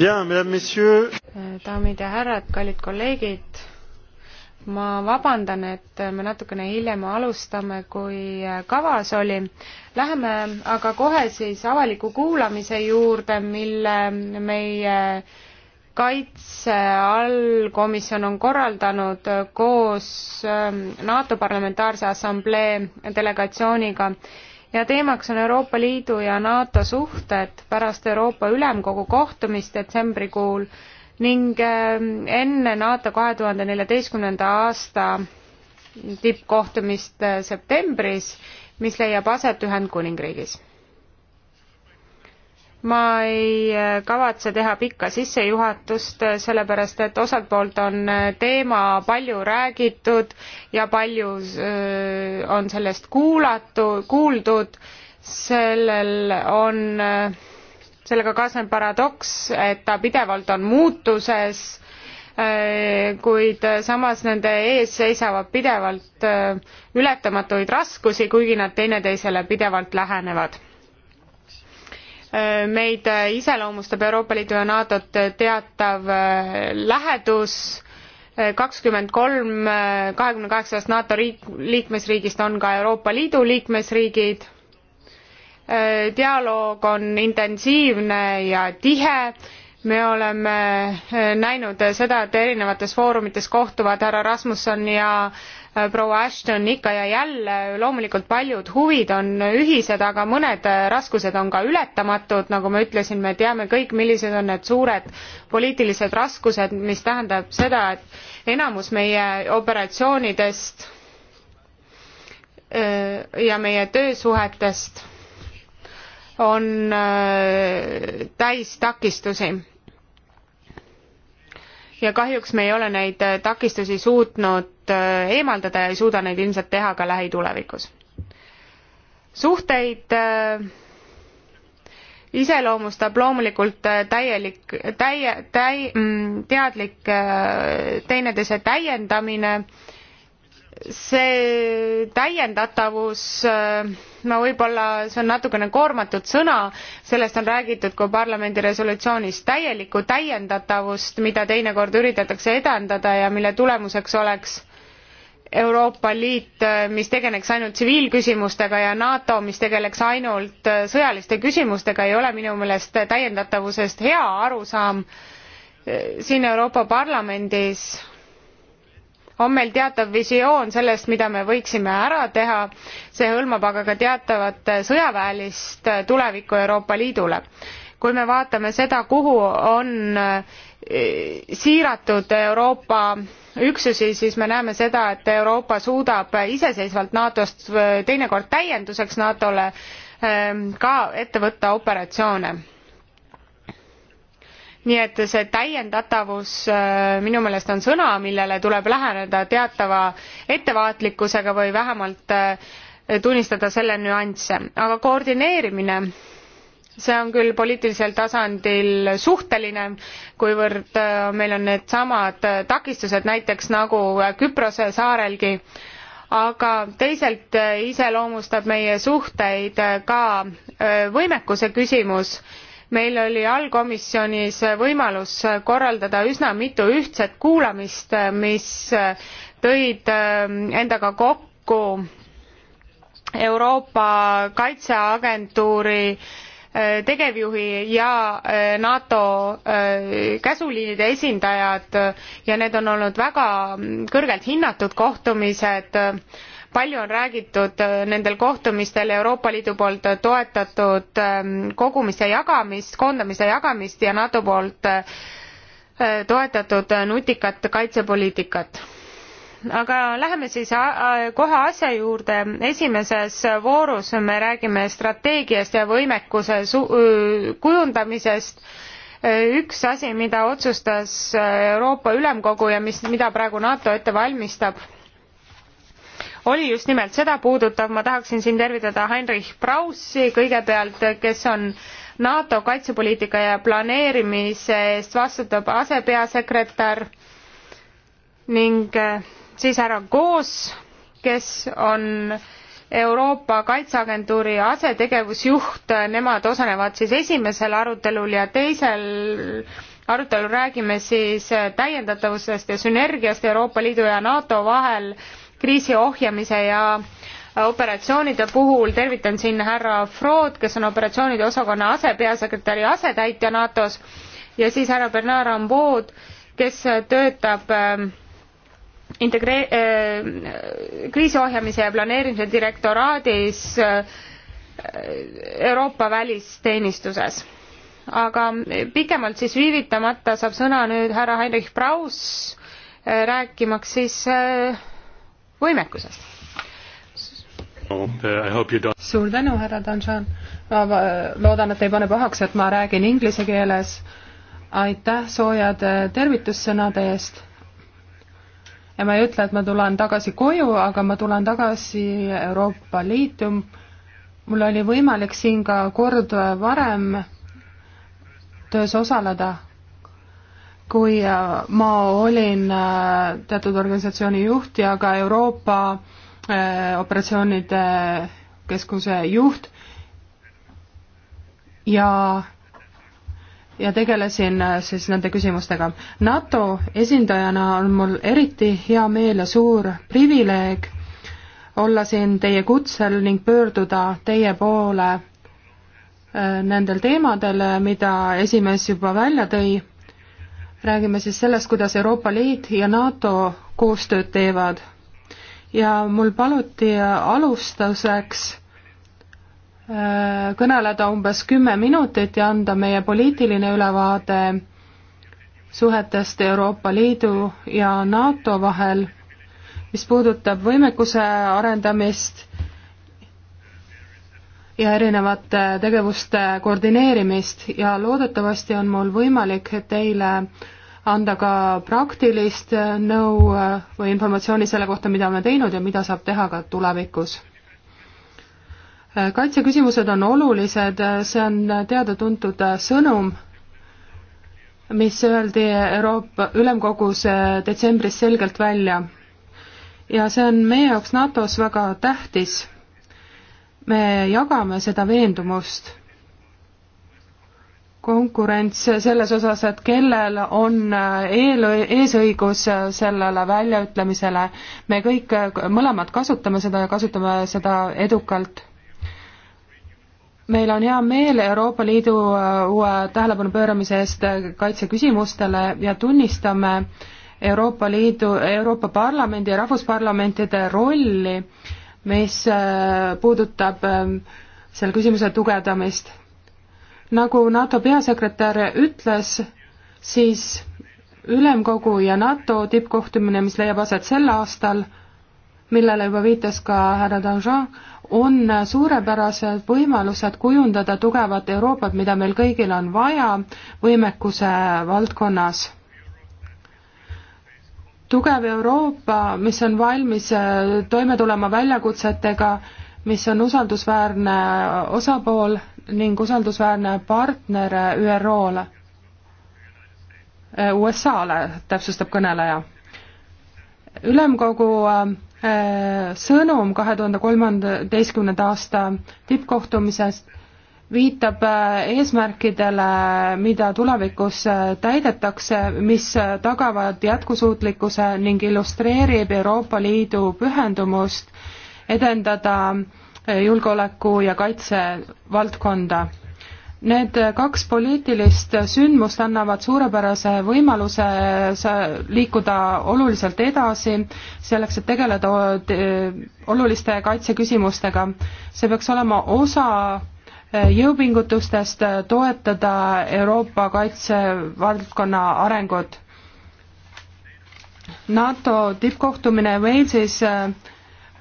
daamid ja härrad, kallid kolleegid, ma vabandan, et me natukene hiljem alustame, kui kavas oli. Läheme aga kohe siis avaliku kuulamise juurde, mille meie kaitse allkomisjon on korraldanud koos ähm, NATO Parlamentaarse Assamblee delegatsiooniga ja teemaks on Euroopa Liidu ja NATO suhted pärast Euroopa Ülemkogu kohtumist detsembrikuul ning ähm, enne NATO kahe tuhande neljateistkümnenda aasta tippkohtumist äh, septembris, mis leiab aset Ühendkuningriigis ma ei äh, kavatse teha pikka sissejuhatust, äh, sellepärast et osalt poolt on äh, teema palju räägitud ja palju on sellest kuulatu, kuuldud. sellel on, sellega kaasneb paradoks, et ta pidevalt on muutuses, kuid samas nende ees seisavad pidevalt ületamatuid raskusi, kuigi nad teineteisele pidevalt lähenevad meid iseloomustab Euroopa Liidu ja NATO-t teatav äh, lähedus, kakskümmend kolm äh, kahekümne kaheksast NATO riik, liikmesriigist on ka Euroopa Liidu liikmesriigid, äh, dialoog on intensiivne ja tihe, me oleme näinud seda, et erinevates foorumites kohtuvad härra Rasmusson ja äh, Äh, proua Ashton ikka ja jälle, loomulikult paljud huvid on ühised, aga mõned äh, raskused on ka ületamatud, nagu ma ütlesin, me teame kõik, millised on need suured poliitilised raskused, mis tähendab seda, et enamus meie operatsioonidest äh, ja meie töösuhetest on täis takistusi ja kahjuks me ei ole neid takistusi suutnud lõplikult äh, eemaldada ja ei suuda neid ilmselt teha ka lähitulevikus. suhteid äh, iseloomustab loomulikult äh, täielik, täie, täi-, mm, teadlik teineteise täiendamine, see täiendatavus, no võib-olla see on natukene koormatud sõna, sellest on räägitud ka parlamendi resolutsioonis, täielikku täiendatavust, mida teinekord üritatakse edendada ja mille tulemuseks oleks Euroopa Liit, äh, mis tegeleks ainult tsiviilküsimustega ja NATO, mis tegeleks ainult äh, sõjaliste küsimustega, ei ole minu meelest täiendatavusest hea arusaam. Äh, siin Euroopa Parlamendis on meil teatav visioon sellest, mida me võiksime ära teha, see hõlmab aga ka teatavat sõjaväelist tulevikku Euroopa Liidule. kui me vaatame seda, kuhu on Eh, siiratud Euroopa üksusi, siis me näeme seda, et Euroopa suudab iseseisvalt NATO-st eh, teinekord täienduseks NATO-le eh, ka ette võtta operatsioone. nii et see täiendatavus minu meelest on sõna, millele tuleb läheneda teatava ettevaatlikkusega või vähemalt tunnistada selle nüansse, aga koordineerimine see on küll poliitilisel tasandil suhteline, kuivõrd äh, meil on needsamad äh, takistused näiteks nagu äh, Küprose saarelgi, aga teisalt iseloomustab meie suhteid ka võimekuse küsimus. meil oli allkomisjonis võimalus korraldada üsna mitu ühtset kuulamist, mis tõid endaga kokku Euroopa Kaitseagentuuri tegevjuhi ja äh, NATO äh, käsuliinide esindajad ja need on olnud väga kõrgelt hinnatud kohtumised. palju on räägitud äh, nendel kohtumistel Euroopa Liidu poolt toetatud ähm, kogumise jagamist, koondamise jagamist ja NATO poolt toetatud nutikat kaitsepoliitikat aga läheme siis kohe asja juurde. esimeses voorus me räägime strateegiast ja võimekuse kujundamisest. üks asi, mida otsustas Euroopa Ülemkogu ja mis, mida praegu NATO ette valmistab, oli just nimelt seda puudutav. ma tahaksin siin tervitada Heinrich Braussi kõigepealt, kes on NATO kaitsepoliitika ja planeerimise eest vastutab asepeasekretär ning siis härra Koos, kes on Euroopa Kaitseagentuuri asetegevusjuht, nemad osalevad siis esimesel arutelul ja teisel arutelul räägime siis täiendatavusest ja sünergiast Euroopa Liidu ja NATO vahel kriisi ohjamise ja operatsioonide puhul tervitan siin härra Frood, kes on operatsioonide osakonna asepeasekretäri asetäitja NATO-s ja siis härra Bernard Rambaud, kes töötab äh, integre-, äh, kriisi ohjamise ja planeerimise direktoraadis äh, Euroopa välisteenistuses. aga äh, pikemalt siis viivitamata saab sõna nüüd härra Heinrich Braus, rääkimaks siis võimekusest. suur tänu, härra Danjan. ma loodan, et ei pane pahaks, et ma räägin inglise keeles. aitäh soojade tervitussõnade eest ja ma ei ütle, et ma tulen tagasi koju, aga ma tulen tagasi Euroopa Liitu. mul oli võimalik siin ka kord varem töös osaleda, kui äh, ma olin äh, teatud organisatsiooni juht ja ka Euroopa äh, operatsioonide keskuse juht ja ja tegelesin äh, siis nende küsimustega. NATO esindajana on mul eriti hea meel ja suur privileeg olla siin teie kutsel ning pöörduda teie poole äh, nendel teemadel, äh, mida esimees juba välja tõi. räägime siis sellest, kuidas Euroopa Liit ja NATO koostööd teevad. ja mul paluti alustuseks Äh, kõneleda umbes kümme minutit ja anda meie poliitiline ülevaade suhetest Euroopa Liidu ja NATO vahel, mis puudutab võimekuse arendamist ja erinevate tegevuste koordineerimist ja loodetavasti on mul võimalik teile anda ka praktilist nõu või informatsiooni selle kohta, mida me teinud ja mida saab teha ka tulevikus kaitseküsimused on olulised, see on teada-tuntud sõnum, mis öeldi Euroopa Ülemkogus eh, detsembris selgelt välja. ja see on meie jaoks NATO-s väga tähtis. me jagame seda veendumust. konkurents selles osas, et kellel on eh, eel, eesõigus eh, sellele väljaütlemisele, me kõik mõlemad kasutame seda ja kasutame seda edukalt meil on hea meel Euroopa Liidu äh, uue tähelepanu pööramise eest kaitseküsimustele ja tunnistame Euroopa Liidu, Euroopa Parlamendi ja rahvusparlamentide rolli, mis äh, puudutab äh, selle küsimuse tugevdamist. nagu NATO peasekretär ütles, siis ülemkogu ja NATO tippkohtumine, mis leiab aset sel aastal, millele juba viitas ka härra Danjean, on suurepärased võimalused kujundada tugevat Euroopat, mida meil kõigil on vaja võimekuse valdkonnas. tugev Euroopa, mis on valmis äh, toime tulema väljakutsetega, mis on usaldusväärne osapool ning usaldusväärne partner ÜRO-le, äh, USA-le, täpsustab kõneleja. ülemkogu äh, Äh, sõnum kahe tuhande kolmeteistkümnenda aasta tippkohtumisest viitab äh, eesmärkidele, mida tulevikus äh, täidetakse, mis tagavad jätkusuutlikkuse ning illustreerib Euroopa Liidu pühendumust edendada julgeoleku ja kaitse valdkonda Need kaks poliitilist sündmust annavad suurepärase võimaluse liikuda oluliselt edasi, selleks et tegeleda oluliste kaitseküsimustega. see peaks olema osa eh, jõupingutustest toetada Euroopa kaitsevaldkonna arengut. NATO tippkohtumine Walesis eh,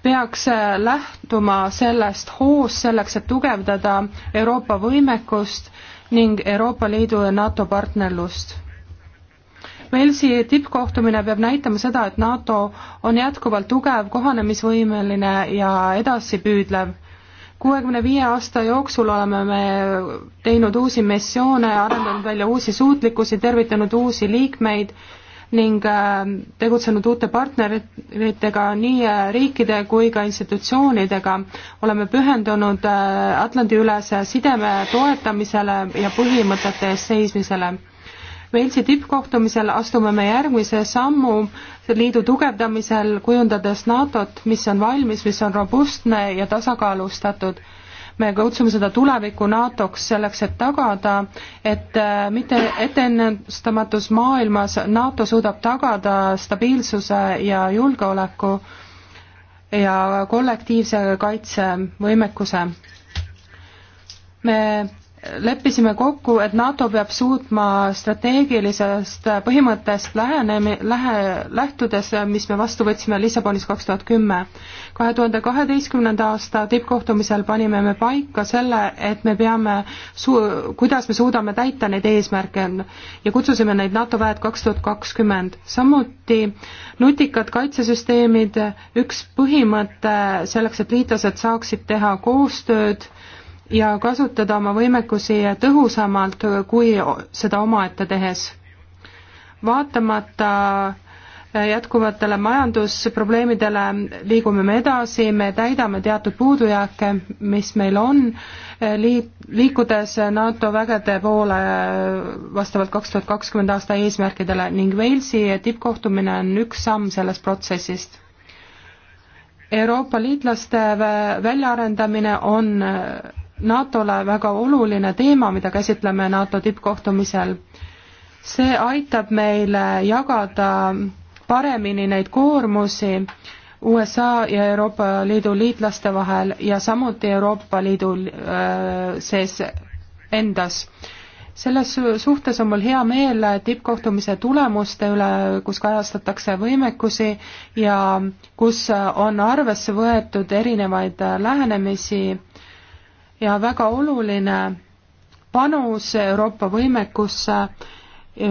peaks äh, lähtuma sellest hoos selleks, et tugevdada Euroopa võimekust ning Euroopa Liidu ja NATO partnerlust. Velsi tippkohtumine peab näitama seda, et NATO on jätkuvalt tugev, kohanemisvõimeline ja edasipüüdlev. kuuekümne viie aasta jooksul oleme me teinud uusi missioone, arendanud välja uusi suutlikkusi, tervitanud uusi liikmeid ning äh, tegutsenud uute partneritega, nii äh, riikide kui ka institutsioonidega. oleme pühendunud äh, Atlandi-ülese sideme toetamisele ja põhimõtete eest seismisele. Walesi tippkohtumisel astume me järgmise sammu liidu tugevdamisel, kujundades NATO-t, mis on valmis, mis on robustne ja tasakaalustatud me kutsume seda tuleviku NATO-ks selleks, et tagada, et äh, mitte etendustamatus maailmas NATO suudab tagada stabiilsuse ja julgeoleku ja kollektiivse kaitsevõimekuse. me leppisime kokku, et NATO peab suutma strateegilisest põhimõttest lähenemi-, lähe, lähtudes, mis me vastu võtsime Lissabonis kaks tuhat kümme. kahe tuhande kaheteistkümnenda aasta tippkohtumisel panime me paika selle, et me peame su-, kuidas me suudame täita neid eesmärke ja kutsusime neid NATO väed kaks tuhat kakskümmend. samuti nutikad kaitsesüsteemid, üks põhimõte selleks, et liitlased saaksid teha koostööd ja kasutada oma võimekusi tõhusamalt, kui seda omaette tehes. vaatamata jätkuvatele majandusprobleemidele liigume me edasi, me täidame teatud puudujääke, mis meil on, liit, liikudes NATO vägede poole vastavalt kaks tuhat kakskümmend aasta eesmärkidele ning Walesi tippkohtumine on üks samm sellest protsessist. Euroopa liitlaste väljaarendamine on NATO-le väga oluline teema, mida käsitleme NATO tippkohtumisel. see aitab meile jagada paremini neid koormusi USA ja Euroopa Liidu liitlaste vahel ja samuti Euroopa Liidu äh, sees endas selles suhtes on mul hea meel tippkohtumise tulemuste üle, kus kajastatakse võimekusi ja kus on arvesse võetud erinevaid lähenemisi ja väga oluline panus Euroopa võimekusse,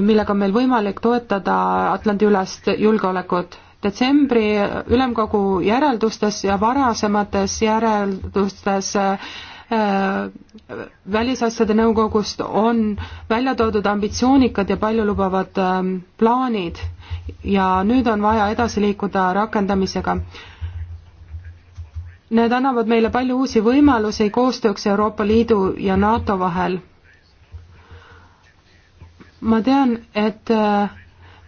millega on meil võimalik toetada Atlandi-ülest julgeolekut. detsembri ülemkogu järeldustes ja varasemates järeldustes äh, välisasjade nõukogust on välja toodud ambitsioonikad ja paljulubavad ähm, plaanid ja nüüd on vaja edasi liikuda rakendamisega. Need annavad meile palju uusi võimalusi koostööks Euroopa Liidu ja NATO vahel. ma tean, et äh,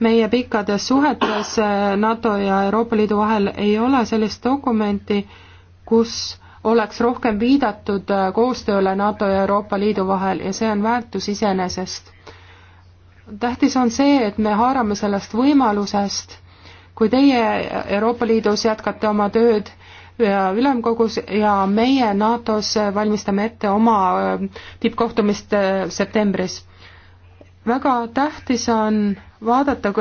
meie pikkades suhetes äh, NATO ja Euroopa Liidu vahel ei ole sellist dokumenti, kus oleks rohkem viidatud äh, koostööle NATO ja Euroopa Liidu vahel ja see on väärtus iseenesest. tähtis on see, et me haarame sellest võimalusest, kui teie Euroopa Liidus jätkate oma tööd Äh, ülemkogus ja meie NATO-s valmistame ette oma äh, tippkohtumist äh, septembris. väga tähtis on vaadata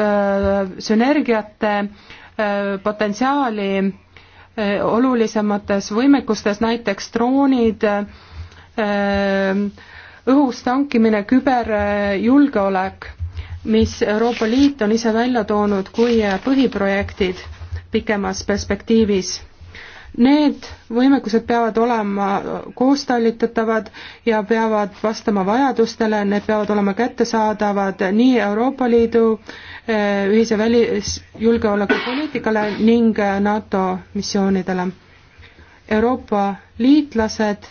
sünergiate potentsiaali olulisemates võimekustes, näiteks droonid, õhus tankimine, küberjulgeolek, mis Euroopa Liit on ise välja toonud kui põhiprojektid pikemas perspektiivis Need võimekused peavad olema koostallitatavad ja peavad vastama vajadustele, need peavad olema kättesaadavad nii Euroopa Liidu eh, ühise välisjulgeolekupoliitikale ning eh, NATO missioonidele. Euroopa liitlased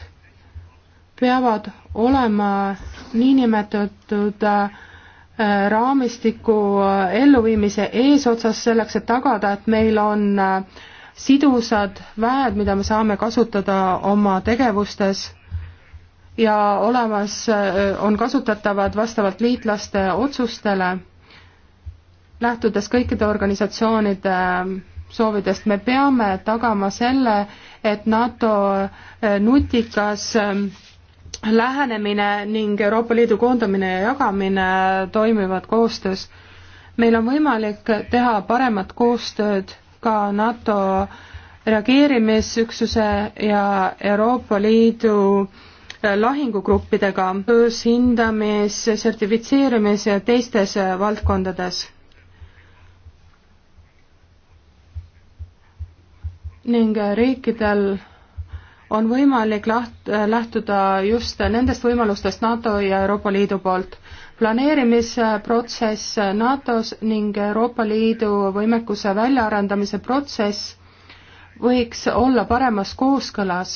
peavad olema niinimetatud eh, raamistiku elluviimise eesotsas selleks, et tagada, et meil on äh, sidusad väed, mida me saame kasutada oma tegevustes ja olemas, äh, on kasutatavad vastavalt liitlaste otsustele, lähtudes kõikide organisatsioonide äh, soovidest, me peame tagama selle, et NATO äh, nutikas lähenemine ning Euroopa Liidu koondamine ja jagamine toimivad koostöös. meil on võimalik teha paremat koostööd ka NATO reageerimisüksuse ja Euroopa Liidu lahingugruppidega töös hindamis, sertifitseerimis ja teistes valdkondades. ning riikidel on võimalik laht-, lähtuda just nendest võimalustest NATO ja Euroopa Liidu poolt planeerimisprotsess NATO-s ning Euroopa Liidu võimekuse väljaarendamise protsess võiks olla paremas kooskõlas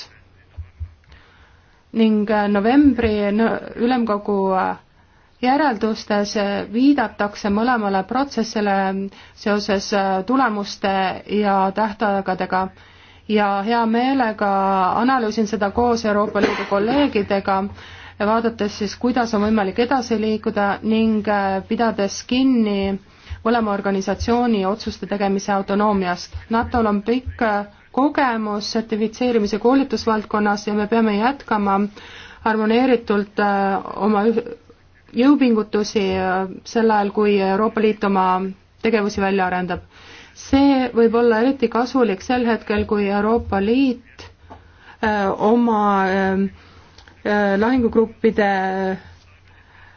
ning novembri ülemkogu järeldustes viidatakse mõlemale protsessile seoses tulemuste ja tähtaegadega ja hea meelega analüüsin seda koos Euroopa Liidu kolleegidega vaadates siis, kuidas on võimalik edasi liikuda ning äh, pidades kinni mõlema organisatsiooni otsuste tegemise autonoomiast. NATO-l on pikk äh, kogemus sertifitseerimise koolitusvaldkonnas ja me peame jätkama harmoneeritult äh, oma jõupingutusi sel ajal, kui Euroopa Liit oma tegevusi välja arendab. see võib olla eriti kasulik sel hetkel, kui Euroopa Liit oma Äh, lahingugruppide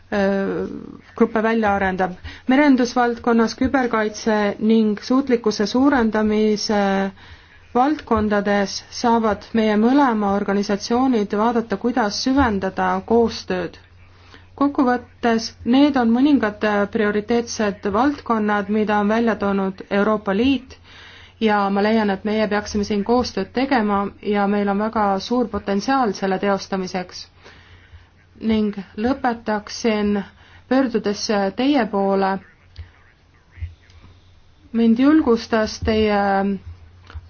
äh, gruppe välja arendab. merendusvaldkonnas küberkaitse ning suutlikkuse suurendamise valdkondades saavad meie mõlema organisatsioonid vaadata, kuidas süvendada koostööd. kokkuvõttes need on mõningad prioriteetsed valdkonnad, mida on välja toonud Euroopa Liit ja ma leian, et meie peaksime siin koostööd tegema ja meil on väga suur potentsiaal selle teostamiseks. ning lõpetaksin pöördudes teie poole, mind julgustas teie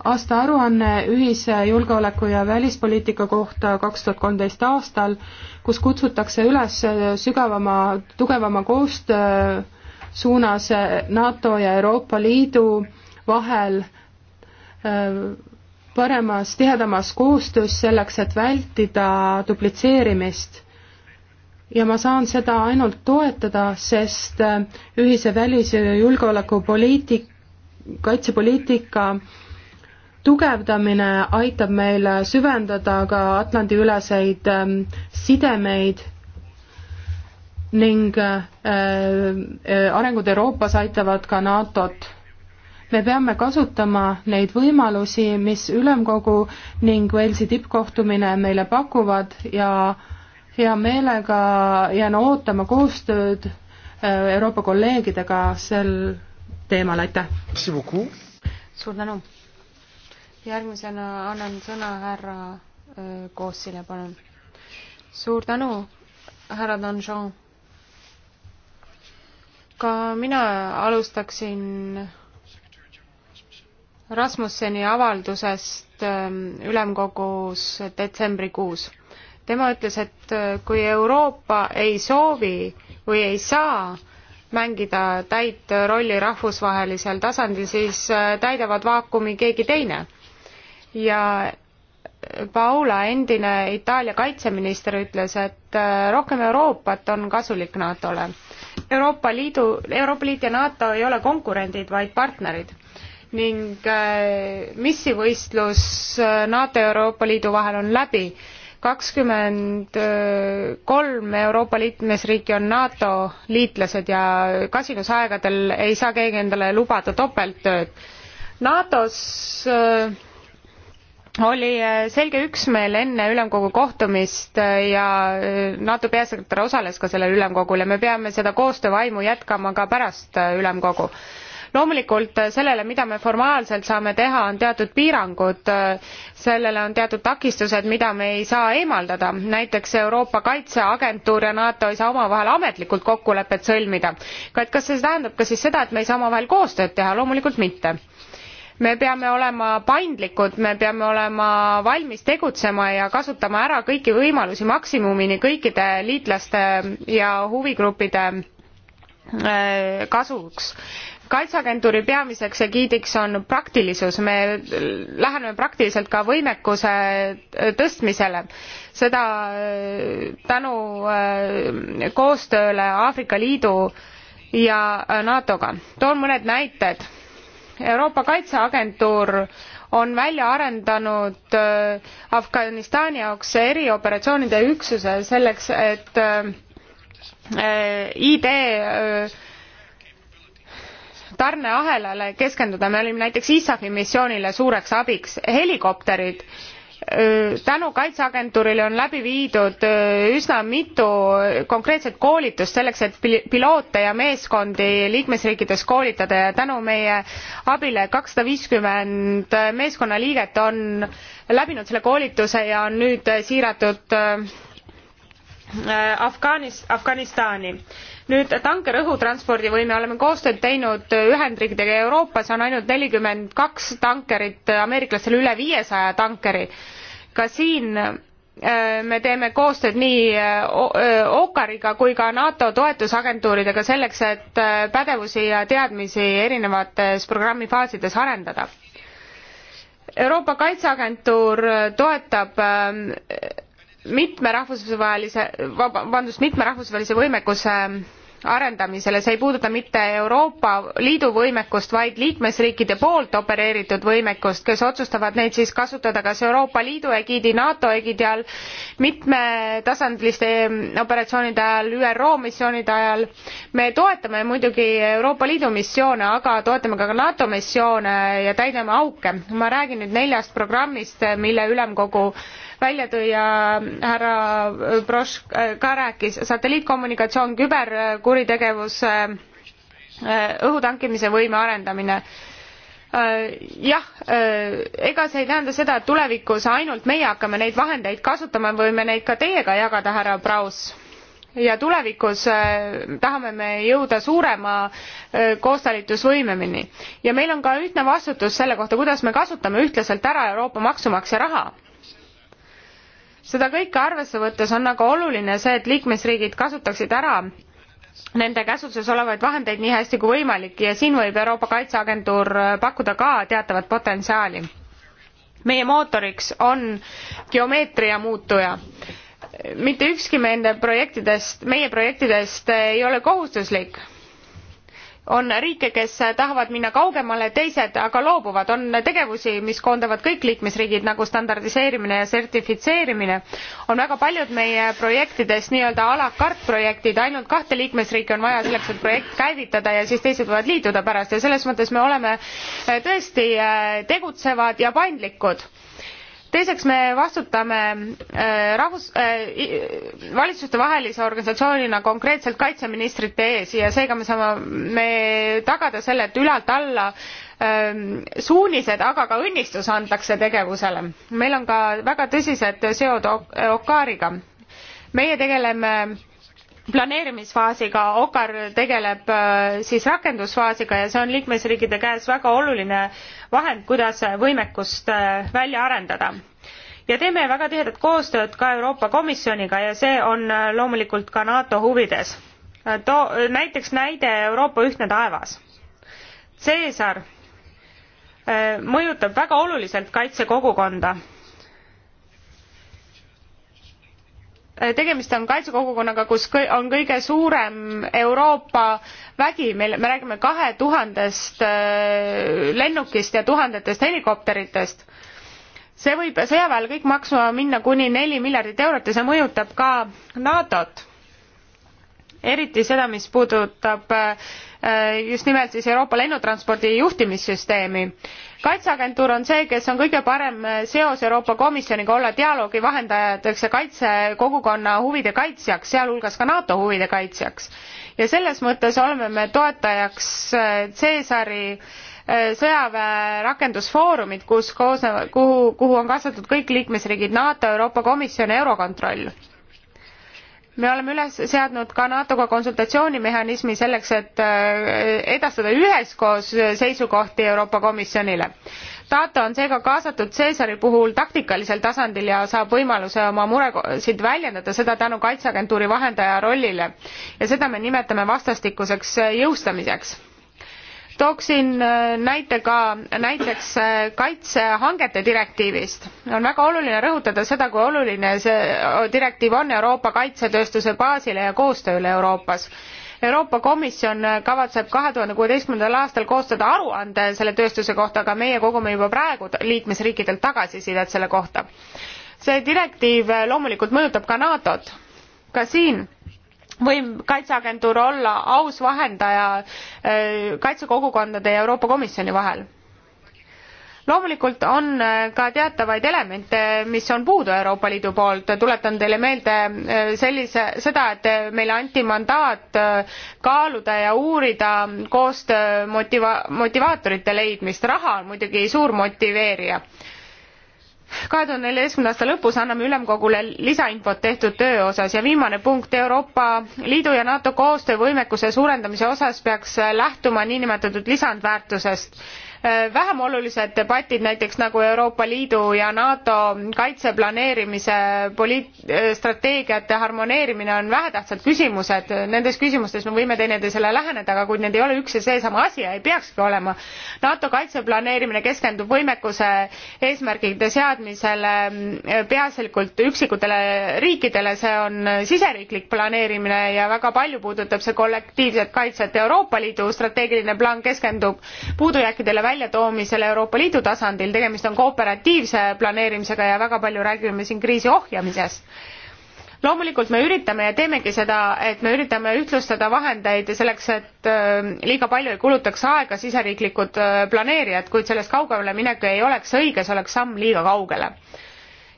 aastaaruanne ühise julgeoleku ja välispoliitika kohta kaks tuhat kolmteist aastal, kus kutsutakse üles sügavama, tugevama koostöö suunas NATO ja Euroopa Liidu vahel äh, paremas, tihedamas koostöös selleks, et vältida duplitseerimist. ja ma saan seda ainult toetada, sest äh, ühise välis- ja julgeolekupoliitik-, kaitsepoliitika tugevdamine aitab meil süvendada ka Atlandi-üleseid ähm, sidemeid ning äh, arengud Euroopas aitavad ka NATO-t me peame kasutama neid võimalusi, mis Ülemkogu ning Walesi tippkohtumine meile pakuvad ja hea meelega jään ootama koostööd äh, Euroopa kolleegidega sel teemal, aitäh! suur tänu! järgmisena annan sõna härra äh, Koossile, palun. suur tänu, härra Donjon! ka mina alustaksin Rasmusseni avaldusest ähm, ülemkogus detsembrikuus. tema ütles, et äh, kui Euroopa ei soovi või ei saa mängida täit rolli rahvusvahelisel tasandil, siis äh, täidavad vaakumi keegi teine. ja äh, Paula, endine Itaalia kaitseminister, ütles, et rohkem Euroopat on kasulik NATO-le. Euroopa Liidu, Euroopa Liit ja NATO ei ole konkurendid, vaid partnerid ning äh, missivõistlus äh, NATO ja Euroopa Liidu vahel on läbi. kakskümmend kolm Euroopa liikmesriiki on NATO liitlased ja kasinusaegadel ei saa keegi endale lubada topelttööd. NATO-s äh, oli selge üksmeel enne ülemkogu kohtumist ja NATO peasekretär osales ka sellel ülemkogul ja me peame seda koostöövaimu jätkama ka pärast ülemkogu loomulikult äh, sellele, mida me formaalselt saame teha, on teatud piirangud, äh, sellele on teatud takistused, mida me ei saa eemaldada, näiteks Euroopa Kaitseagentuur ja NATO ei saa omavahel ametlikult kokkulepet sõlmida. kuid kas see tähendab ka siis seda, et me ei saa omavahel koostööd teha, loomulikult mitte me peame olema paindlikud me peame olema valmis tegutsema ja kasutama ära kõiki võimalusi maksimumini kõikide liitlaste ja huvigruppide äh, kasuks kaitseagentuuri peamiseks egiidiks on praktilisus, me läheneme praktiliselt ka võimekuse tõstmisele. seda äh, tänu äh, koostööle Aafrika Liidu ja äh, NATO-ga. toon mõned näited. Euroopa Kaitseagentuur on välja arendanud Afganistani jaoks erioperatsioonide üksuse selleks, et ID tarneahelale keskenduda, me olime näiteks ISAF-i missioonile suureks abiks, helikopterid tänu kaitseagentuurile on läbi viidud üsna mitu konkreetset koolitust selleks et piloote ja meeskondi liikmesriikides koolitada ja tänu meie abile meeskonnaliiget on läbinud selle koolituse ja on nüüd siiratud Afganis, afganistani nüüd tanker õhutranspordivõime oleme koostööd teinud ühendriikidega euroopas on ainult nelikümmend kaks tankerit ameeriklastel üle viiesaja tankeri ka siin äh, me teeme koostööd nii äh, OCCAR-iga äh, kui ka NATO toetusagentuuridega selleks, et pädevusi ja teadmisi erinevates programmi faasides arendada. Euroopa Kaitseagentuur toetab ähm, mitme rahvusvahelise, vabandust, mitme rahvusvahelise võimekuse ähm, arendamisele, see ei puuduta mitte Euroopa Liidu võimekust, vaid liikmesriikide poolt opereeritud võimekust, kes otsustavad neid siis kasutada kas Euroopa Liidu egiidi, NATO egiidi all, mitmetasandiliste ehm, operatsioonide ajal, ÜRO missioonide ajal. me toetame muidugi Euroopa Liidu missioone, aga toetame ka NATO missioone ja täidame auke. ma räägin nüüd neljast programmist, mille ülemkogu välja tõi ja härra Brosch äh, ka rääkis, satelliitkommunikatsioon, küberkuritegevus, äh, õhutankimise võime arendamine äh, jah, ega see ei tähenda seda, et tulevikus ainult meie hakkame neid vahendeid kasutama, võime neid ka teiega jagada, härra Braus. ja tulevikus tahame me jõuda suurema koostalitusvõimeni ja meil on ka ühtne vastutus selle kohta, kuidas me kasutame ühtlaselt ära Euroopa maksumaksja raha seda kõike arvesse võttes on aga oluline see, et liikmesriigid kasutaksid ära nende käsutuses olevaid vahendeid nii hästi kui võimalik ja siin võib Euroopa Kaitseagentuur pakkuda ka teatavat potentsiaali. meie mootoriks on geomeetria muutuja. mitte ükski meie projektidest, meie projektidest ei ole kohustuslik on riike, kes tahavad minna kaugemale, teised aga loobuvad. on tegevusi, mis koondavad kõik liikmesriigid, nagu standardiseerimine ja sertifitseerimine. on väga paljud meie projektidest nii-öelda a la carte projektid, ainult kahte liikmesriiki on vaja selleks, et projekt käivitada ja siis teised võivad liituda pärast ja selles mõttes me oleme eh, tõesti eh, tegutsevad ja paindlikud teiseks me vastutame äh, rahvus- äh, valitsustevahelise organisatsioonina konkreetselt kaitseministrite ees ja seega me saame me tagada selle et ülalt alla ähm, suunised aga ka õnnistus antakse tegevusele meil on ka väga tõsised seod okaariga meie tegeleme planeerimisfaasiga, OCCAR tegeleb äh, siis rakendusfaasiga ja see on liikmesriikide käes väga oluline vahend, kuidas võimekust äh, välja arendada. ja teeme väga tihedat koostööd ka Euroopa Komisjoniga ja see on äh, loomulikult ka NATO huvides. too, näiteks näide Euroopa ühtne taevas. Caesar mõjutab väga oluliselt kaitsekogukonda Äh, tegemist on kaitsekogukonnaga, kus on kõige suurem Euroopa vägi, meil, me räägime kahe tuhandest äh, lennukist ja tuhandetest helikopteritest. see võib sõjaväel kõik maksma minna kuni neli miljardit eurot ja see mõjutab ka NATO-t eriti seda, mis puudutab äh, just nimelt siis Euroopa lennutranspordi juhtimissüsteemi. kaitseagentuur on see, kes on kõige parem seos Euroopa Komisjoniga olla dialoogi vahendajateks ja kaitsekogukonna huvide kaitsjaks, sealhulgas ka NATO huvide kaitsjaks. ja selles mõttes oleme me toetajaks äh, Caesari äh, sõjaväe rakendusfoorumit, kus koosnev, kuhu, kuhu on kaasatud kõik liikmesriigid NATO, Euroopa Komisjon ja Eurokontroll me oleme üles seadnud ka NATO-ga konsultatsioonimehhanismi selleks, et äh, edastada üheskoos seisukohti Euroopa Komisjonile. NATO on seega kaasatud Caesari puhul taktikalisel tasandil ja saab võimaluse oma muresid väljendada, seda tänu Kaitseagentuuri vahendaja rollile ja seda me nimetame vastastikuseks jõustamiseks tooksin äh, näite ka näiteks äh, kaitsehangete direktiivist. on väga oluline rõhutada seda, kui oluline see äh, direktiiv on Euroopa kaitsetööstuse baasile ja koostööle Euroopas. Euroopa Komisjon kavatseb kahe tuhande kuueteistkümnendal aastal koostada aruande selle tööstuse kohta, aga meie kogume juba praegu liikmesriikidelt tagasisidet selle kohta. see direktiiv loomulikult mõjutab ka NATO-t. ka siin võib kaitseagentuur olla aus vahendaja äh, kaitsekogukondade ja Euroopa Komisjoni vahel? loomulikult on äh, ka teatavaid elemente, mis on puudu Euroopa Liidu poolt, tuletan teile meelde äh, sellise, seda, et meile anti mandaat kaaluda ja uurida koostöö motiva-, motivaatorite leidmist, raha on muidugi suur motiveerija kahe tuhande neljateistkümnenda aasta lõpus anname ülemkogule lisainfot tehtud töö osas ja viimane punkt euroopa liidu ja nato koostöövõimekuse suurendamise osas peaks lähtuma niinimetatud lisandväärtusest Äh, vähem olulised debatid, näiteks nagu Euroopa Liidu ja NATO kaitseplaneerimise poliit-, äh, strateegiate harmoneerimine on vähetähtsad küsimused, nendes küsimustes me võime teineteisele läheneda, aga kuid need ei ole üks ja seesama asi ja ei peakski olema. NATO kaitseplaneerimine keskendub võimekuse eesmärgide seadmisele äh, peaasjalikult üksikutele riikidele, see on siseriiklik planeerimine ja väga palju puudutab see kollektiivset kaitset, Euroopa Liidu strateegiline plaan keskendub puudujääkidele väljatoomisele Euroopa Liidu tasandil, tegemist on kooperatiivse planeerimisega ja väga palju räägime siin kriisi ohjamisest loomulikult me üritame ja teemegi seda, et me üritame ühtlustada vahendeid selleks, et äh, liiga palju ei kulutaks aega siseriiklikud äh, planeerijad, kuid sellest kaugemale minek ei oleks õige, see oleks samm liiga kaugele.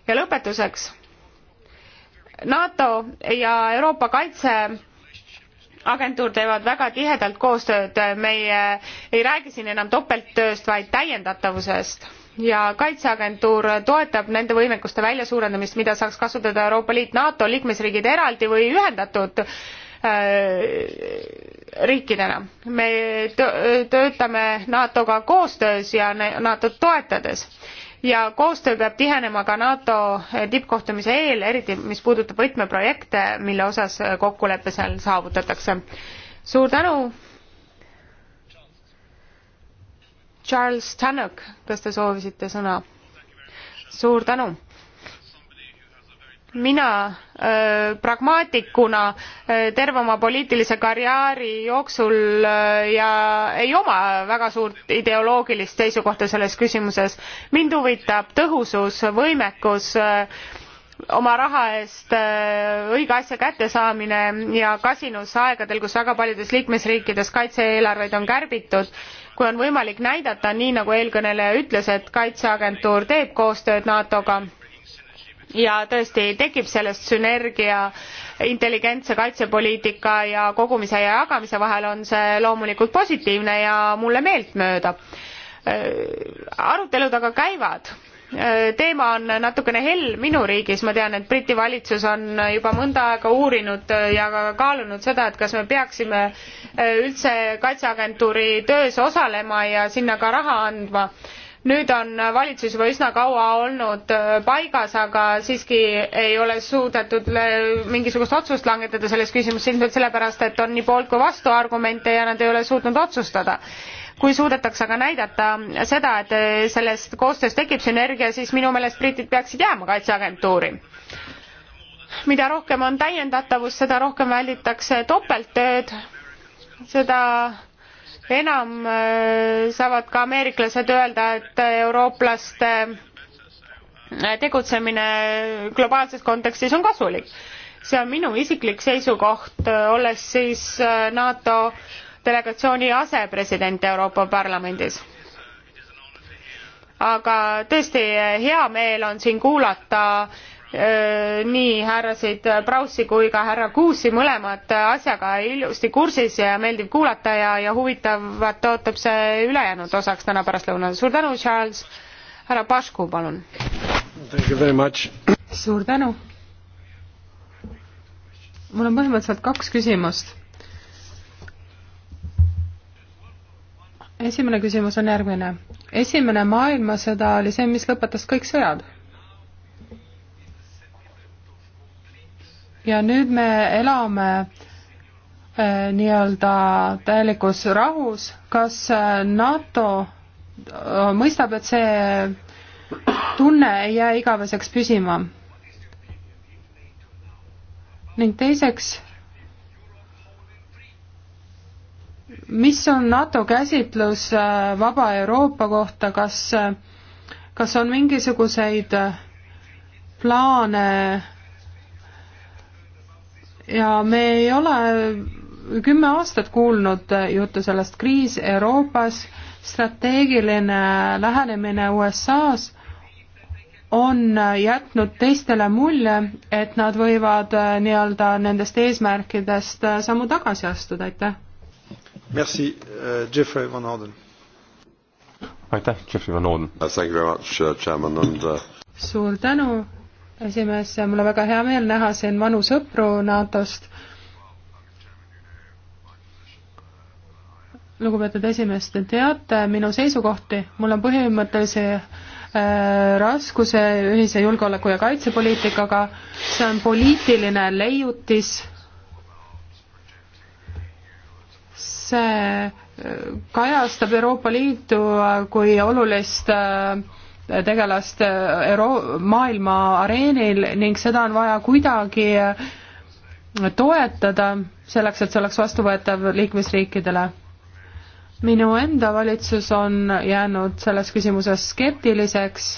ja lõpetuseks. NATO ja Euroopa kaitse agentuur teevad väga tihedalt koostööd meie ei räägi siin enam topelttööst vaid täiendatavusest ja kaitseagentuur toetab nende võimekuste väljasuurendamist mida saaks kasutada euroopa liit nato liikmesriigid eraldi või ühendatud äh, riikidena me töötame natoga koostöös ja natot toetades ja koostöö peab tihenema ka NATO tippkohtumise eel, eriti mis puudutab võtmeprojekte, mille osas kokkulepe seal saavutatakse. suur tänu. Charles Tannock, kas te soovisite sõna? suur tänu mina äh, pragmaatikuna äh, terve oma poliitilise karjääri jooksul äh, ja ei oma väga suurt ideoloogilist seisukohta selles küsimuses. mind huvitab tõhusus, võimekus äh, oma raha eest äh, õige asja kättesaamine ja kasinus aegadel, kus väga paljudes liikmesriikides kaitse-eelarveid on kärbitud, kui on võimalik näidata, nii nagu eelkõneleja ütles, et kaitseagentuur teeb koostööd NATO-ga ja tõesti tekib sellest sünergia intelligentse kaitsepoliitika ja kogumise ja jagamise vahel on see loomulikult positiivne ja mulle meeltmööda. arutelud aga käivad teema on natukene hell minu riigis, ma tean, et Briti valitsus on juba mõnda aega uurinud ja ka kaalunud seda, et kas me peaksime üldse Kaitseagentuuri töös osalema ja sinna ka raha andma nüüd on valitsus juba üsna kaua olnud äh, paigas, aga siiski ei ole suudetud äh, mingisugust otsust langetada selles küsimuses, ilmselt sellepärast, et on nii poolt kui vastu argumente ja nad ei ole suutnud otsustada kui suudetakse aga näidata seda, et äh, sellest koostööst tekib sünergia, siis minu meelest britid peaksid jääma kaitseagentuuri. mida rohkem on täiendatavust, seda rohkem välditakse topelttööd, seda enam äh, saavad ka ameeriklased öelda, et eurooplaste äh, tegutsemine globaalses kontekstis on kasulik. see on minu isiklik seisukoht, äh, olles siis NATO delegatsiooni asepresident Euroopa Parlamendis. aga tõesti, hea meel on siin kuulata äh, Äh, nii härrasid Braussi kui ka härra Kuusi mõlemad äh, asjaga ilusti kursis ja meeldib kuulata ja, ja huvitavat ootab see ülejäänud osaks täna pärastlõunal. suur tänu, Charles. härra Pašku, palun. suur tänu. mul on põhimõtteliselt kaks küsimust. esimene küsimus on järgmine. esimene maailmasõda oli see, mis lõpetas kõik sõjad ja nüüd me elame äh, nii-öelda täielikus rahus, kas äh, NATO äh, mõistab, et see tunne ei jää igaveseks püsima? ning teiseks, mis on NATO käsitlus Vaba Euroopa kohta, kas, kas on mingisuguseid plaane ja me ei ole kümme aastat kuulnud juttu sellest, kriis Euroopas, strateegiline lähenemine USA-s on jätnud teistele mulje, et nad võivad äh, nii-öelda nendest eesmärkidest äh, sammu tagasi astuda, aitäh. Merci uh,, Jeffrey Van Orden. aitäh, Jeffrey Van Orden uh,. Thank you very much uh,, chairman and uh.... suur tänu, esimees, mul on väga hea meel näha siin vanu sõpru NATO-st. lugupeetud esimees, te teate minu seisukohti, mul on põhimõttelisi äh, raskuse ühise julgeoleku- ja kaitsepoliitikaga, see on poliitiline leiutis, see äh, kajastab Euroopa Liitu kui olulist äh, tegelast eh, Euro-, maailma areenil ning seda on vaja kuidagi eh, toetada selleks, et see oleks vastuvõetav liikmesriikidele. minu enda valitsus on jäänud selles küsimuses skeptiliseks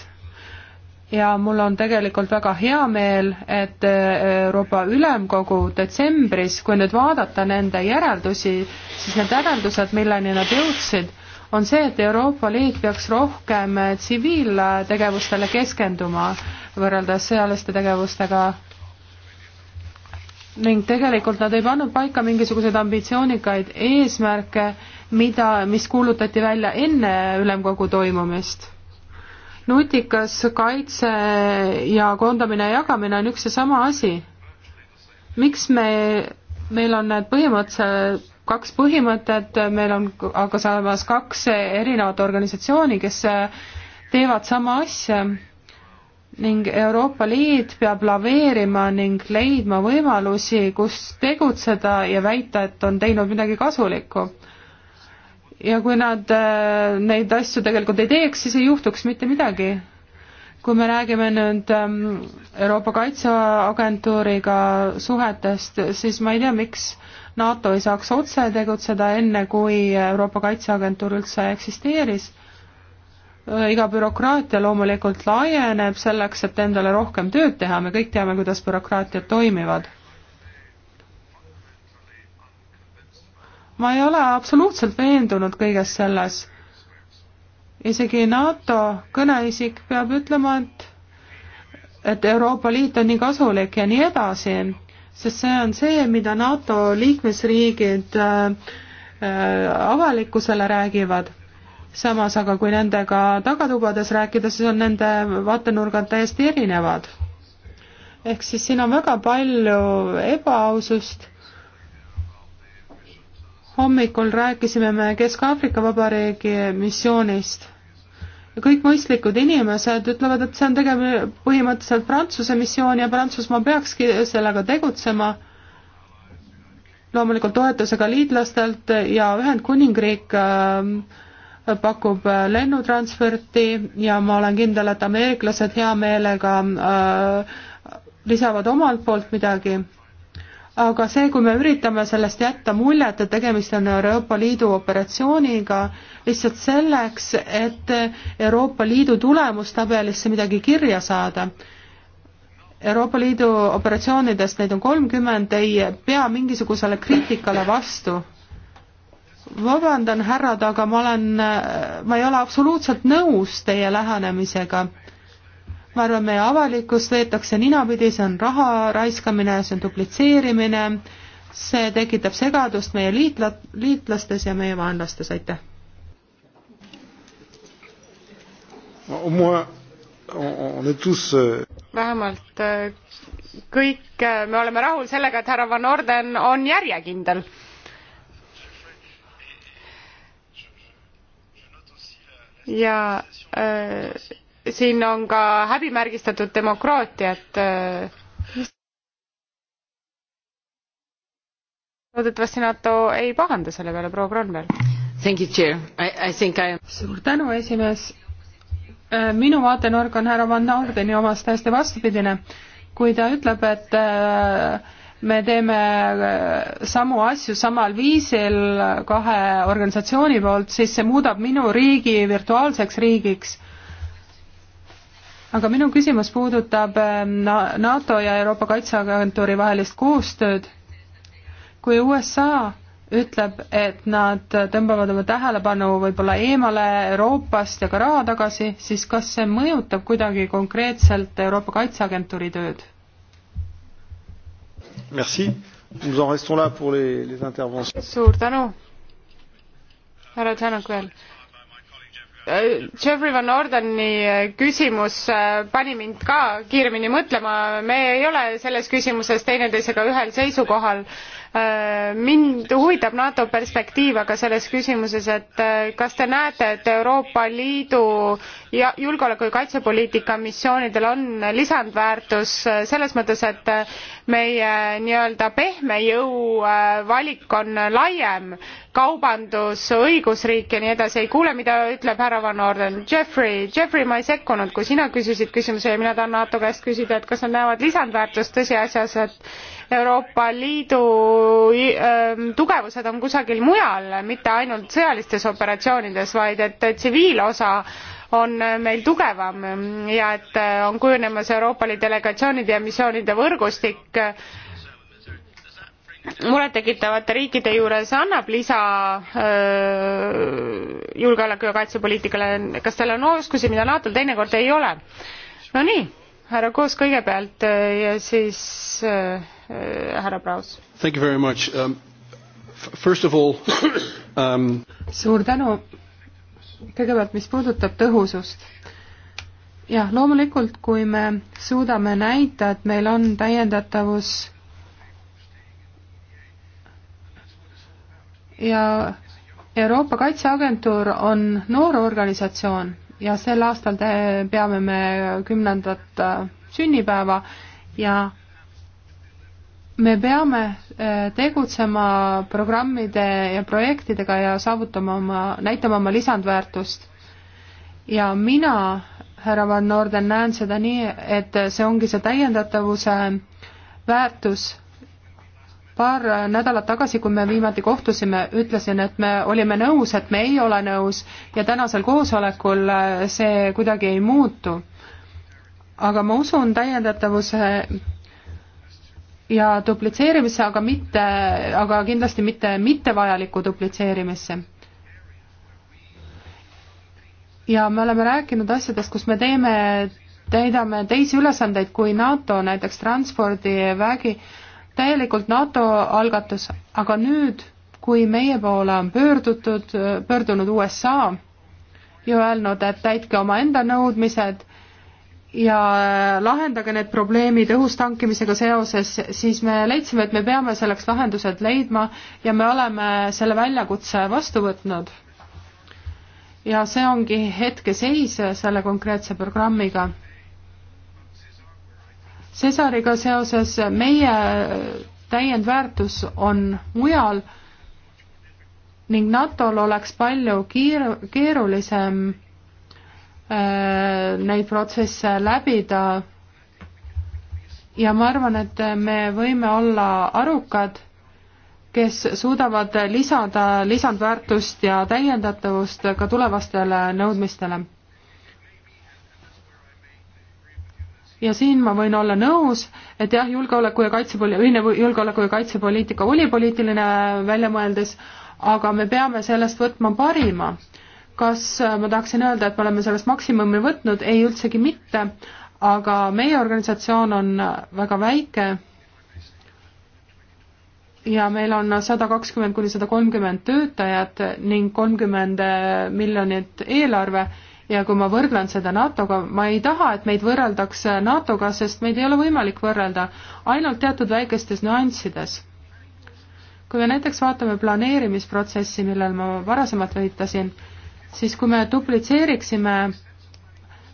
ja mul on tegelikult väga hea meel, et eh, Euroopa Ülemkogu detsembris, kui nüüd vaadata nende järeldusi, siis need järeldused, milleni nad jõudsid, on see, et Euroopa Liit peaks rohkem tsiviiltegevustele keskenduma võrreldes sõjaliste tegevustega ning tegelikult nad ei pannud paika mingisuguseid ambitsioonikaid eesmärke, mida, mis kuulutati välja enne ülemkogu toimumist. nutikas kaitse ja koondamine ja jagamine on üks ja sama asi. miks me, meil on need põhimõttelised kaks põhimõtet, meil on aga samas kaks erinevat organisatsiooni, kes teevad sama asja ning Euroopa Liit peab laveerima ning leidma võimalusi, kus tegutseda ja väita, et on teinud midagi kasulikku. ja kui nad äh, neid asju tegelikult ei teeks, siis ei juhtuks mitte midagi. kui me räägime nüüd ähm, Euroopa Kaitseagentuuriga suhetest, siis ma ei tea, miks NATO ei saaks otse tegutseda, enne kui Euroopa Kaitseagentuur üldse eksisteeris. Äh, iga bürokraatia loomulikult laieneb selleks, et endale rohkem tööd teha, me kõik teame, kuidas bürokraatiad toimivad. ma ei ole absoluutselt veendunud kõiges selles. isegi NATO kõneisik peab ütlema, et et Euroopa Liit on nii kasulik ja nii edasi sest see on see, mida NATO liikmesriigid äh, äh, avalikkusele räägivad. samas aga kui nendega tagatubades rääkida, siis on nende vaatenurgad täiesti erinevad. ehk siis siin on väga palju ebaausust. hommikul rääkisime me Kesk-Aafrika Vabariigi missioonist kõik mõistlikud inimesed ütlevad, et see on tege-, põhimõtteliselt Prantsuse missioon ja Prantsusmaa peakski sellega tegutsema, loomulikult toetusega liitlastelt ja Ühendkuningriik äh, pakub äh, lennutransporti ja ma olen kindel, et ameeriklased hea meelega äh, lisavad omalt poolt midagi aga see, kui me üritame sellest jätta muljet, et tegemist on Euroopa Liidu operatsiooniga, lihtsalt selleks, et Euroopa Liidu tulemustabelisse midagi kirja saada. Euroopa Liidu operatsioonidest, neid on kolmkümmend, ei pea mingisugusele kriitikale vastu. vabandan, härrad, aga ma olen, ma ei ole absoluutselt nõus teie lähenemisega ma arvan, meie avalikkust veetakse ninapidi, see on raha raiskamine, see on duplitseerimine, see tekitab segadust meie liitla-, liitlastes ja meie vaenlastes, aitäh. Euh, vähemalt äh, kõik äh, me oleme rahul sellega, et härra Van Orden on järjekindel ja äh, siin on ka häbimärgistatud demokraatiat. Äh, loodetavasti NATO ei pahanda selle peale, proua Kronberg. suur tänu, esimees. Äh, minu vaatenurk on härra Van Ordeni omast täiesti vastupidine. kui ta ütleb, et äh, me teeme äh, samu asju samal viisil kahe organisatsiooni poolt, siis see muudab minu riigi virtuaalseks riigiks aga minu küsimus puudutab ähm, NATO ja Euroopa Kaitseagentuuri vahelist koostööd. kui USA ütleb, et nad tõmbavad oma tähelepanu võib-olla eemale Euroopast ja ka raha tagasi, siis kas see mõjutab kuidagi konkreetselt Euroopa Kaitseagentuuri tööd? Merci, nous en restons là pour les, les interventions. suur tänu, härra Tänak veel Jeffrey Van Ordeni äh, küsimus äh, pani mind ka kiiremini mõtlema, me ei ole selles küsimuses teineteisega ühel seisukohal Äh, mind huvitab NATO perspektiiv aga selles küsimuses, et äh, kas te näete, et Euroopa Liidu julgeoleku ja kaitsepoliitika missioonidel on lisandväärtus äh, selles mõttes, et meie nii-öelda pehme jõu valik on laiem, kaubandus, õigusriik ja nii edasi, ei kuule, mida ütleb härra Van Orden. Jeffrey, Jeffrey, ma ei sekkunud, kui sina küsisid küsimuse ja mina tahan NATO käest küsida, et kas nad näevad lisandväärtust tõsiasjas, et Euroopa Liidu ähm, tugevused on kusagil mujal, mitte ainult sõjalistes operatsioonides, vaid et tsiviilosa on äh, meil tugevam ja et äh, on kujunemas Euroopa Liidu delegatsioonide ja missioonide võrgustik murettekitavate riikide juures annab lisa öö, äh, julgeoleku ja kaitsepoliitikale, kas tal on oskusi, mida NATO-l teinekord ei ole? no nii härra Koos kõigepealt äh, ja siis äh, äh, härra Braus. Thank you very much um,. First of all um.... suur tänu. kõigepealt, mis puudutab tõhusust. jah, loomulikult, kui me suudame näita, et meil on täiendatavus ja Euroopa Kaitseagentuur on noor organisatsioon ja sel aastal te, peame me kümnendat äh, sünnipäeva ja me peame äh, tegutsema programmide ja projektidega ja saavutama oma, näitama oma lisandväärtust. ja mina, härra Van Norden, näen seda nii, et see ongi see täiendatavuse väärtus paar nädalat tagasi, kui me viimati kohtusime, ütlesin, et me olime nõus, et me ei ole nõus ja tänasel koosolekul see kuidagi ei muutu. aga ma usun täiendatavuse ja duplitseerimisse, aga mitte, aga kindlasti mitte mittevajalikku duplitseerimisse. ja me oleme rääkinud asjadest, kus me teeme, täidame teisi ülesandeid kui NATO, näiteks transpordivägi äh,, täielikult NATO algatus, aga nüüd, kui meie poole on pöördutud, pöördunud USA ja öelnud, et täitke omaenda nõudmised ja lahendage need probleemid õhustankimisega seoses, siis me leidsime, et me peame selleks lahendused leidma ja me oleme selle väljakutse vastu võtnud. ja see ongi hetkeseis selle konkreetse programmiga Cesariga seoses meie täiendväärtus on mujal ning NATO-l oleks palju kiir-, keerulisem äh, neid protsesse läbida ja ma arvan, et me võime olla arukad, kes suudavad lisada lisandväärtust ja täiendatavust ka tulevastele nõudmistele ja siin ma võin olla nõus, et jah, julgeoleku ja kaitsepoli-, ühine julgeoleku ja kaitsepoliitika oli poliitiline väljamõeldis, aga me peame sellest võtma parima. kas äh, ma tahaksin öelda, et me oleme sellest maksimumi võtnud, ei üldsegi mitte, aga meie organisatsioon on äh, väga väike ja meil on sada kakskümmend kuni sada kolmkümmend töötajat ning kolmkümmend äh, miljonit eelarve ja kui ma võrdlen seda NATO-ga, ma ei taha, et meid võrreldakse NATO-ga, sest meid ei ole võimalik võrrelda ainult teatud väikestes nüanssides. kui me näiteks vaatame planeerimisprotsessi, millel ma varasemalt viitasin, siis kui me duplitseeriksime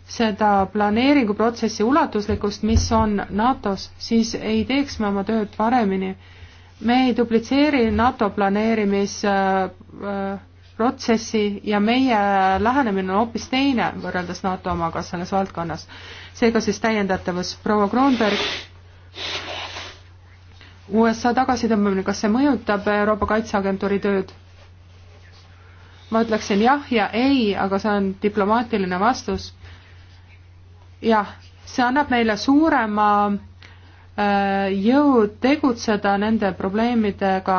seda planeeringuprotsessi ulatuslikkust, mis on NATO-s, siis ei teeks me oma tööd paremini. me ei duplitseeri NATO planeerimis äh, äh protsessi ja meie lähenemine on hoopis teine võrreldes NATO omaga selles valdkonnas. seega siis täiendatavus, proua Kroonberg, USA tagasitõmbamine, kas see mõjutab Euroopa Kaitseagentuuri tööd? ma ütleksin jah ja ei, aga see on diplomaatiline vastus. jah, see annab meile suurema äh, jõud tegutseda nende probleemidega,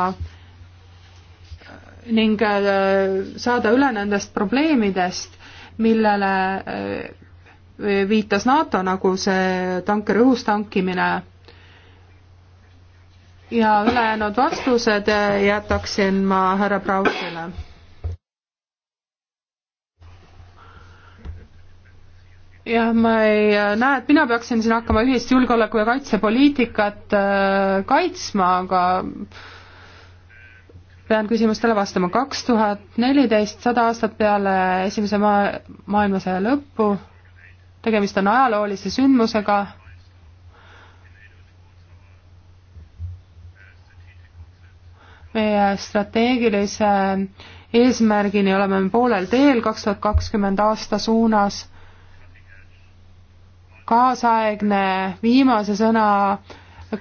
ning äh, saada üle nendest probleemidest, millele äh, viitas NATO, nagu see tankeri õhus tankimine ja ülejäänud vastused äh, jätaksin ma härra Brausile. jah, ma ei näe, et mina peaksin siin hakkama ühist julgeoleku- ja kaitsepoliitikat kaitsma, aga pean küsimustele vastama. kaks tuhat neliteist, sada aastat peale Esimese maa, maailmasõja lõppu, tegemist on ajaloolise sündmusega, meie strateegilise eesmärgini oleme me poolel teel kaks tuhat kakskümmend aasta suunas, kaasaegne viimase sõna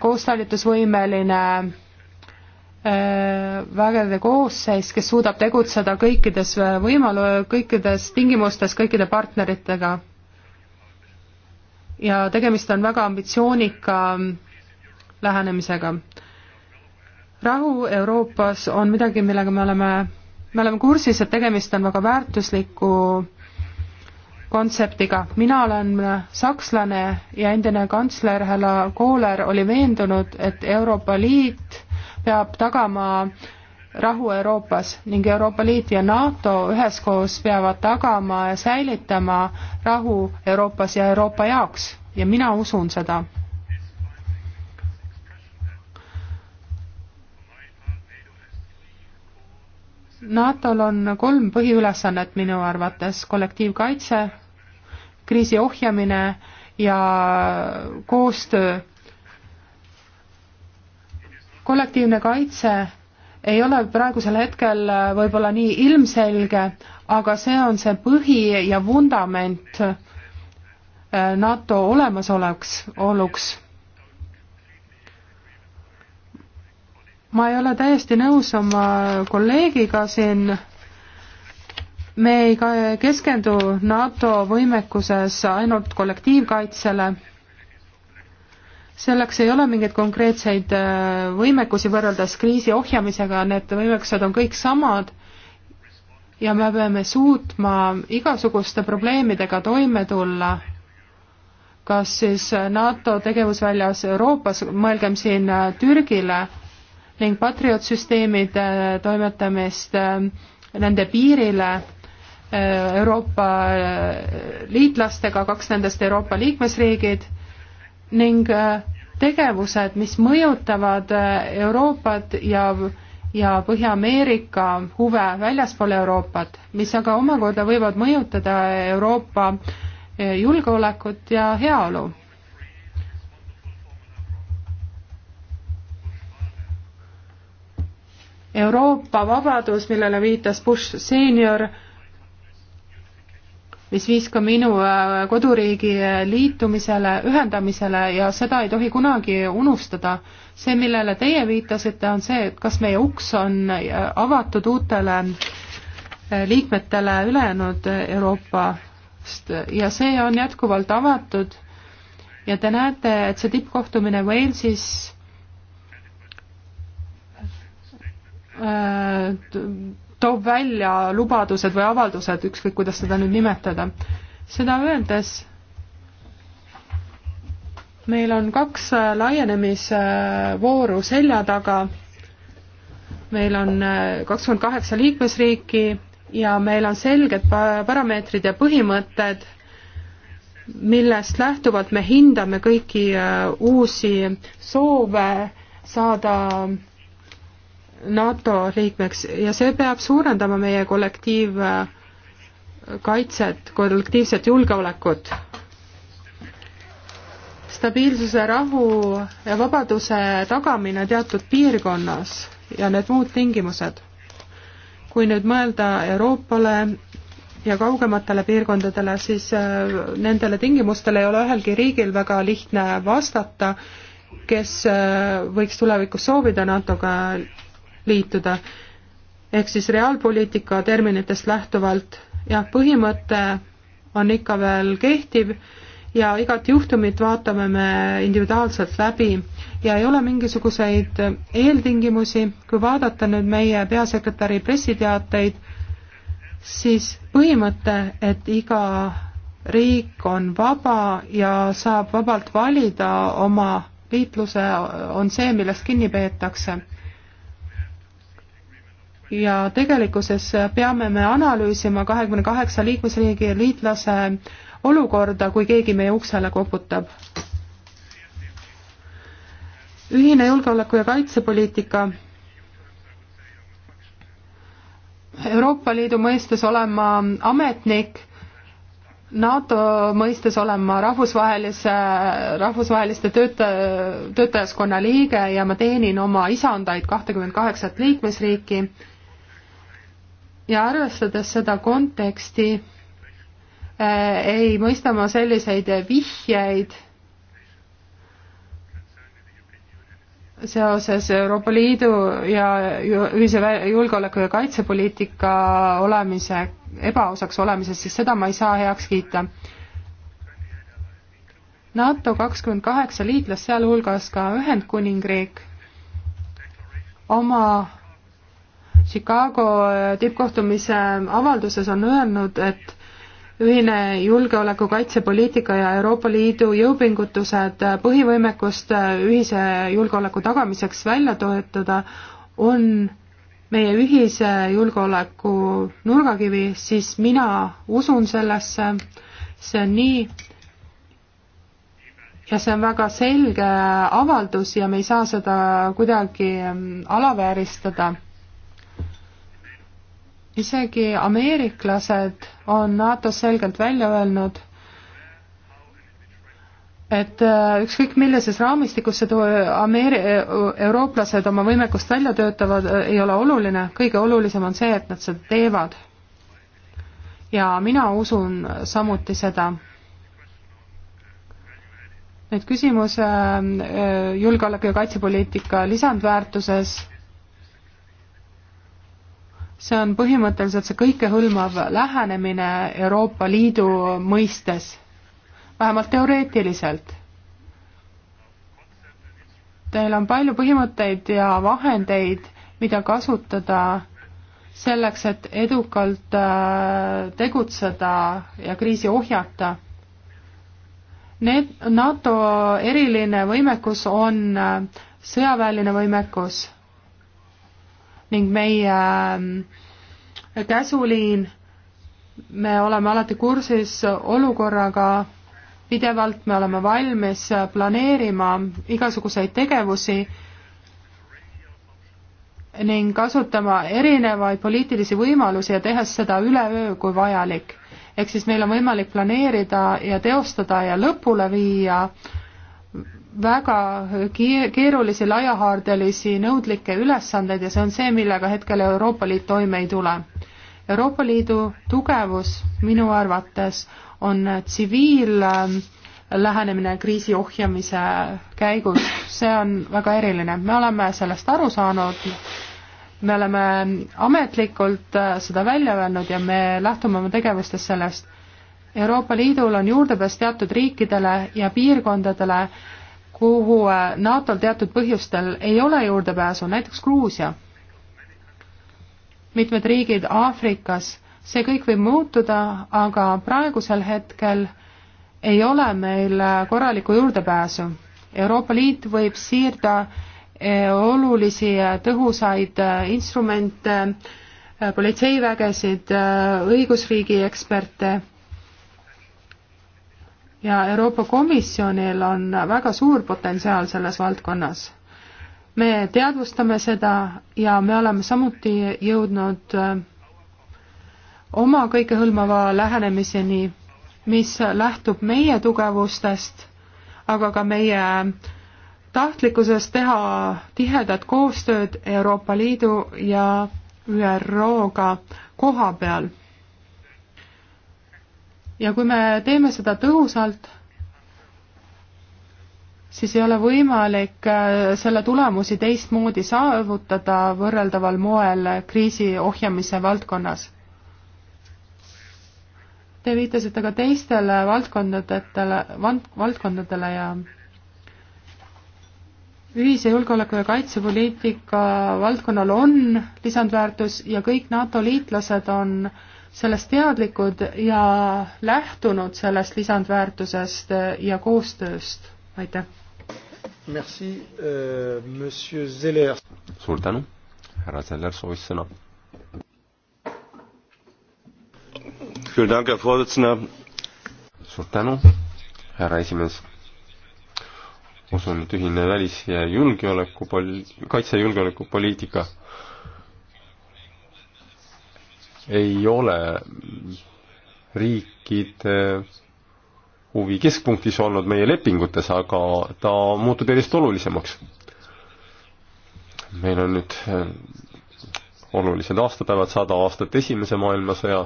koostalitusvõimeline vägede koosseis, kes suudab tegutseda kõikides võimalu-, kõikides tingimustes kõikide partneritega. ja tegemist on väga ambitsioonika lähenemisega. rahu Euroopas on midagi, millega me oleme, me oleme kursis, et tegemist on väga väärtusliku kontseptiga. mina olen sakslane ja endine kantsler härra Kohler oli veendunud, et Euroopa Liit peab tagama rahu Euroopas ning Euroopa Liit ja NATO üheskoos peavad tagama ja säilitama rahu Euroopas ja Euroopa jaoks ja mina usun seda. NATO-l on kolm põhiülesannet minu arvates, kollektiivkaitse, kriisi ohjamine ja koostöö kollektiivne kaitse ei ole praegusel hetkel äh, võib-olla nii ilmselge, aga see on see põhi ja vundament äh, NATO olemasoleks, oluks. ma ei ole täiesti nõus oma kolleegiga siin, me ei keskendu NATO võimekuses ainult kollektiivkaitsele selleks ei ole mingeid konkreetseid äh, võimekusi võrreldes kriisi ohjamisega, need võimekused on kõik samad ja me peame suutma igasuguste probleemidega toime tulla, kas siis NATO tegevusväljas Euroopas, mõelgem siin äh, Türgile, ning patriootsüsteemide äh, toimetamist nende piirile Euroopa liitlastega, kaks nendest Euroopa liikmesriigid ning äh, tegevused, mis mõjutavad äh, Euroopat ja, ja Põhja-Ameerika huve väljaspool Euroopat, mis aga omakorda võivad mõjutada Euroopa äh, julgeolekut ja heaolu. Euroopa vabadus, millele viitas Bush seenior mis viis ka minu äh, koduriigi äh, liitumisele, ühendamisele ja seda ei tohi kunagi unustada. see, millele teie viitasite, on see, et kas meie uks on äh, avatud uutele liikmetele ülejäänud Euroopast ja see on jätkuvalt avatud ja te näete, et see tippkohtumine Walesis äh, toob välja lubadused või avaldused, ükskõik kuidas seda nüüd nimetada. seda öeldes meil on kaks äh, laienemisvooru selja taga, meil on äh, kakskümmend kaheksa liikmesriiki ja meil on selged parameetrid ja põhimõtted, millest lähtuvalt me hindame kõiki äh, uusi soove saada NATO liikmeks ja see peab suurendama meie kollektiivkaitset, äh, kollektiivset julgeolekut. stabiilsuse, rahu ja vabaduse tagamine teatud piirkonnas ja need muud tingimused. kui nüüd mõelda Euroopale ja kaugematele piirkondadele, siis äh, nendele tingimustele ei ole ühelgi riigil väga lihtne vastata, kes äh, võiks tulevikus soovida NATO-ga liituda. ehk siis reaalpoliitika terminitest lähtuvalt jah, põhimõte on ikka veel kehtiv ja igat juhtumit vaatame me individuaalselt läbi ja ei ole mingisuguseid eeltingimusi, kui vaadata nüüd meie peasekretäri pressiteateid, siis põhimõte, et iga riik on vaba ja saab vabalt valida oma liitluse, on see, millest kinni peetakse ja tegelikkuses peame me analüüsima kahekümne kaheksa liikmesriigi liitlase olukorda, kui keegi meie uksele koputab. ühine julgeoleku- ja kaitsepoliitika Euroopa Liidu mõistes olema ametnik, NATO mõistes olema rahvusvahelise, rahvusvaheliste tööta-, töötajaskonna liige ja ma teenin oma isandaid kahtekümmend kaheksat liikmesriiki ja arvestades seda konteksti äh, ei mõista ma selliseid vihjeid seoses Euroopa Liidu ja ühise julgeoleku- ja kaitsepoliitika olemise, ebaosaks olemises, siis seda ma ei saa heaks kiita. NATO kakskümmend kaheksa liitlast, sealhulgas ka Ühendkuningriik, oma Chicago äh, tippkohtumise avalduses on öelnud, et ühine julgeoleku kaitsepoliitika ja Euroopa Liidu jõupingutused põhivõimekust äh, ühise julgeoleku tagamiseks välja toetada on meie ühise julgeoleku nurgakivi, siis mina usun sellesse, see on nii ja see on väga selge avaldus ja me ei saa seda kuidagi ähm, alavääristada isegi ameeriklased on NATO-s selgelt välja öelnud, et äh, ükskõik millises raamistikus seda Ameeri-, äh, eurooplased oma võimekust välja töötavad, äh, ei ole oluline, kõige olulisem on see, et nad seda teevad. ja mina usun samuti seda. nüüd küsimus julgeoleku- ja kaitsepoliitika lisandväärtuses see on põhimõtteliselt see kõikehõlmav lähenemine Euroopa Liidu mõistes, vähemalt teoreetiliselt. Teil on palju põhimõtteid ja vahendeid, mida kasutada selleks, et edukalt äh, tegutseda ja kriisi ohjata. Need, NATO eriline võimekus on äh, sõjaväeline võimekus ning meie ähm, käsuliin, me oleme alati kursis olukorraga, pidevalt me oleme valmis planeerima igasuguseid tegevusi ning kasutama erinevaid poliitilisi võimalusi ja tehes seda üleöö, kui vajalik. ehk siis meil on võimalik planeerida ja teostada ja lõpule viia äh, väga keerulisi, laiahaardelisi, nõudlikke ülesandeid ja see on see, millega hetkel Euroopa Liit toime ei tule. Euroopa Liidu tugevus minu arvates on tsiviillähenemine ähm, kriisi ohjamise käigus, see on väga eriline, me oleme sellest aru saanud, me oleme ametlikult äh, seda välja öelnud ja me lähtume oma tegevustes sellest Euroopa Liidul on juurdepääs teatud riikidele ja piirkondadele, kuhu äh, NATO-l teatud põhjustel ei ole juurdepääsu, näiteks Gruusia, mitmed riigid Aafrikas, see kõik võib muutuda, aga praegusel hetkel ei ole meil äh, korralikku juurdepääsu. Euroopa Liit võib siirda äh, olulisi tõhusaid instrumente, politseivägesid, õigusriigi eksperte ja Euroopa Komisjonil on väga suur potentsiaal selles valdkonnas. me teadvustame seda ja me oleme samuti jõudnud äh, oma kõikehõlmava lähenemiseni, mis lähtub meie tugevustest, aga ka meie tahtlikkusest teha tihedat koostööd Euroopa Liidu ja ÜRO-ga koha peal ja kui me teeme seda tõhusalt, siis ei ole võimalik äh, selle tulemusi teistmoodi saavutada võrreldaval moel kriisi ohjamise valdkonnas. Te viitasite ka teistele valdkondadele, valdkondadele ja ühise julgeoleku- ja kaitsepoliitika valdkonnal on lisandväärtus ja kõik NATO liitlased on äh, sellest teadlikud ja lähtunud sellest lisandväärtusest ja koostööst, aitäh! Merci euh,, monsieur Zeller. suur tänu, härra Zeller soovis sõna. suur tänu, härra esimees. usun, et ühine välis- ja julgeoleku pol-, kaitse- ja julgeolekupoliitika ei ole riikide huvi keskpunktis olnud meie lepingutes, aga ta muutub järjest olulisemaks. meil on nüüd äh, olulised aastapäevad, sada aastat Esimese maailmasõja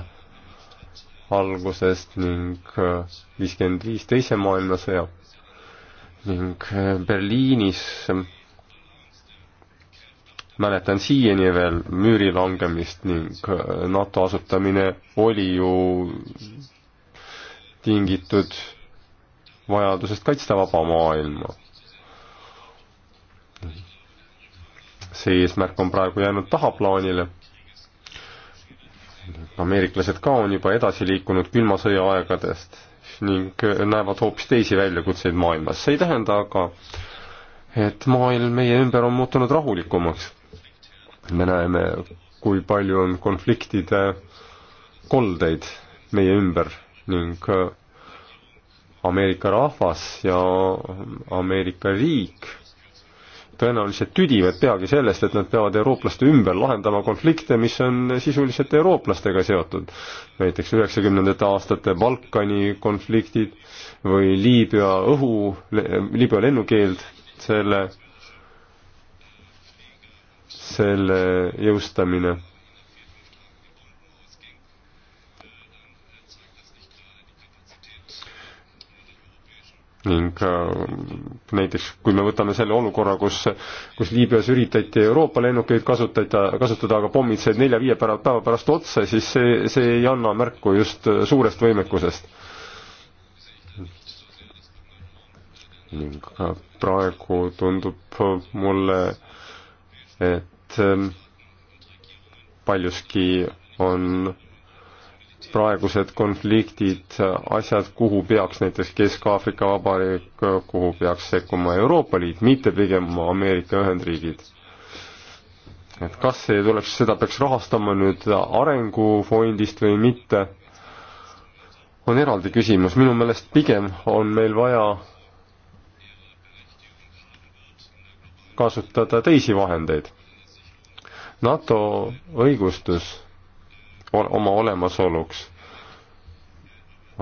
algusest ning äh, viiskümmend viis Teise maailmasõja ning äh, Berliinis mäletan siiani veel müüri langemist ning äh, NATO asutamine oli ju tingitud vajadusest kaitsta vaba maailma. see eesmärk on praegu jäänud tahaplaanile. ameeriklased ka on juba edasi liikunud külma sõja aegadest ning äh, näevad hoopis teisi väljakutseid maailmas. see ei tähenda aga, et maailm meie ümber on muutunud rahulikumaks me näeme, kui palju on konfliktide koldeid meie ümber ning äh, Ameerika rahvas ja Ameerika riik tõenäoliselt tüdivad peagi sellest, et nad peavad eurooplaste ümber lahendama konflikte, mis on sisuliselt eurooplastega seotud. näiteks üheksakümnendate aastate Balkani konfliktid või Liibüa õhu, Liibüa lennukeeld, selle selle jõustamine. ning äh, näiteks kui me võtame selle olukorra, kus, kus Liibüas üritati Euroopa lennukeid kasutada, kasutada, aga pommid said nelja-viie päeva pärast otsa, siis see, see ei anna märku just äh, suurest võimekusest ning äh, praegu tundub mulle, et et ähm, paljuski on praegused konfliktid äh, asjad, kuhu peaks näiteks Kesk-Aafrika Vabariik, äh, kuhu peaks sekkuma Euroopa Liit, mitte pigem Ameerika Ühendriigid. et kas see tuleks, seda peaks rahastama nüüd arengufondist või mitte, on eraldi küsimus, minu meelest pigem on meil vaja kasutada teisi vahendeid NATO õigustus oma olemasoluks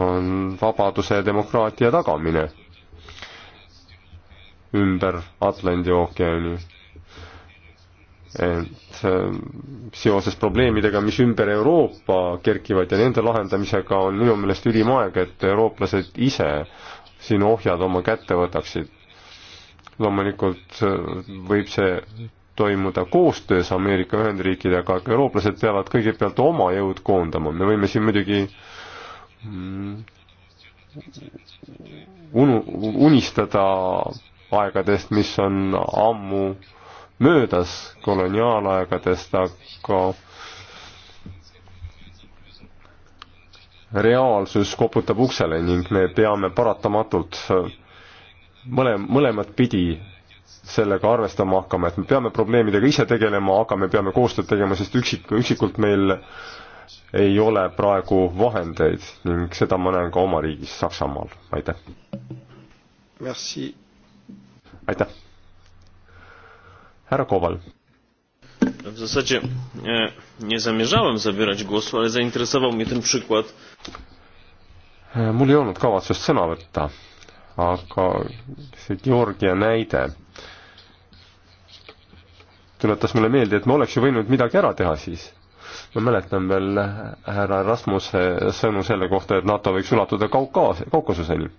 on vabaduse ja demokraatia tagamine ümber Atlandi ookeani. et äh, seoses probleemidega, mis ümber Euroopa kerkivad ja nende lahendamisega on minu meelest ülim aeg, et eurooplased ise siin ohjad oma kätte võtaksid. loomulikult äh, võib see toimuda koostöös Ameerika Ühendriikidega, aga eurooplased peavad kõigepealt oma jõud koondama, me võime siin muidugi mm, unu-, unistada aegadest, mis on ammu möödas koloniaalaegadest, aga reaalsus koputab uksele ning me peame paratamatult mõle-, mõlemat pidi sellega arvestama hakkama, et me peame probleemidega ise tegelema, aga me peame koostööd tegema, sest üksik, üksikult meil ei ole praegu vahendeid ning seda ma näen ka oma riigis, Saksamaal, aitäh. aitäh. härra Koval. W zasadzie nie, nie zamierzałem zabierać głosu, ale zainteresował mnie ten przykład. E, mul ei olnud kavatsust sõna võtta, aga see Georgia näide tuletas mulle meelde, et me oleks ju võinud midagi ära teha siis. ma mäletan veel härra Rasmuse sõnu selle kohta, et NATO võiks ulatuda Kaukaas-, Kaukasuseni.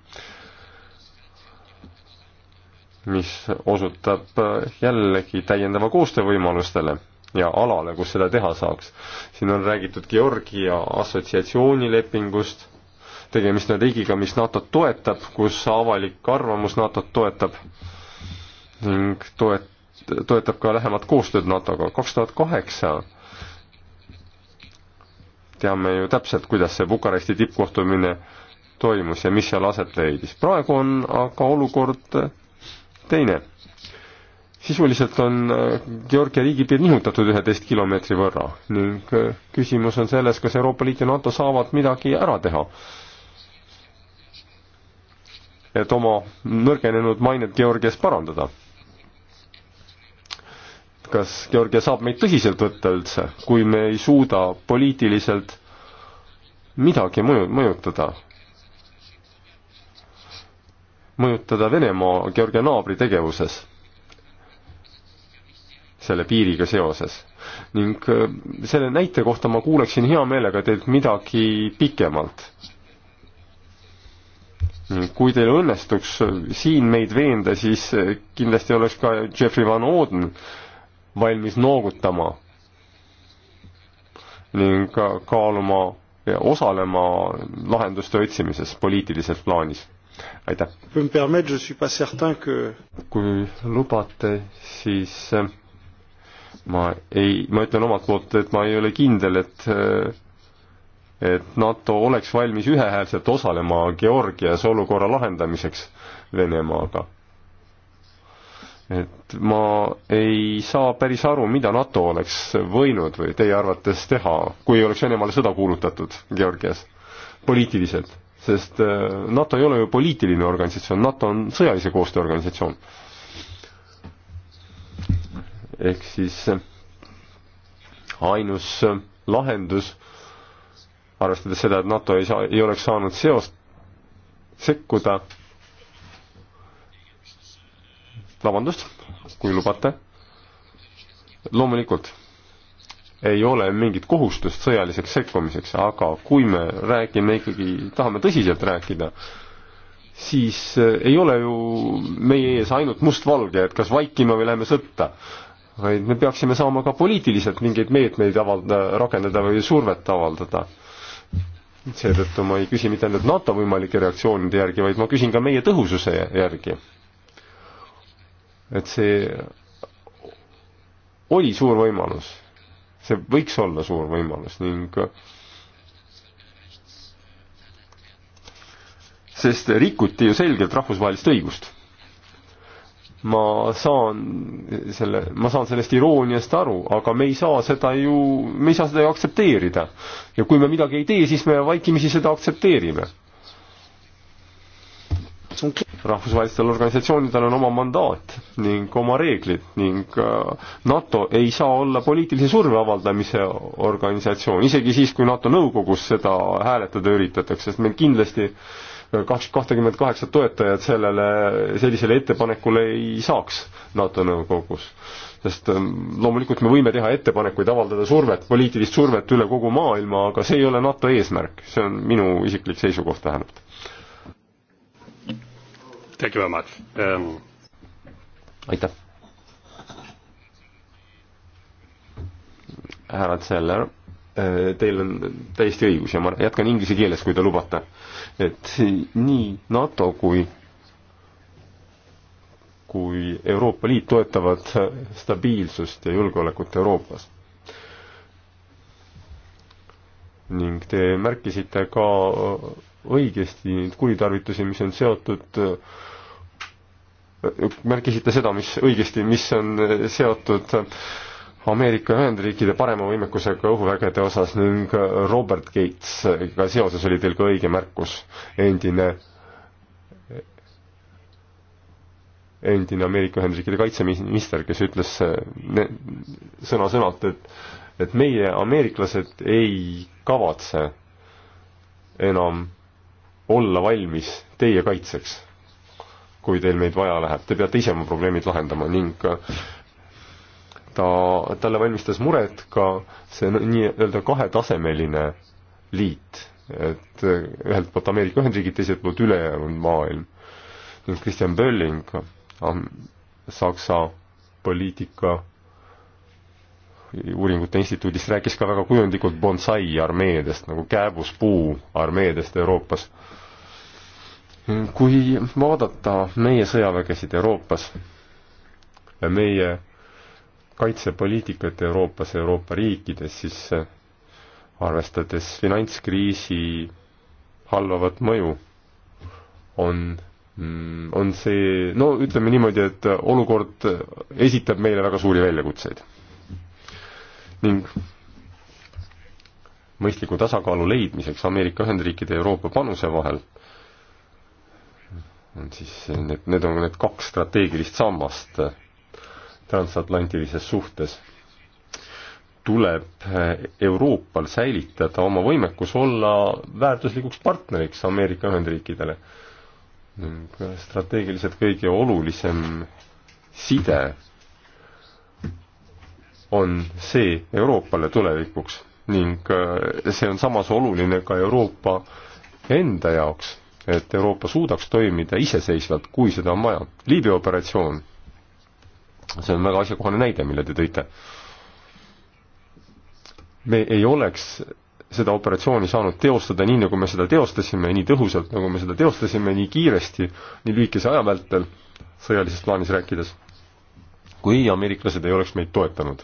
mis osutab jällegi täiendava koostöövõimalustele ja alale, kus seda teha saaks. siin on räägitud Georgia assotsiatsioonilepingust tegemist on riigiga, mis NATO-t toetab, kus avalik arvamus NATO-t toetab ning toet-, toetab ka lähemat koostööd NATO-ga. kaks tuhat kaheksa teame ju täpselt, kuidas see Bukaresti tippkohtumine toimus ja mis seal aset leidis. praegu on aga olukord teine. sisuliselt on äh, Georgia riigipiir nihutatud üheteist kilomeetri võrra ning äh, küsimus on selles, kas Euroopa Liit ja NATO saavad midagi ära teha et oma nõrgenenud mainet Georgias parandada. kas Georgia saab meid tõsiselt võtta üldse, kui me ei suuda poliitiliselt midagi mõju, mõjutada? mõjutada Venemaa Georgia naabri tegevuses selle piiriga seoses. ning äh, selle näite kohta ma kuuleksin hea meelega teilt midagi pikemalt kui teil õnnestuks siin meid veenda, siis kindlasti oleks ka Jeffrey Van Oden valmis noogutama ning ka kaaluma ja osalema lahenduste otsimises poliitilises plaanis. aitäh! kui lubate, siis ma ei, ma ütlen omalt poolt, et ma ei ole kindel, et et NATO oleks valmis ühehäälselt osalema Georgias olukorra lahendamiseks Venemaaga. et ma ei saa päris aru, mida NATO oleks võinud või teie arvates teha, kui oleks Venemaale sõda kuulutatud Georgias poliitiliselt, sest äh, NATO ei ole ju poliitiline organisatsioon, NATO on sõjalise koostöö organisatsioon. ehk siis äh, ainus äh, lahendus arvestades seda, et NATO ei saa, ei oleks saanud seost sekkuda, vabandust, kui lubate, loomulikult ei ole mingit kohustust sõjaliseks sekkumiseks, aga kui me räägime ikkagi, tahame tõsiselt rääkida, siis eh, ei ole ju meie ees ainult mustvalge, et kas vaikime või läheme sõtta. vaid me peaksime saama ka poliitiliselt mingeid meetmeid avaldada, rakendada või survet avaldada seetõttu ma ei küsi mitte ainult NATO võimalike reaktsioonide järgi, vaid ma küsin ka meie tõhususe järgi. et see oli suur võimalus, see võiks olla suur võimalus ning sest rikuti ju selgelt rahvusvahelist õigust ma saan selle, ma saan sellest irooniast aru, aga me ei saa seda ju, me ei saa seda ju aktsepteerida. ja kui me midagi ei tee, siis me vaikimisi seda aktsepteerime. rahvusvahelistel organisatsioonidel on oma mandaat ning oma reeglid ning äh, NATO ei saa olla poliitilise surve avaldamise organisatsioon, isegi siis, kui NATO nõukogus seda hääletada üritatakse, sest meil kindlasti äh, kaks, kahtekümmet kaheksat toetajat sellele, sellisele ettepanekule ei saaks NATO nõukogus. sest ähm, loomulikult me võime teha ettepanekuid, avaldada survet, poliitilist survet üle kogu maailma, aga see ei ole NATO eesmärk, see on minu isiklik seisukoht vähemalt. Thank you very much um.... aitäh. härra Zeller Äh, teil on täiesti õigus ja ma jätkan inglise keeles, kui te lubate. et nii NATO kui kui Euroopa Liit toetavad stabiilsust ja julgeolekut Euroopas. ning te märkisite ka õigesti neid kuritarvitusi, mis on seotud, märkisite seda, mis õigesti, mis on seotud äh, Ameerika Ühendriikide parema võimekusega õhuvägede osas ning Robert Gates'iga seoses oli teil ka õige märkus, endine, endine Ameerika Ühendriikide kaitseminister, kes ütles sõna-sõnalt, et, et meie, ameeriklased, ei kavatse enam olla valmis teie kaitseks, kui teil meid vaja läheb, te peate ise oma probleemid lahendama ning äh, ta, talle valmistas muret ka see nii-öelda kahetasemeline liit, et ühelt poolt Ameerika Ühendriigid, teiselt poolt ülejäänud maailm. Kristjan Bölling, Saksa poliitika uuringute instituudist rääkis ka väga kujundlikult bonsai armeedest, nagu kääbuspuu armeedest Euroopas. kui vaadata meie sõjavägesid Euroopas, meie kaitsepoliitikat Euroopas ja Euroopa riikides, siis äh, arvestades finantskriisi halvavat mõju, on, mm, on see, no ütleme niimoodi, et olukord esitab meile väga suuri väljakutseid. ning mõistliku tasakaalu leidmiseks Ameerika Ühendriikide ja Euroopa panuse vahel on siis need, need on need kaks strateegilist sammast, transatlantilises suhtes. tuleb eh, Euroopal säilitada oma võimekus olla väärtuslikuks partneriks Ameerika Ühendriikidele ning strateegiliselt kõige olulisem side on see Euroopale tulevikuks ning eh, see on samas oluline ka Euroopa enda jaoks, et Euroopa suudaks toimida iseseisvalt, kui seda on vaja. Liibüa operatsioon see on väga asjakohane näide, mille te tõite. me ei oleks seda operatsiooni saanud teostada nii, nagu me seda teostasime, nii tõhusalt, nagu me seda teostasime, nii kiiresti, nii lühikese aja vältel, sõjalises plaanis rääkides, kui ameeriklased ei oleks meid toetanud.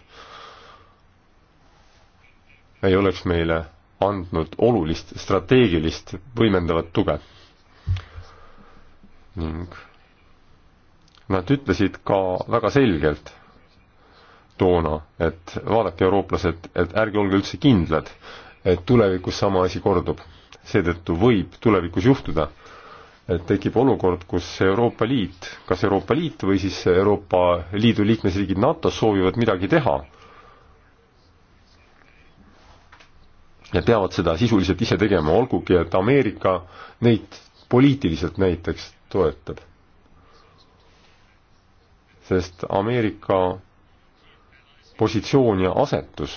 ei oleks meile andnud olulist strateegilist võimendavat tuge. ning Nad ütlesid ka väga selgelt toona, et vaadake, eurooplased, et ärge olge üldse kindlad, et tulevikus sama asi kordub. seetõttu võib tulevikus juhtuda, et tekib olukord, kus Euroopa Liit, kas Euroopa Liit või siis Euroopa Liidu liikmesriigid NATO soovivad midagi teha ja peavad seda sisuliselt ise tegema, olgugi et Ameerika neid poliitiliselt näiteks toetab sest Ameerika positsioon ja asetus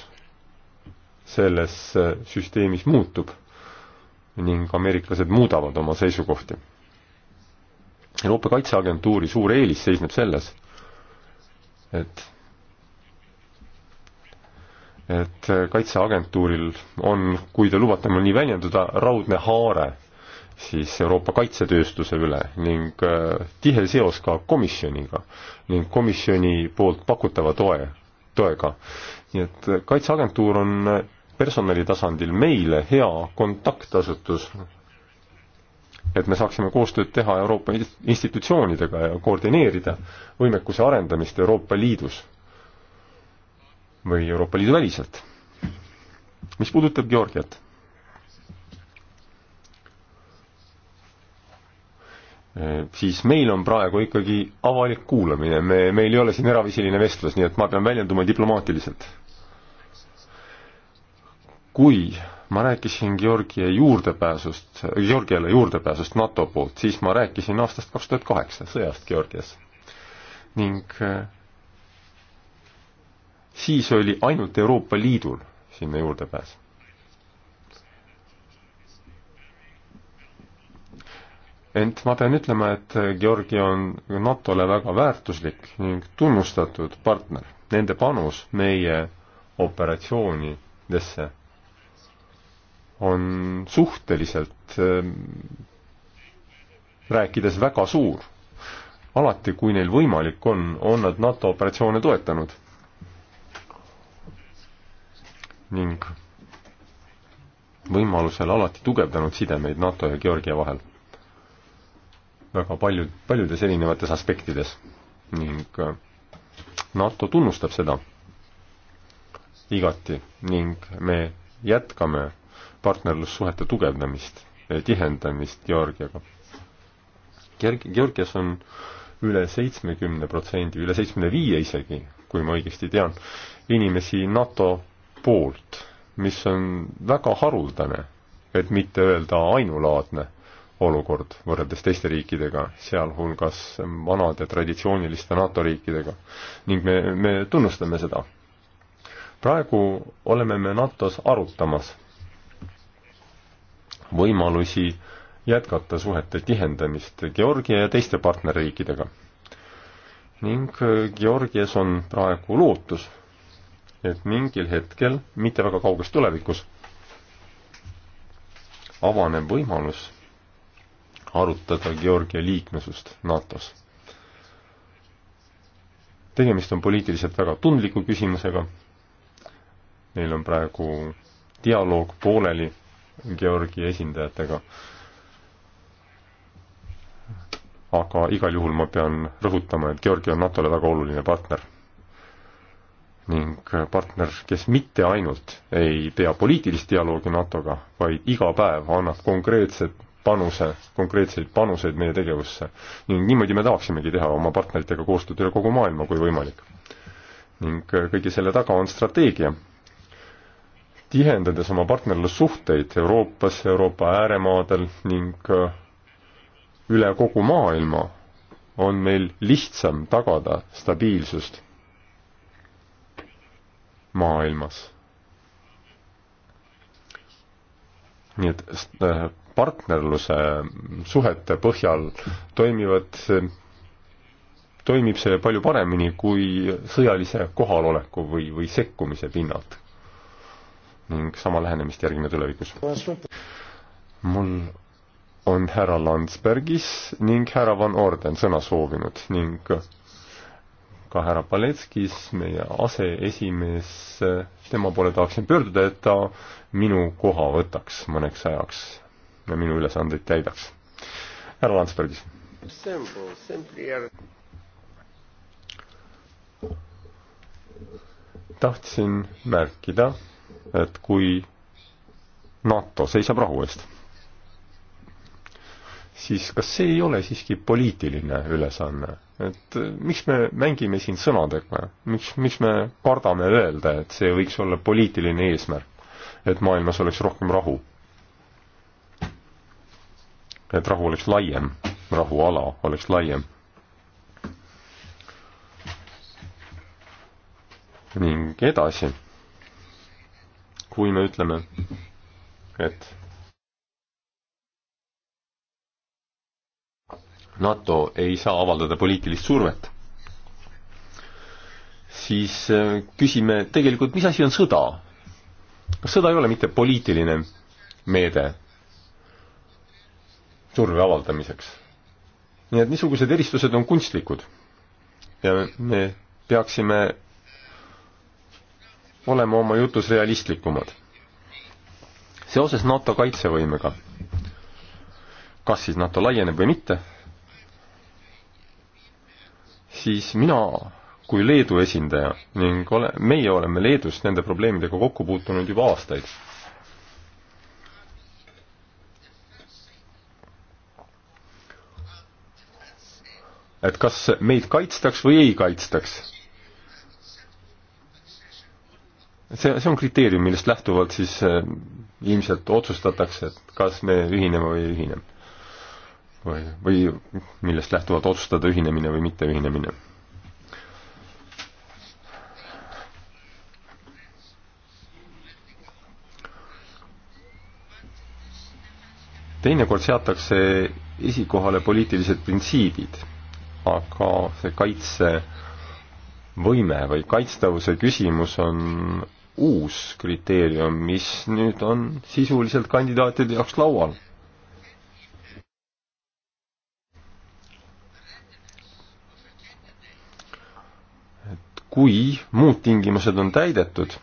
selles äh, süsteemis muutub ning ameeriklased muudavad oma seisukohti. Euroopa Kaitseagentuuri suur eelis seisneb selles, et et Kaitseagentuuril on, kui te lubate mul nii väljenduda, raudne haare siis Euroopa kaitsetööstuse üle ning äh, tihe seos ka komisjoniga ning komisjoni poolt pakutava toe, toega. nii et äh, Kaitseagentuur on äh, personali tasandil meile hea kontaktasutus, et me saaksime koostööd teha Euroopa institutsioonidega ja koordineerida võimekuse arendamist Euroopa Liidus või Euroopa Liidu väliselt. mis puudutab Georgiat Äh, siis meil on praegu ikkagi avalik kuulamine, me, meil ei ole siin eraviisiline vestlus, nii et ma pean väljenduma diplomaatiliselt. kui ma rääkisin Georgia juurdepääsust, Georgiale juurdepääsust NATO poolt, siis ma rääkisin aastast kaks tuhat kaheksa, sõjast Georgias. ning äh, siis oli ainult Euroopa Liidul sinna juurdepääs ent ma pean ütlema, et Georgia on NATO-le väga väärtuslik ning tunnustatud partner. Nende panus meie operatsioonidesse on suhteliselt ehm, rääkides väga suur. alati, kui neil võimalik on, on nad NATO operatsioone toetanud. ning võimalusel alati tugevdanud sidemeid NATO ja Georgia vahel väga paljud, paljudes erinevates aspektides ning äh, NATO tunnustab seda igati ning me jätkame partnerlussuhete tugevdamist, tihendamist Georgiaga. Georgias on üle seitsmekümne protsendi, üle seitsmekümne viie isegi, kui ma õigesti tean, inimesi NATO poolt, mis on väga haruldane, et mitte öelda ainulaadne olukord võrreldes teiste riikidega, sealhulgas vanade traditsiooniliste NATO riikidega. ning me, me tunnustame seda. praegu oleme me NATO-s arutamas võimalusi jätkata suhete tihendamist Georgia ja teiste partnerriikidega. ning Georgias on praegu lootus, et mingil hetkel, mitte väga kauges tulevikus, avaneb võimalus arutada Georgia liikmesust NATO-s. tegemist on poliitiliselt väga tundliku küsimusega, neil on praegu dialoog pooleli Georgi esindajatega, aga igal juhul ma pean rõhutama, et Georgia on NATO-le väga oluline partner ning partner, kes mitte ainult ei pea poliitilist dialoogi NATO-ga, vaid iga päev annab konkreetset panuse, konkreetseid panuseid meie tegevusse. ning niimoodi me tahaksimegi teha oma partneritega koostööd üle kogu maailma, kui võimalik. ning äh, kõige selle taga on strateegia. tihendades oma partnerlussuhteid Euroopas, Euroopa ääremaadel ning äh, üle kogu maailma, on meil lihtsam tagada stabiilsust maailmas. nii et äh, partnerluse suhete põhjal toimivad, toimib see palju paremini kui sõjalise kohaloleku või, või sekkumise pinnalt. ning sama lähenemist järgime tulevikus. mul on härra Landsbergis ning härra Van Orden sõna soovinud ning ka härra Paletskis, meie aseesimees, tema poole tahaksin pöörduda, et ta minu koha võtaks mõneks ajaks minu ülesandeid täidaks. härra Landsbergis. tahtsin märkida, et kui NATO seisab rahu eest, siis kas see ei ole siiski poliitiline ülesanne? et miks me mängime siin sõnadega, miks, miks me kardame öelda, et see võiks olla poliitiline eesmärk, et maailmas oleks rohkem rahu? et rahu oleks laiem, rahuala oleks laiem. ning edasi, kui me ütleme, et NATO ei saa avaldada poliitilist survet, siis äh, küsime tegelikult, mis asi on sõda? kas sõda ei ole mitte poliitiline meede, surve avaldamiseks. nii et niisugused eristused on kunstlikud. ja me peaksime olema oma jutus realistlikumad. seoses NATO kaitsevõimega, kas siis NATO laieneb või mitte, siis mina kui Leedu esindaja ning ole, meie oleme Leedus nende probleemidega kokku puutunud juba aastaid et kas meid kaitstaks või ei kaitstaks. see, see on kriteerium, millest lähtuvalt siis äh, ilmselt otsustatakse, et kas me ühineme või ei ühine. või, või millest lähtuvalt otsustada ühinemine või mitteühinemine teinekord seatakse esikohale poliitilised printsiibid aga see kaitsevõime või kaitstavuse küsimus on uus kriteerium, mis nüüd on sisuliselt kandidaatide jaoks laual. et kui muud tingimused on täidetud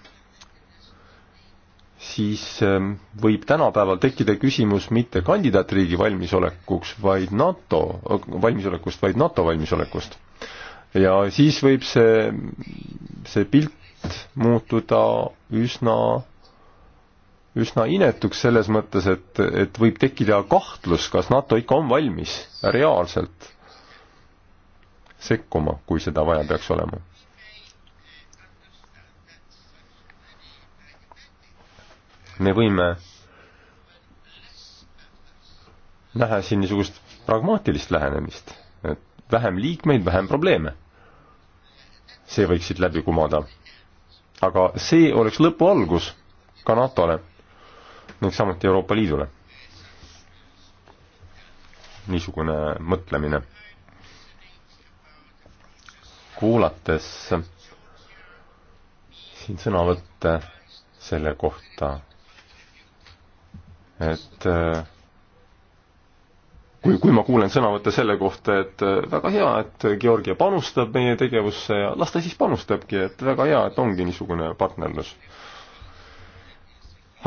siis ähm, võib tänapäeval tekkida küsimus mitte kandidaatriigi valmisolekuks, vaid NATO valmisolekust, vaid NATO valmisolekust. ja siis võib see, see pilt muutuda üsna, üsna inetuks selles mõttes, et, et võib tekkida kahtlus, kas NATO ikka on valmis reaalselt sekkuma, kui seda vaja peaks olema me võime näha siin niisugust pragmaatilist lähenemist, et vähem liikmeid, vähem probleeme. see võiks siit läbi kumada. aga see oleks lõpu algus ka NATO-le ning samuti Euroopa Liidule. niisugune mõtlemine. kuulates siin sõnavõtte selle kohta, et äh, kui, kui ma kuulen sõnavõtte selle kohta, et äh, väga hea, et Georgia panustab meie tegevusse ja las ta siis panustabki, et väga hea, et ongi niisugune partnerlus.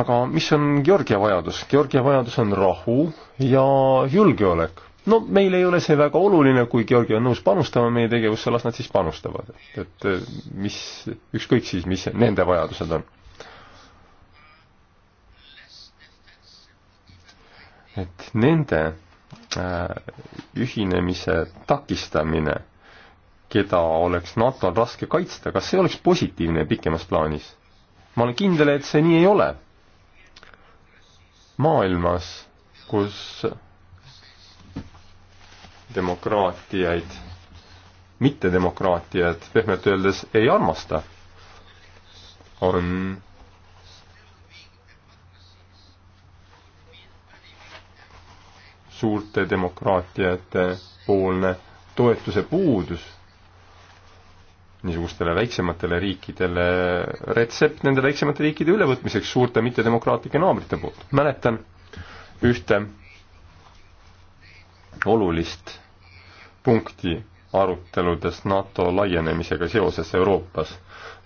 aga mis on Georgia vajadus? Georgia vajadus on rahu ja julgeolek. no meile ei ole see väga oluline, kui Georgia on nõus panustama meie tegevusse, las nad siis panustavad. et äh, mis, ükskõik siis, mis nende vajadused on et nende äh, ühinemise takistamine, keda oleks NATO-l raske kaitsta, kas see oleks positiivne pikemas plaanis? ma olen kindel, et see nii ei ole. maailmas, kus demokraatiaid, mittedemokraatiad pehmelt öeldes ei armasta, on suurte demokraatiate poolne toetuse puudus niisugustele väiksematele riikidele retsept nende väiksemate riikide ülevõtmiseks suurte mittedemokraatlike naabrite poolt. mäletan ühte olulist punkti aruteludes NATO laienemisega seoses Euroopas.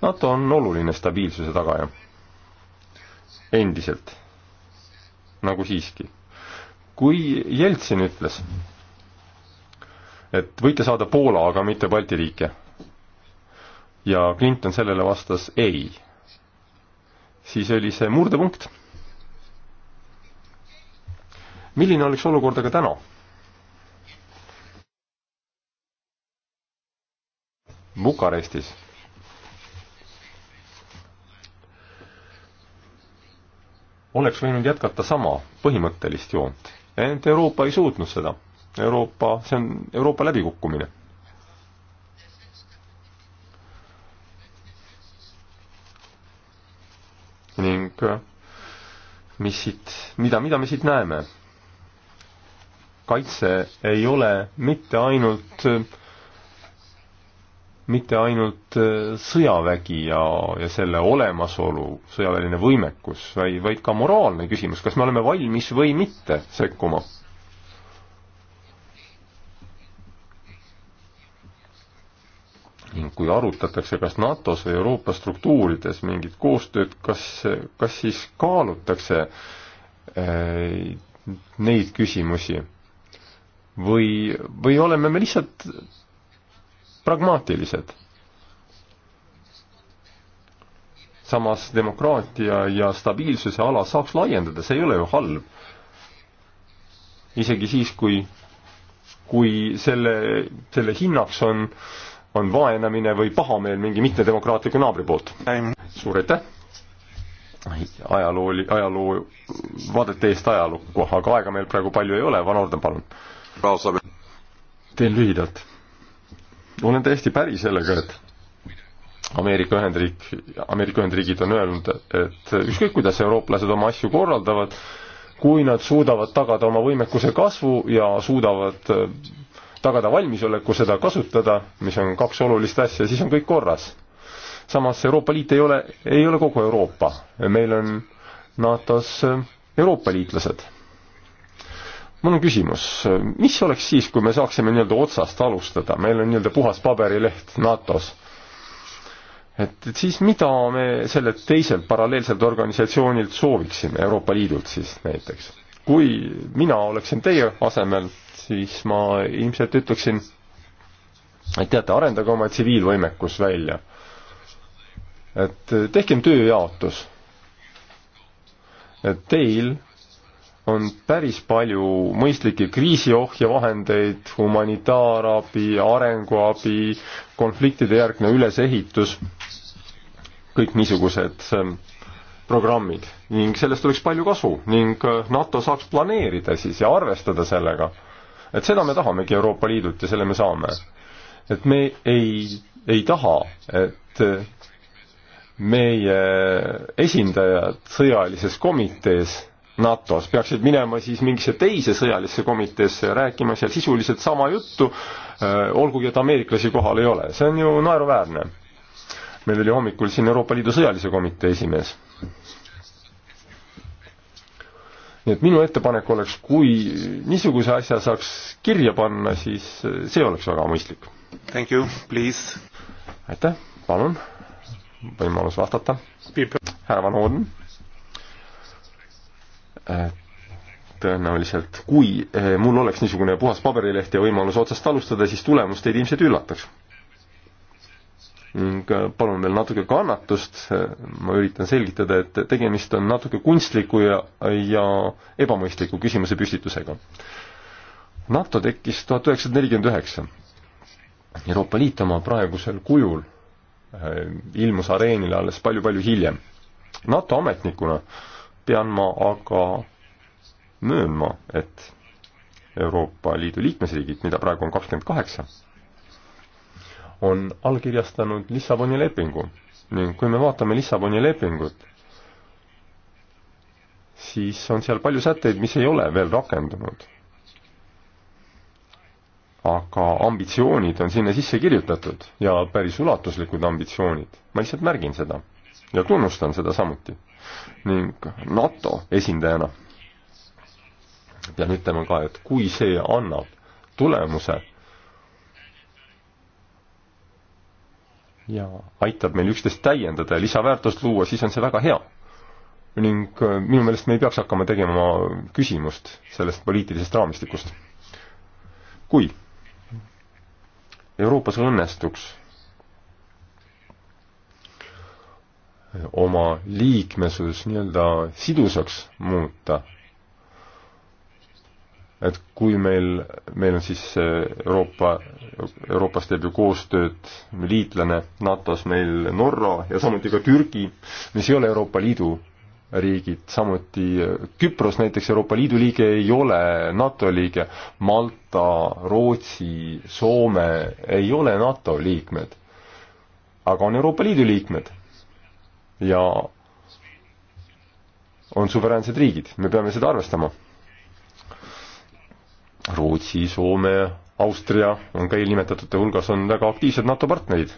NATO on oluline stabiilsuse tagaja. endiselt. nagu siiski kui Jeltsin ütles, et võite saada Poola, aga mitte Balti riike. ja Clinton sellele vastas ei. siis oli see murdepunkt. milline oleks olukord aga täna? Bukarestis oleks võinud jätkata sama põhimõttelist joont ent Euroopa ei suutnud seda. Euroopa, see on Euroopa läbikukkumine. ning äh, mis siit, mida, mida me siit näeme? kaitse ei ole mitte ainult äh, mitte ainult äh, sõjavägi ja, ja selle olemasolu, sõjaväeline võimekus, vaid, vaid ka moraalne küsimus, kas me oleme valmis või mitte sekkuma. ning kui arutatakse, kas NATO-s või Euroopa struktuurides mingit koostööd, kas, kas siis kaalutakse äh, neid küsimusi või, või oleme me lihtsalt pragmaatilised. samas demokraatia ja stabiilsuse ala saaks laiendada, see ei ole ju halb. isegi siis, kui, kui selle, selle hinnaks on, on vaenamine või pahameel mingi mittedemokraatliku naabri poolt. suur aitäh! ajaloo oli, ajaloo, vaadete eest ajalukku, aga aega meil praegu palju ei ole, Van Orden, palun. teen lühidalt olen täiesti päri sellega, et Ameerika Ühendriik, Ameerika Ühendriigid on öelnud, et ükskõik, kuidas eurooplased oma asju korraldavad, kui nad suudavad tagada oma võimekuse kasvu ja suudavad eh, tagada valmisoleku seda kasutada, mis on kaks olulist asja, siis on kõik korras. samas Euroopa Liit ei ole, ei ole kogu Euroopa. meil on NATO-s eh, Euroopa liitlased mul on küsimus, mis oleks siis, kui me saaksime nii-öelda otsast alustada, meil on nii-öelda puhas paberileht NATO-s et, et siis mida me sellelt teiselt paralleelselt organisatsioonilt sooviksime, Euroopa Liidult siis näiteks? kui mina oleksin teie asemel, siis ma ilmselt ütleksin, et teate, arendage oma tsiviilvõimekus välja. et tehkem tööjaotus. et teil on päris palju mõistlikke kriisiohje vahendeid, humanitaarabi, arenguabi, konfliktide järgne ülesehitus, kõik niisugused ähm, programmid ning sellest oleks palju kasu ning äh, NATO saaks planeerida siis ja arvestada sellega. et seda me tahamegi Euroopa Liidult ja selle me saame. et me ei, ei taha, et äh, meie esindajad sõjalises komitees NATO-s, peaksid minema siis mingisse teise sõjalisse komiteesse ja rääkima seal sisuliselt sama juttu, äh, olgugi et ameeriklasi kohal ei ole, see on ju naeruväärne. meil oli hommikul siin Euroopa Liidu sõjalise komitee esimees. nii et minu ettepanek oleks, kui niisuguse asja saaks kirja panna, siis äh, see oleks väga mõistlik. Thank you, please. aitäh, palun, võimalus vastata. härra Van Oden tõenäoliselt, kui eh, mul oleks niisugune puhas paberileht ja võimalus otsast alustada, siis tulemus teid ilmselt üllataks. ning eh, palun veel natuke kannatust, ma üritan selgitada, et tegemist on natuke kunstliku ja, ja ebamõistliku küsimuse püstitusega. NATO tekkis tuhat üheksasada nelikümmend üheksa. Euroopa Liit oma praegusel kujul eh, ilmus areenile alles palju-palju hiljem. NATO ametnikuna äh, pean ma aga möönma, et Euroopa Liidu liikmesriigid, mida praegu on kakskümmend kaheksa, on allkirjastanud Lissaboni lepingu ning kui me vaatame Lissaboni lepingut, siis on seal palju sätteid, mis ei ole veel rakendunud. aga ambitsioonid on sinna sisse kirjutatud ja päris ulatuslikud ambitsioonid, ma lihtsalt märgin seda ja tunnustan seda samuti ning NATO esindajana pean ütlema ka, et kui see annab tulemuse ja aitab meil üksteist täiendada ja lisaväärtust luua, siis on see väga hea. ning äh, minu meelest me ei peaks hakkama tegema küsimust sellest poliitilisest raamistikust. kui Euroopas õnnestuks oma liikmesus nii-öelda sidusaks muuta. et kui meil, meil on siis eh, Euroopa, Euroopas teeb ju koostööd liitlane, NATO-s meil Norra ja samuti ka Türgi, mis ei ole Euroopa Liidu riigid, samuti eh, Küpros näiteks Euroopa Liidu liige ei ole NATO liige, Malta, Rootsi, Soome ei ole NATO liikmed, aga on Euroopa Liidu liikmed ja on suveräänsed riigid, me peame seda arvestama. Rootsi, Soome, Austria on ka eelnimetatute hulgas, on väga aktiivsed NATO partnerid.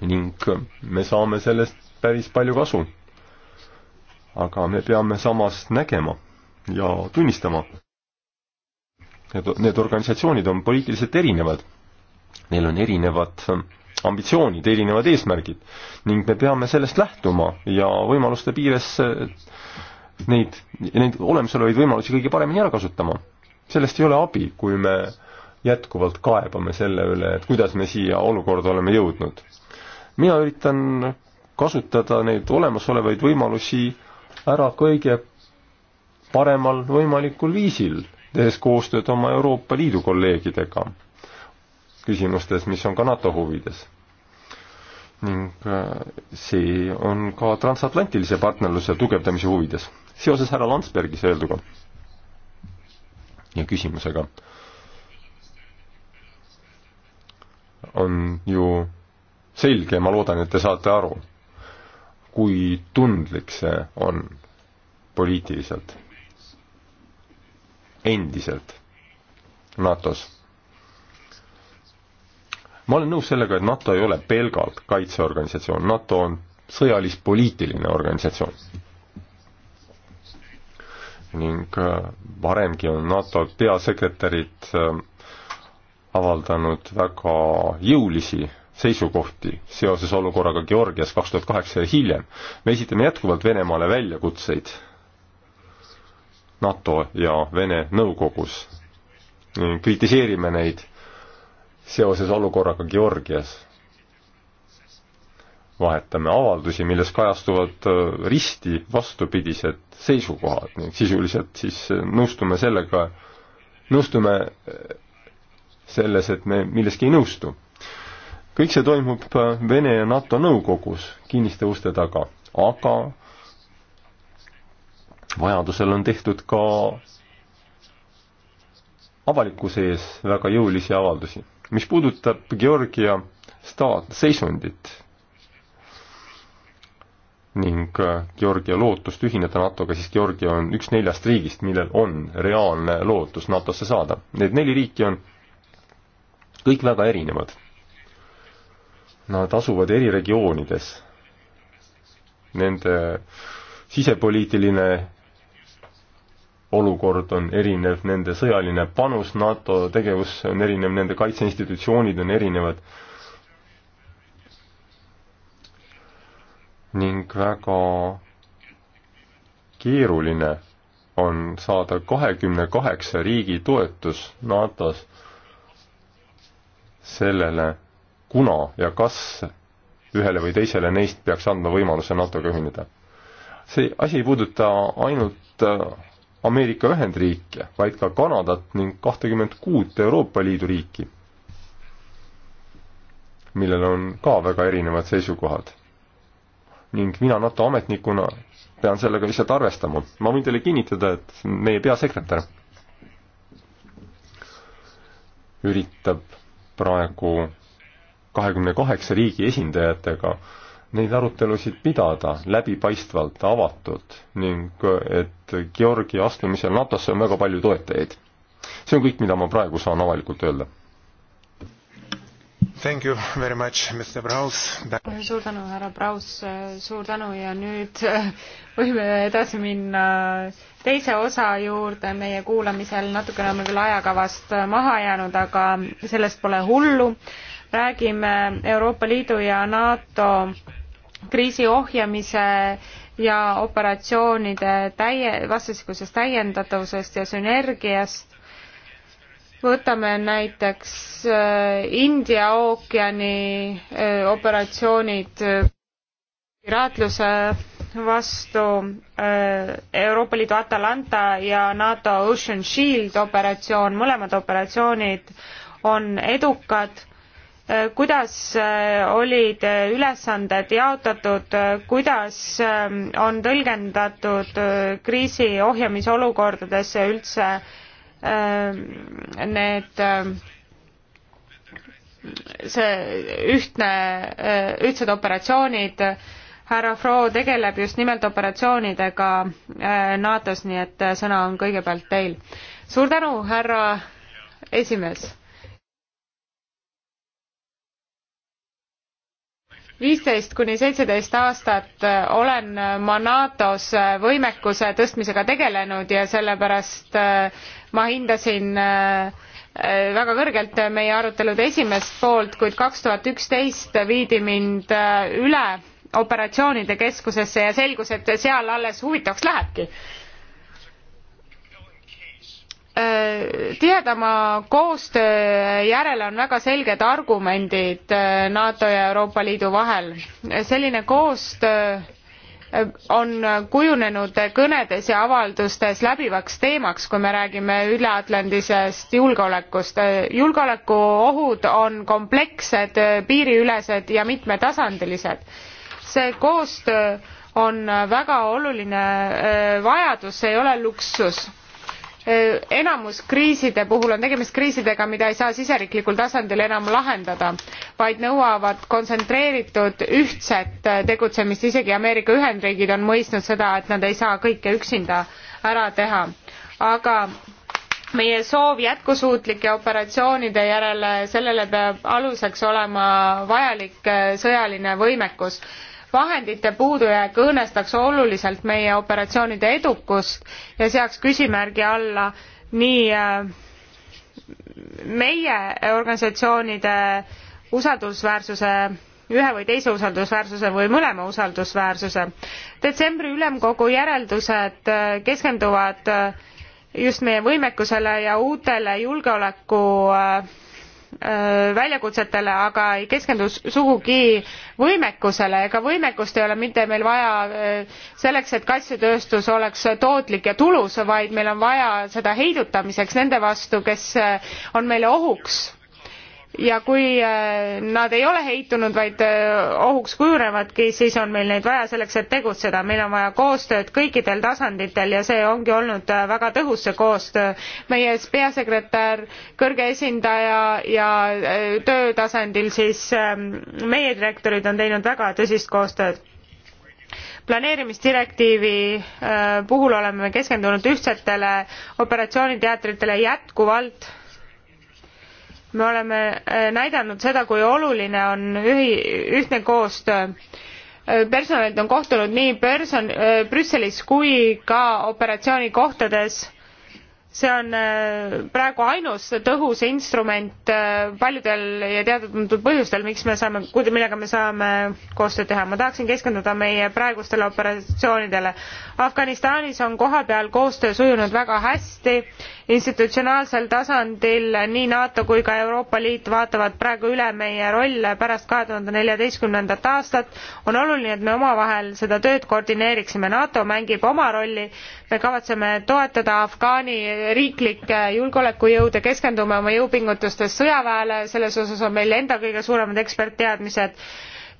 ning me saame sellest päris palju kasu. aga me peame samas nägema ja tunnistama, et need organisatsioonid on poliitiliselt erinevad. Neil on erinevad ambitsioonid, erinevad eesmärgid. ning me peame sellest lähtuma ja võimaluste piires eh, neid, neid olemasolevaid võimalusi kõige paremini ära kasutama. sellest ei ole abi, kui me jätkuvalt kaebame selle üle, et kuidas me siia olukorda oleme jõudnud. mina üritan kasutada neid olemasolevaid võimalusi ära kõige paremal võimalikul viisil, tehes koostööd oma Euroopa Liidu kolleegidega küsimustes, mis on ka NATO huvides. ning äh, see on ka transatlantilise partnerluse tugevdamise huvides. seoses härra Landsbergis öelduga ja küsimusega on ju selge, ma loodan, et te saate aru, kui tundlik see on poliitiliselt endiselt NATO-s ma olen nõus sellega, et NATO ei ole pelgalt kaitseorganisatsioon, NATO on sõjalis-poliitiline organisatsioon. ning äh, varemgi on NATO peasekretärid äh, avaldanud väga jõulisi seisukohti seoses olukorraga Georgias kaks tuhat kaheksa ja hiljem. me esitame jätkuvalt Venemaale väljakutseid NATO ja Vene nõukogus. kritiseerime neid seoses olukorraga Georgias. vahetame avaldusi, milles kajastuvad äh, risti vastupidised seisukohad ning sisuliselt siis äh, nõustume sellega, nõustume äh, selles, et me milleski ei nõustu. kõik see toimub Vene ja NATO nõukogus kinniste uste taga, aga vajadusel on tehtud ka avalikkuse ees väga jõulisi avaldusi mis puudutab Georgia staat, seisundit ning äh, Georgia lootust ühineda NATO-ga, siis Georgia on üks neljast riigist, millel on reaalne lootus NATO-sse saada. Need neli riiki on kõik väga erinevad. Nad asuvad eri regioonides. Nende sisepoliitiline olukord on erinev, nende sõjaline panus NATO tegevusse on erinev, nende kaitseinstitutsioonid on erinevad. ning väga keeruline on saada kahekümne kaheksa riigi toetus NATO-s sellele, kuna ja kas ühele või teisele neist peaks andma võimaluse NATO-ga ühineda. see asi ei puuduta ainult äh, Ameerika Ühendriike, vaid ka Kanadat ning kahtekümmet kuut Euroopa Liidu riiki, millel on ka väga erinevad seisukohad. ning mina NATO ametnikuna pean sellega lihtsalt arvestama. ma võin teile kinnitada, et meie peasekretär üritab praegu kahekümne kaheksa riigi esindajatega äh, neid arutelusid pidada läbipaistvalt, avatult ning et Georgi astumisel NATO-sse on väga palju toetajaid. see on kõik, mida ma praegu saan avalikult öelda. Thank you very much, Mr Braus. suur tänu, härra Braus, suur tänu ja nüüd võime edasi minna teise osa juurde meie kuulamisel, natukene oleme küll ajakavast maha jäänud, aga sellest pole hullu. räägime Euroopa Liidu ja NATO kriisi ohjamise ja operatsioonide täie, vastastikusest täiendatavusest ja sünergiast. võtame näiteks äh, India ookeani äh, operatsioonid äh, piraatluse vastu Euroopa Liidu Atalanta ja NATO Ocean Shield operatsioon, mõlemad operatsioonid on edukad Äh, kuidas äh, olid äh, ülesanded jaotatud, kuidas ähm, on tõlgendatud kriisi ohjamise olukordades üldse ähm, need ähm, see ühtne, ühtsed operatsioonid, härra Fro tegeleb just nimelt operatsioonidega NATO-s, nii et sõna on kõigepealt teil. suur tänu, härra esimees viisteist kuni seitseteist aastat äh, olen äh, ma NATO-s äh, võimekuse tõstmisega tegelenud ja sellepärast ma hindasin väga kõrgelt meie arutelude esimest poolt, kuid kaks tuhat üksteist viidi mind üle operatsioonide keskusesse ja selgus, et seal alles huvitavaks lähebki Äh, tihedama koostöö järele on väga selged argumendid äh, NATO ja Euroopa Liidu vahel. selline koostöö äh, on kujunenud kõnedes ja avaldustes läbivaks teemaks, kui me räägime üleatlandisest julgeolekust. julgeolekuohud on komplekssed, piiriülesed ja mitmetasandilised. see koostöö on väga oluline vajadus, see ei ole luksus Äh, enamus kriiside puhul on tegemist kriisidega mida ei saa siseriiklikul tasandil enam lahendada vaid nõuavad kontsentreeritud ühtset äh, tegutsemist isegi ameerika ühendriigid on mõistnud seda et nad ei saa kõike üksinda ära teha aga meie soov jätkusuutlike operatsioonide järele sellele peab aluseks olema vajalik äh, sõjaline võimekus vahendite puudujääk õõnestaks oluliselt meie operatsioonide edukust ja seaks küsimärgi alla nii äh, meie organisatsioonide usaldusväärsuse ühe või teise usaldusväärsuse või mõlema usaldusväärsuse. detsembri ülemkogu järeldused äh, keskenduvad äh, just meie võimekusele ja uutele julgeoleku Äh, väljakutsetele, aga ei keskendu sugugi võimekusele, ega võimekust ei ole mitte meil vaja äh, selleks, et kaitsetööstus oleks tootlik ja tulus, vaid meil on vaja seda heidutamiseks nende vastu, kes äh, on meile ohuks ja kui äh, nad ei ole heitunud, vaid äh, ohuks kujunevadki, siis on meil neid vaja selleks, et tegutseda. meil on vaja koostööd kõikidel tasanditel ja see ongi olnud äh, väga tõhus, see koostöö. meie peasekretär, kõrge esindaja ja töötasandil siis ähm, meie direktorid on teinud väga tõsist koostööd planeerimisdirektiivi puhul oleme keskendunud ühtsetele operatsiooniteatritele jätkuvalt me oleme äh, näidanud seda, kui oluline on ühi-, ühtne koostöö. Äh, personalid on kohtunud nii person-, äh, Brüsselis kui ka operatsioonikohtades. see on praegu ainus tõhus instrument paljudel ja teadmatud põhjustel, miks me saame, millega me saame koostööd teha. ma tahaksin keskenduda meie praegustele operatsioonidele. Afganistanis on kohapeal koostöö sujunud väga hästi institutsionaalsel tasandil nii NATO kui ka Euroopa Liit vaatavad praegu üle meie rolle pärast kahe tuhande neljateistkümnendat aastat. on oluline, et me omavahel seda tööd koordineeriksime. NATO mängib oma rolli, me kavatseme toetada Afgaani riiklikke julgeolekujõude, keskendume oma jõupingutustes sõjaväele, selles osas on meil endal kõige suuremad ekspertteadmised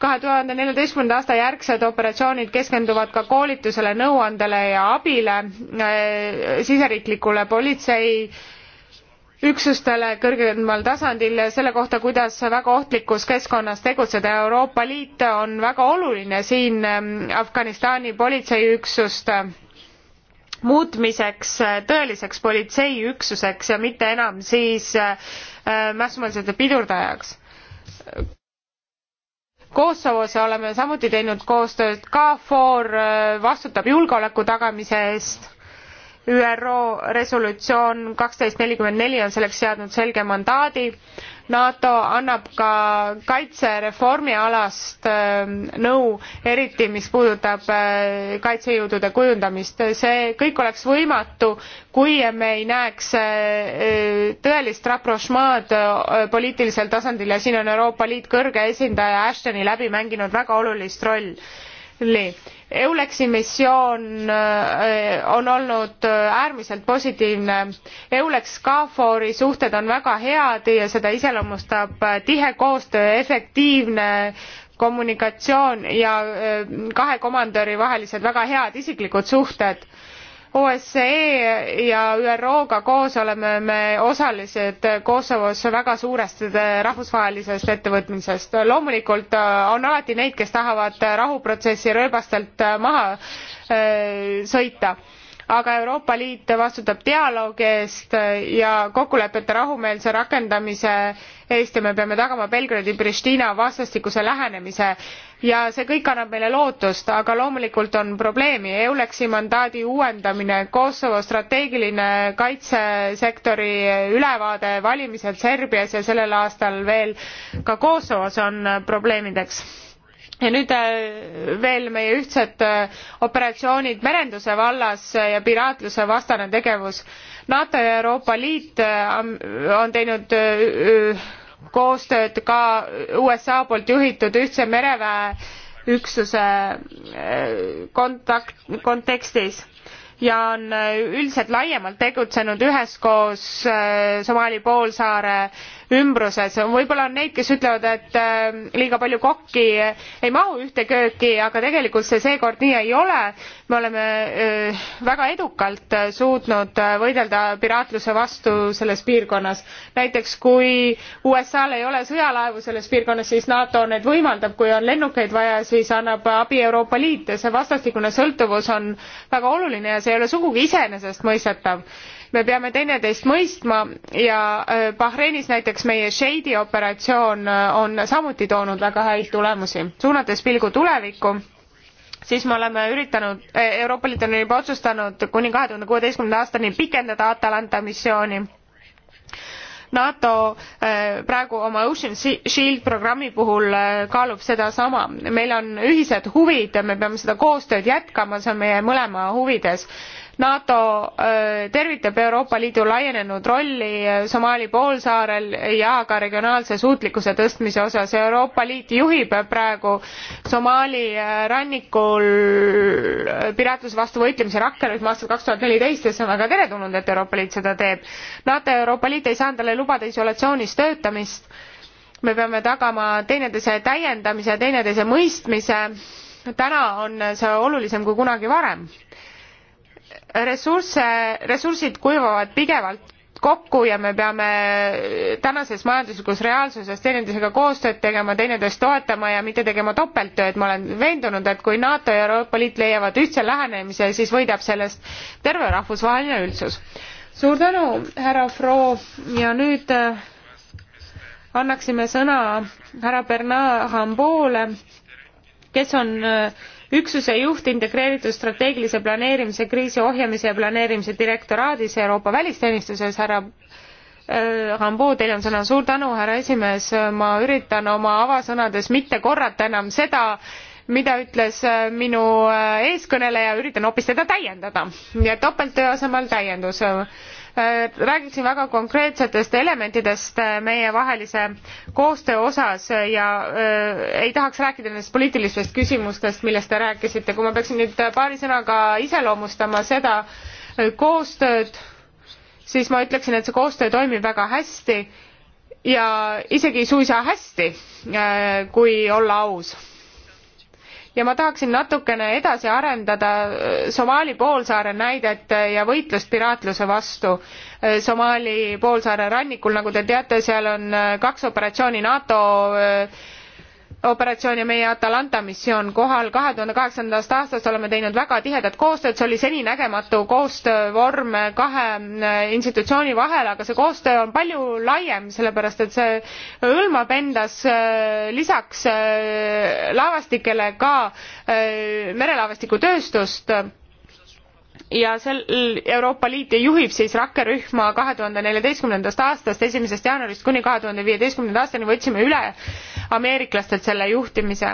kahe tuhande neljateistkümnenda aasta järgsed operatsioonid keskenduvad ka koolitusele nõuandele ja abile eh, siseriiklikule politsei üksustele kõrgemal tasandil selle kohta kuidas väga ohtlikus keskkonnas tegutseda euroopa liit on väga oluline siin eh, afganistani politseiüksust muutmiseks eh, tõeliseks politseiüksuseks ja mitte enam siis mässumeelsete pidurdajaks Kosovos oleme samuti teinud koostööd, KFOR äh, vastutab julgeoleku tagamise eest. ÜRO resolutsioon kaksteist nelikümmend neli on selleks seadnud selge mandaadi. NATO annab ka kaitsereformi alast ähm, nõu, eriti mis puudutab äh, kaitsejõudude kujundamist. see kõik oleks võimatu, kui me ei näeks äh, äh, tõelist rapprochement poliitilisel tasandil ja siin on Euroopa Liit kõrge esindaja Ashtoni läbi mänginud väga olulist rolli EULEX-i missioon äh, on olnud äh, äärmiselt positiivne. EULEX KFOR-i suhted on väga head ja seda iseloomustab äh, tihe koostöö, efektiivne kommunikatsioon ja kahe komandöri vahelised väga head isiklikud suhted OSCE ja ÜRO-ga koos oleme me osalised Kosovos väga suurest rahvusvahelisest ettevõtmisest. loomulikult äh, on alati neid, kes tahavad rahuprotsessi rööbastelt maha äh, sõita aga Euroopa Liit vastutab dialoogi eest ja kokkulepete rahumeelse rakendamise eest ja me peame tagama Belgradi Pristina vastastikuse lähenemise ja see kõik annab meile lootust, aga loomulikult on probleemi. EULEX-i mandaadi uuendamine, Kosovo strateegiline kaitsesektori ülevaade, valimised Serbias ja sellel aastal veel ka Kosovos on probleemideks ja nüüd äh, veel meie ühtsed äh, operatsioonid merenduse vallas äh, ja piraatluse vastane tegevus. NATO ja Euroopa Liit on teinud koostööd ka USA poolt juhitud ühtse mereväe üksuse kontakt, kontekstis ja on üldiselt laiemalt tegutsenud üheskoos Somaali poolsaare ümbruses. võib-olla on neid, kes ütlevad, et äh, liiga palju kokki ei mahu ühte kööki, aga tegelikult see seekord nii ei ole. me oleme äh, väga edukalt suutnud äh, võidelda piraatluse vastu selles piirkonnas. näiteks kui USA-l ei ole sõjalaevu selles piirkonnas, siis NATO need võimaldab, kui on lennukeid vaja, siis annab abi Euroopa Liit ja see vastastikune sõltuvus on väga oluline ja see ei ole sugugi iseenesestmõistetav me peame teineteist mõistma ja äh, Bahreinis näiteks meie Shadi operatsioon äh, on samuti toonud väga häid tulemusi. suunates pilgu tulevikku, siis me oleme üritanud, äh, Euroopa Liit on juba otsustanud kuni kahe tuhande kuueteistkümnenda aastani pikendada Atalanta missiooni nato praegu oma ocean shield programmi puhul kaalub sedasama meil on ühised huvid me peame seda koostööd jätkama see on meie mõlema huvides nato äh, tervitab euroopa liidu laienenud rolli äh, somaali poolsaarel ja ka regionaalse suutlikkuse tõstmise osas euroopa liit juhib praegu somaali äh, rannikul piraatluse vastu võitlemise rakkerühma aastal 2014 ja see on väga teretulnud et euroopa liit seda teeb nato ja euroopa liit ei saa endale lubada isolatsioonis töötamist me peame tagama teineteise täiendamise ja teineteise mõistmise täna on see olulisem kui kunagi varem ressursse, ressursid kuivavad pidevalt kokku ja me peame tänases majanduslikus reaalsuses teineteisega koostööd tegema, teineteist toetama ja mitte tegema topelttööd. ma olen veendunud, et kui NATO ja Euroopa Liit leiavad ühtse lähenemise, siis võidab sellest terve rahvusvaheline üldsus. suur tänu, härra Fro ja nüüd äh, annaksime sõna härra Bernard Hamboole, kes on äh, üksuse juht integreeritud strateegilise planeerimise kriisi ohjamise ja planeerimise direktoraadis Euroopa välisteenistuses härra äh, Rambo, teil on sõna, suur tänu, härra esimees, ma üritan oma avasõnades mitte korrata enam seda, mida ütles äh, minu äh, eeskõneleja, üritan hoopis teda täiendada. ja topelttöö asemel täiendus Äh, räägiksin väga konkreetsetest elementidest äh, meievahelise koostöö osas äh, ja äh, ei tahaks rääkida nendest poliitilistest küsimustest, millest te rääkisite. kui ma peaksin nüüd paari sõnaga iseloomustama seda koostööd, siis ma ütleksin, et see koostöö toimib väga hästi ja isegi suisa hästi, kui olla aus ja ma tahaksin natukene edasi arendada äh, Somaali poolsaare näidet äh, ja võitlust piraatluse vastu. Äh, Somaali poolsaare rannikul, nagu te teate, seal on kaks operatsiooni NATO operatsioon ja meie Atalanta missioon kohal kahe tuhande kaheksandast aastast oleme teinud väga tihedat koostööd, see oli seninägematu koostöövorm kahe eh, institutsiooni vahel, aga see koostöö on palju laiem, sellepärast et see hõlmab endas eh, lisaks eh, laevastikele ka merelaevastikutööstust ja sel Euroopa Liit juhib siis rakkerühma kahe tuhande neljateistkümnendast aastast, esimesest jaanuarist kuni kahe tuhande viieteistkümnenda aastani võtsime üle ameeriklastelt selle juhtimise.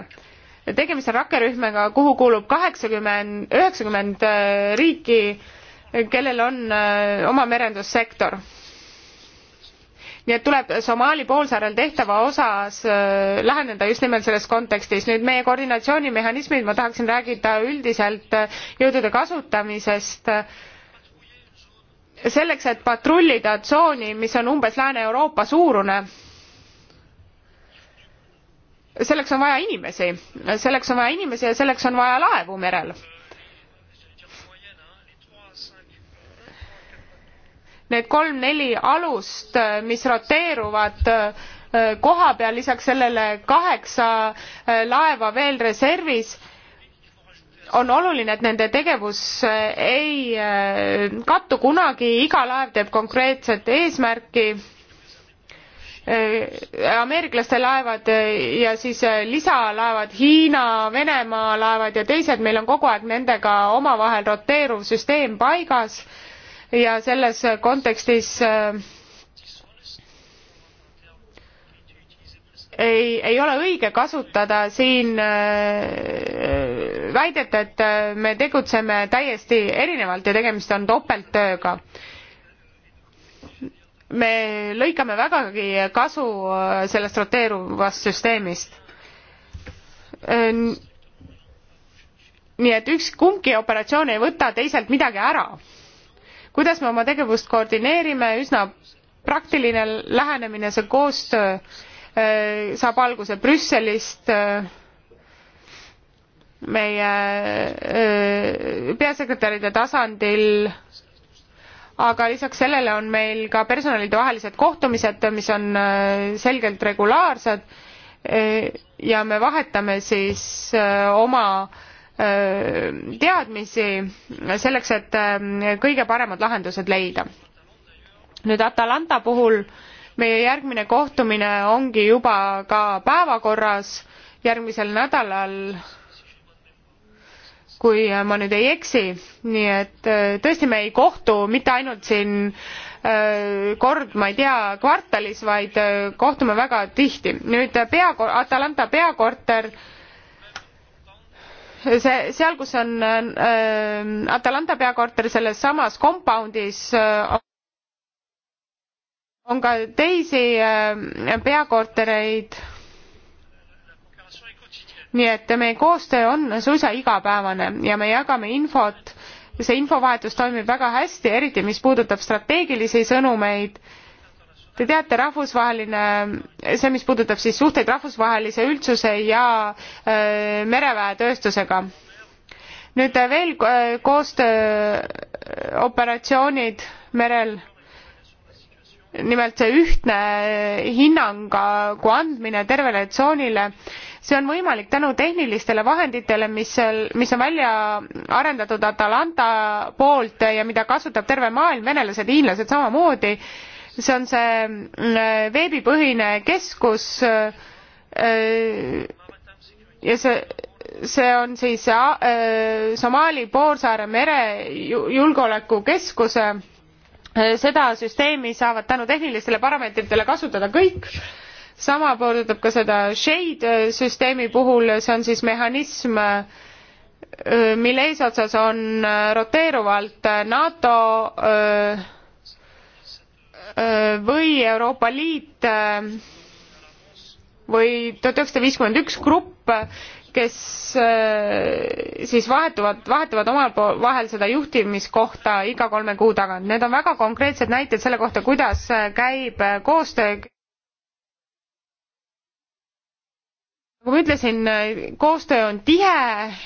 tegemist on rakkerühmaga, kuhu kuulub kaheksakümmend, üheksakümmend äh, riiki, kellel on äh, oma merendussektor nii et tuleb Somaali poolsaarel tehtava osas äh, läheneda just nimelt selles kontekstis. nüüd meie koordinatsioonimehhanismid, ma tahaksin rääkida üldiselt äh, jõudude kasutamisest äh, selleks, et patrullida tsooni, mis on umbes Lääne-Euroopa suurune, selleks on vaja inimesi, selleks on vaja inimesi ja selleks on vaja laevu merel need kolm-neli alust, äh, mis roteeruvad äh, koha peal, lisaks sellele kaheksa äh, laeva veel reservis, on oluline, et nende tegevus ei kattu kunagi, iga laev teeb konkreetset eesmärki ameeriklaste laevad ja siis lisalaevad Hiina, Venemaa laevad ja teised, meil on kogu aeg nendega omavahel roteeruv süsteem paigas ja selles kontekstis äh, ei, ei ole õige kasutada siin äh, väidet, et äh, me tegutseme täiesti erinevalt ja tegemist on topelttööga me lõikame vägagi kasu sellest roteeruvast süsteemist. nii et üks, kumbki operatsioon ei võta teiselt midagi ära kuidas me oma tegevust koordineerime, üsna praktiline lähenemine, see koostöö äh, saab alguse Brüsselist. Äh, meie äh, peasekretäride tasandil aga lisaks sellele on meil ka personalidevahelised kohtumised, mis on selgelt regulaarsed ja me vahetame siis oma Äh, teadmisi selleks, et äh, kõige paremad lahendused leida. nüüd Atalanta puhul meie järgmine kohtumine ongi juba ka päevakorras järgmisel nädalal, kui ma nüüd ei eksi, nii et äh, tõesti, me ei kohtu mitte ainult siin kord, ma ei tea, kvartalis, vaid kohtume väga tihti. nüüd pea, Atalanta peakorter see seal kus on äh, Atalanta peakorter selles samas compound'is äh, on ka teisi äh, peakortereid nii et meie koostöö on suisa igapäevane ja me jagame infot see infovahetus toimib väga hästi eriti mis puudutab strateegilisi sõnumeid äh, Te teate, rahvusvaheline, see, mis puudutab siis suhteid rahvusvahelise üldsuse ja äh, mereväetööstusega. nüüd äh, veel äh, koostööoperatsioonid merel nimelt see ühtne äh, hinnangu andmine tervele tsoonile see on võimalik tänu tehnilistele vahenditele mis seal mis on välja arendatud atalanta poolt ja mida kasutab terve maailm venelased hiinlased samamoodi äh, see on see mm, veebipõhine keskus äh, ja see see on siis äh, Somaali poolsaare mere julgeolekukeskuse äh, seda süsteemi saavad tänu tehnilistele parameetritele kasutada kõik sama puudutab ka seda shade süsteemi puhul see on siis mehhanism mille eesotsas on roteeruvalt NATO öö, Äh, või Euroopa Liit äh, või tuhat üheksasada viiskümmend üks grupp, kes äh, siis vahetuvad, vahetuvad omavahel seda juhtimiskohta iga kolme kuu tagant. Need on väga konkreetsed näited selle kohta, kuidas käib koostöö nagu ma ütlesin, koostöö on tihe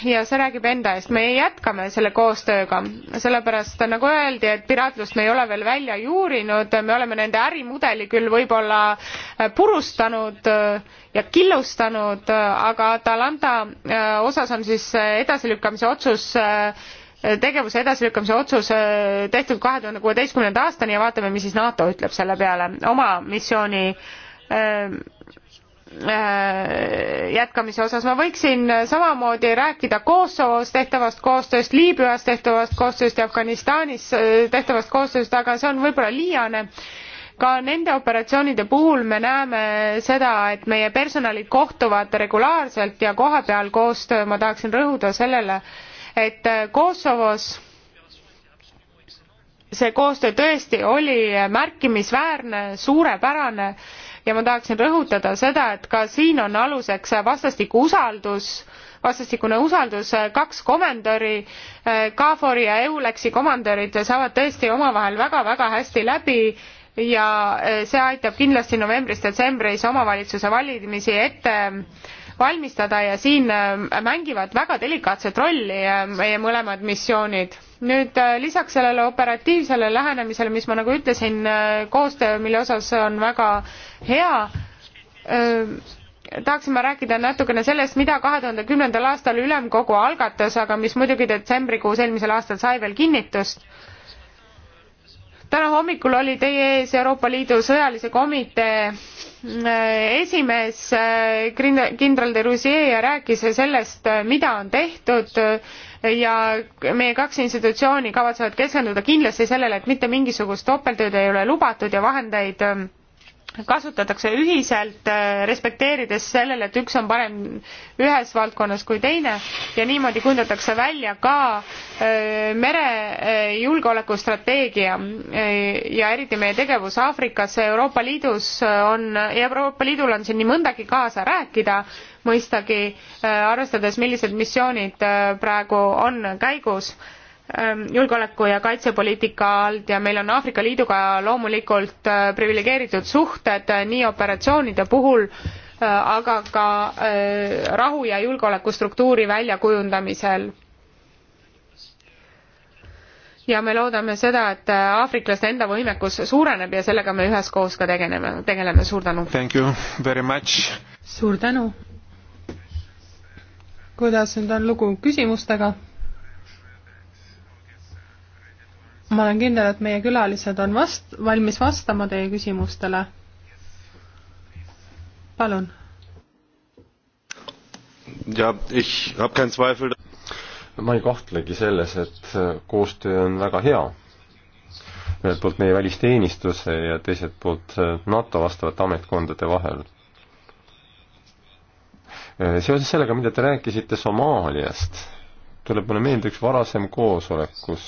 ja see räägib enda eest, me jätkame selle koostööga, sellepärast nagu öeldi, et piraatlust me ei ole veel välja juurinud, me oleme nende ärimudeli küll võib-olla äh, purustanud äh, ja killustanud, äh, aga Atalanta osas on siis edasilükkamise otsus tegevuse edasilükkamise otsus tehtud kahe tuhande kuueteistkümnenda aastani ja vaatame, mis siis NATO ütleb selle peale oma missiooni Äh, jätkamise osas. ma võiksin samamoodi rääkida Kosovos tehtavast koostööst, Liibüas tehtavast koostööst ja Afganistanis äh, tehtavast koostööst, aga see on võib-olla liiane. ka nende operatsioonide puhul me näeme seda, et meie personalid kohtuvad regulaarselt ja kohapeal koostöö, ma tahaksin rõhuda sellele, et Kosovos see koostöö tõesti oli märkimisväärne, suurepärane ja ma tahaksin rõhutada seda, et ka siin on aluseks vastastikku usaldus, vastastikune usaldus, äh, kaks komandöri, äh, KFOR-i ja EULEX-i komandörid saavad tõesti omavahel väga-väga hästi läbi ja äh, see aitab kindlasti novembris-detsembris omavalitsuse valimisi ette ähm, valmistada ja siin ähm, mängivad väga delikaatset rolli ähm, meie mõlemad missioonid nüüd äh, lisaks sellele operatiivsele lähenemisele, mis ma nagu ütlesin, äh, koostöö, mille osas on väga hea, äh, tahaksin ma rääkida natukene sellest, mida kahe tuhande kümnendal aastal ülemkogu algatas, aga mis muidugi detsembrikuus eelmisel aastal sai veel kinnitust. täna hommikul oli teie ees Euroopa Liidu sõjalise komitee esimees äh, kindral de Rousier ja rääkis sellest, äh, mida on tehtud äh, ja meie kaks institutsiooni kavatsevad keskenduda kindlasti sellele, et mitte mingisugust topelttööd ei ole lubatud ja vahendeid ähm, kasutatakse ühiselt, äh, respekteerides sellele, et üks on parem ühes valdkonnas kui teine ja niimoodi kujundatakse välja ka äh, merejulgeolekustrateegia äh, ja eriti meie tegevus Aafrikas, Euroopa Liidus on, Euroopa Liidul on siin nii mõndagi kaasa rääkida, mõistagi arvestades, millised missioonid praegu on käigus Ähm, julgeoleku ja kaitsepoliitika alt ja meil on Aafrika Liiduga loomulikult äh, priviligeeritud suhted äh, nii operatsioonide puhul, äh, aga ka rahu ja julgeolekustruktuuri väljakujundamisel. ja me loodame seda, et aafriklaste enda võimekus suureneb ja sellega me üheskoos ka tegeleme, tegeleme, suur tänu! suur tänu! kuidas nüüd on lugu küsimustega? ma olen kindel, et meie külalised on vast-, valmis vastama teie küsimustele. palun. ma ei kahtlegi selles, et koostöö on väga hea. ühelt poolt meie välisteenistuse ja teiselt poolt NATO vastavate ametkondade vahel. seoses sellega, mida te rääkisite Somaaliast tuleb mulle meelde üks varasem koosolek, kus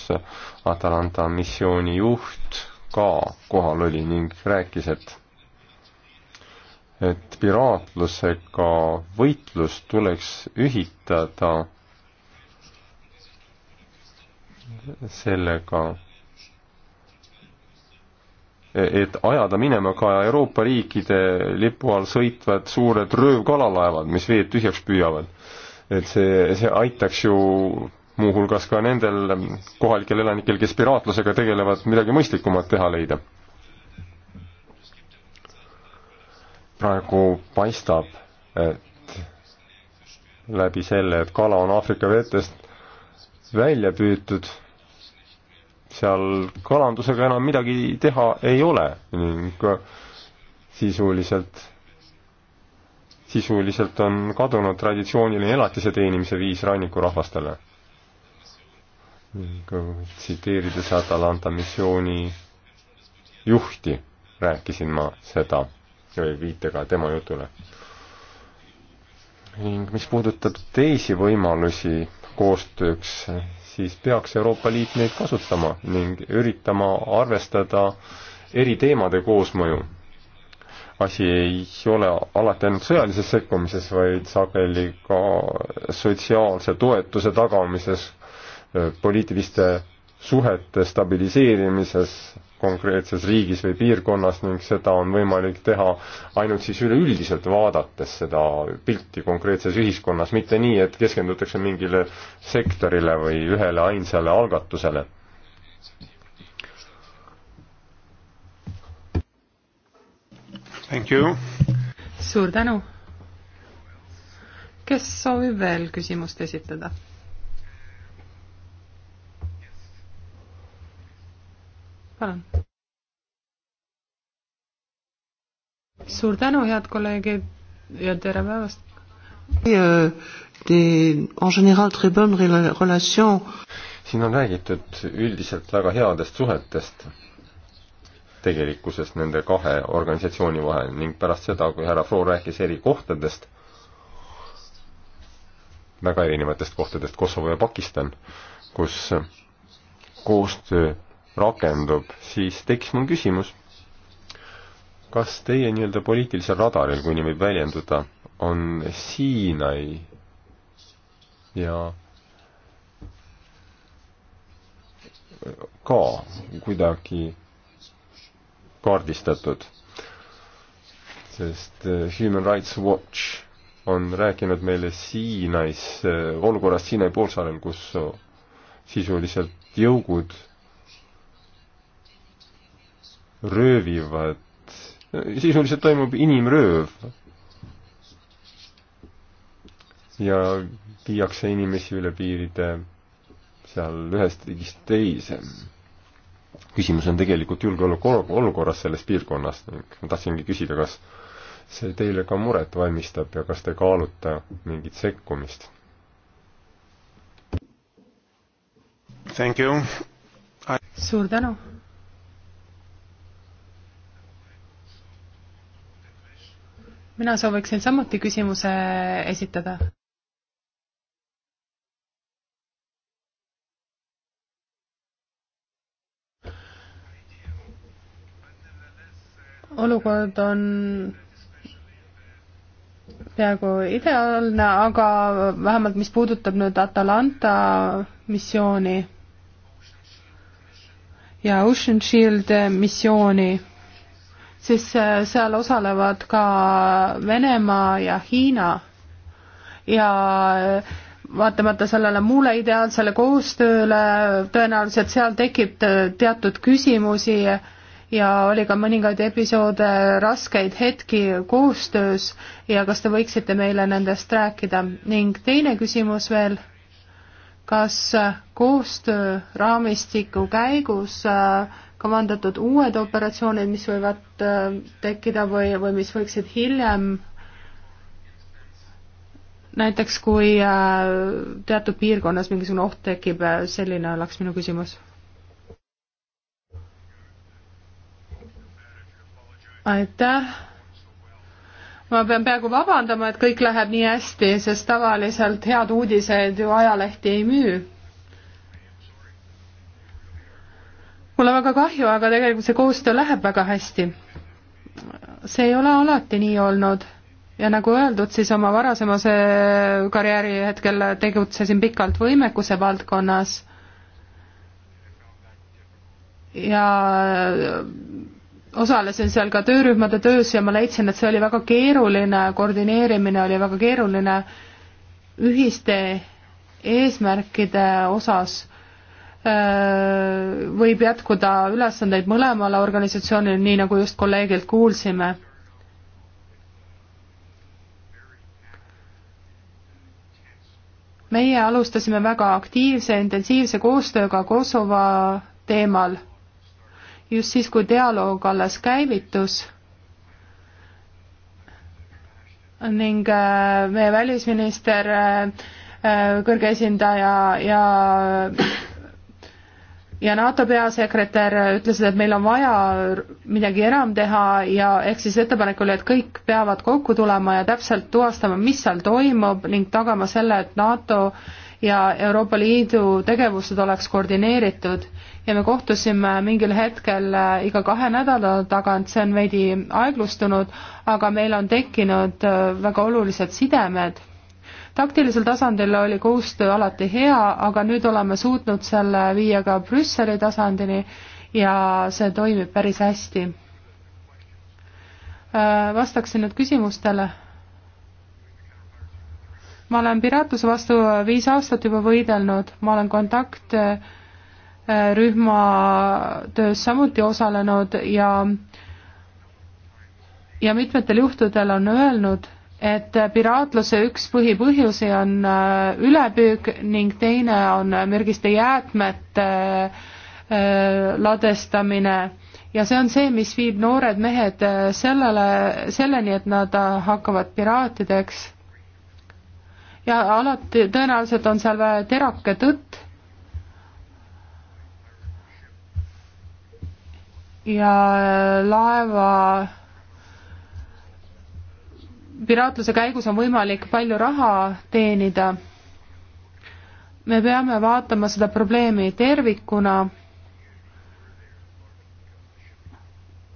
Atalanta missiooni juht ka kohal oli ning rääkis, et et piraatlusega võitlus tuleks ühitada sellega, et ajada minema ka Euroopa riikide lipu all sõitvad suured röövkalalaevad, mis veed tühjaks püüavad et see, see aitaks ju muuhulgas ka nendel kohalikel elanikel, kes piraatlusega tegelevad, midagi mõistlikumat teha leida. praegu paistab, et läbi selle, et kala on Aafrika vetest välja püütud, seal kalandusega enam midagi teha ei ole ning sisuliselt sisuliselt on kadunud traditsiooniline elatise teenimise viis rannikurahvastele. Äh, tsiteerides Atalanta missiooni juhti, rääkisin ma seda või viitega tema jutule. ning mis puudutab teisi võimalusi koostööks, siis peaks Euroopa Liit neid kasutama ning üritama arvestada eri teemade koosmõju asi ei ole alati ainult sõjalises sekkumises, vaid sageli ka sotsiaalse toetuse tagamises, poliitiliste suhete stabiliseerimises konkreetses riigis või piirkonnas ning seda on võimalik teha ainult siis üleüldiselt vaadates seda pilti konkreetses ühiskonnas, mitte nii, et keskendutakse mingile sektorile või ühele ainsale algatusele suur tänu. kes soovib veel küsimust esitada? palun. suur tänu, head kolleegid ja tere päevast. Euh, siin on räägitud üldiselt väga headest suhetest tegelikkuses nende kahe organisatsiooni vahel ning pärast seda, kui härra Froh rääkis eri kohtadest, väga erinevatest kohtadest, Kosovo ja Pakistan, kus koostöö rakendub, siis tekkis mul küsimus, kas teie nii-öelda poliitilisel radaril, kui nii võib väljenduda, on Siinai ja ka kuidagi kaardistatud. sest eh, Human Rights Watch on rääkinud meile Siinais, eh, olukorrast Siinai poolsaarel, kus sisuliselt jõugud röövivad, eh, sisuliselt toimub inimrööv. ja viiakse inimesi üle piiride seal ühest riigist teise küsimus on tegelikult julgeoleku olukorras selles piirkonnas ning ma tahtsingi küsida, kas see teile ka muret valmistab ja kas te kaalute mingit sekkumist? Thank you I.... suur tänu. mina sooviksin samuti küsimuse esitada. olukord on peaaegu ideaalne, aga vähemalt mis puudutab nüüd Atalanta missiooni ja Ocean Shield missiooni, siis äh, seal osalevad ka Venemaa ja Hiina ja äh, vaatamata sellele muule ideaalsele koostööle, tõenäoliselt seal tekib äh, teatud küsimusi äh, ja oli ka mõningaid episoode, raskeid hetki koostöös ja kas te võiksite meile nendest rääkida ning teine küsimus veel, kas koostöö raamistiku käigus äh, kavandatud uued operatsioonid, mis võivad äh, tekkida või, või mis võiksid hiljem näiteks kui äh, teatud piirkonnas mingisugune oht tekib, selline oleks minu küsimus aitäh. ma pean peaaegu vabandama, et kõik läheb nii hästi, sest tavaliselt head uudised ju ajalehti ei müü. mul on väga kahju, aga tegelikult see koostöö läheb väga hästi. see ei ole alati nii olnud ja nagu öeldud, siis oma varasemas äh, karjääri hetkel tegutsesin pikalt võimekuse valdkonnas ja osalesin seal ka töörühmade töös ja ma leidsin, et see oli väga keeruline, koordineerimine oli väga keeruline ühiste eesmärkide osas võib jätkuda ülesandeid mõlemale organisatsioonile, nii nagu just kolleegilt kuulsime. meie alustasime väga aktiivse, intensiivse koostööga Kosovo teemal just siis, kui dialoog alles käivitus ning äh, meie välisminister, äh, äh, kõrge esindaja ja ja NATO peasekretär ütlesid, et meil on vaja midagi enam teha ja ehk siis ettepanek oli, et kõik peavad kokku tulema ja täpselt tuvastama, mis seal toimub ning tagama selle, et NATO äh, ja Euroopa Liidu tegevused oleks koordineeritud ja me kohtusime mingil hetkel äh, iga kahe nädala tagant, see on veidi aeglustunud, aga meil on tekkinud äh, väga olulised sidemed. taktilisel tasandil oli koostöö alati hea, aga nüüd oleme suutnud selle viia ka Brüsseli tasandini ja see toimib päris hästi. Äh, vastaksin nüüd küsimustele ma olen piraatluse vastu viis aastat juba võidelnud, ma olen kontaktrühma töös samuti osalenud ja ja mitmetel juhtudel on öelnud, et piraatluse üks põhipõhjusi on äh, ülepüük ning teine on mürgiste jäätmete äh, ladestamine ja see on see, mis viib noored mehed äh, sellele, selleni, et nad hakkavad piraatideks ja alati, tõenäoliselt on seal terake tõtt. ja laeva piraatluse käigus on võimalik palju raha teenida. me peame vaatama seda probleemi tervikuna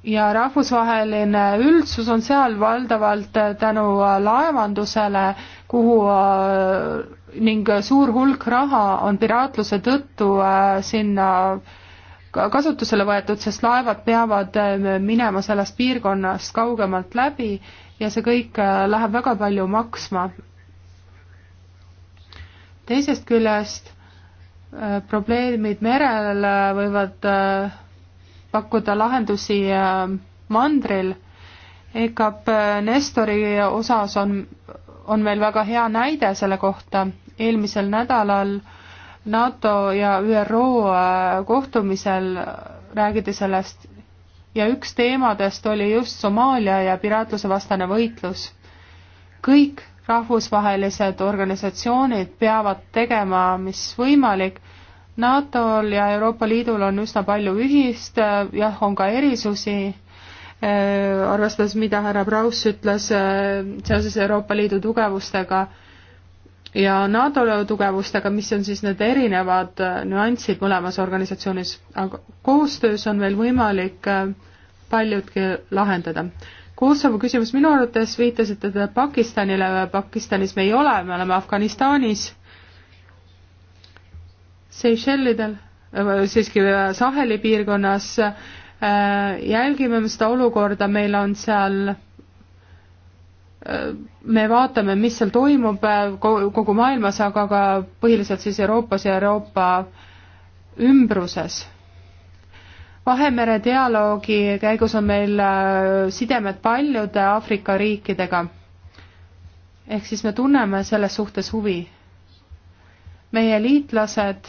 ja rahvusvaheline üldsus on seal valdavalt tänu äh, laevandusele, kuhu äh, ning suur hulk raha on piraatluse tõttu äh, sinna kasutusele võetud, sest laevad peavad minema sellest piirkonnast kaugemalt läbi ja see kõik läheb väga palju maksma. teisest küljest probleemid merel võivad pakkuda lahendusi äh, mandril. EKP Nestori osas on, on meil väga hea näide selle kohta. eelmisel nädalal NATO ja ÜRO äh, kohtumisel räägiti sellest ja üks teemadest oli just Somaalia ja piraatluse vastane võitlus. kõik rahvusvahelised organisatsioonid peavad tegema, mis võimalik NATO-l ja Euroopa Liidul on üsna palju ühist, jah, on ka erisusi, äh, arvestades, mida härra Braus ütles äh, seoses Euroopa Liidu tugevustega ja NATO tugevustega, mis on siis need erinevad äh, nüansid mõlemas organisatsioonis, aga koostöös on meil võimalik paljudki lahendada. Kosovo küsimus minu arvates viitasite te Pakistanile, Pakistanis me ei ole, me oleme Afganistanis Seychellidel, äh, siiski äh, Saheli piirkonnas äh, jälgime seda olukorda, meil on seal me vaatame, mis seal toimub kogu maailmas, aga ka põhiliselt siis Euroopas ja Euroopa ümbruses. Vahemere dialoogi käigus on meil sidemed paljude Aafrika riikidega. ehk siis me tunneme selles suhtes huvi. meie liitlased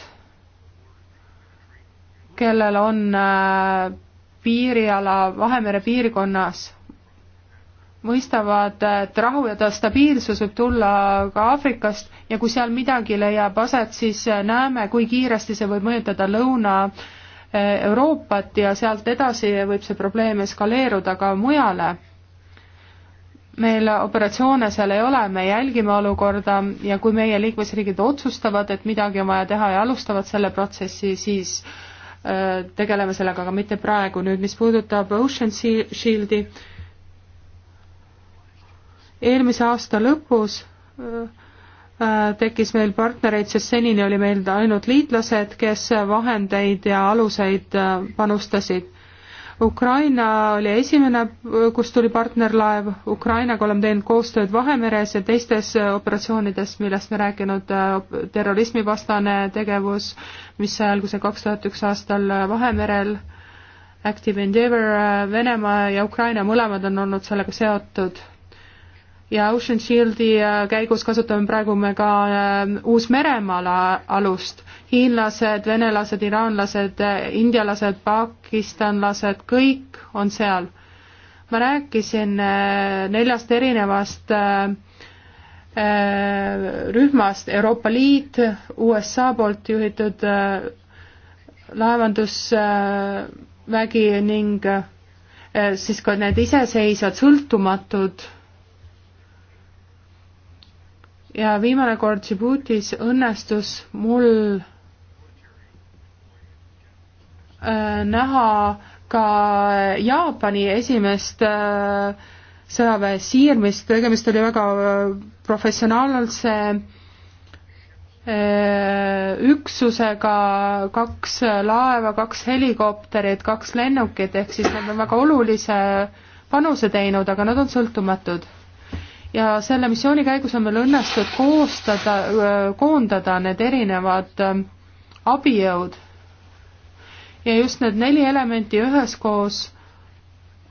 kellel on äh, piiriala Vahemere piirkonnas, mõistavad, et rahu ja ta stabiilsus võib tulla ka Aafrikast ja kui seal midagi leiab aset, siis äh, näeme, kui kiiresti see võib mõjutada Lõuna-Euroopat äh, ja sealt edasi võib see probleem eskaleeruda ka mujale. meil operatsioone seal ei ole, me jälgime olukorda ja kui meie liikmesriigid otsustavad, et midagi on vaja teha ja alustavad selle protsessi, siis äh, Äh, tegeleme sellega, aga mitte praegu. nüüd, mis puudutab Ocean Shieldi, eelmise aasta lõpus äh, äh, tekkis meil partnereid, sest senini oli meil ainult liitlased, kes vahendeid ja aluseid panustasid Ukraina oli esimene, kus tuli partnerlaev, Ukrainaga oleme teinud koostööd Vahemeres ja teistes äh, operatsioonides, millest me rääkinud, äh, terrorismivastane tegevus, mis sai alguse kaks tuhat üks aastal äh, Vahemerel, Active Endeavour, Venemaa ja Ukraina mõlemad on olnud sellega seotud ja Ocean Shieldi käigus kasutame praegu me ka Uus-Meremaale alust hiinlased, venelased, iraanlased, indialased, pakistanlased, kõik on seal. ma rääkisin äh, neljast erinevast äh, äh, rühmast, Euroopa Liit, USA poolt juhitud laevandusvägi ning siis ka need iseseisvad sõltumatud ja viimane kord Djiboutis õnnestus mul Äh, näha ka Jaapani esimest äh, sõjaväe siirmist, tegemist oli väga äh, professionaalse üksusega, kaks laeva, kaks helikopterit, kaks lennukit, ehk siis nad on väga olulise panuse teinud, aga nad on sõltumatud. ja selle missiooni käigus on meil õnnestunud koostada, koondada need erinevad abijõud ja just need neli elementi üheskoos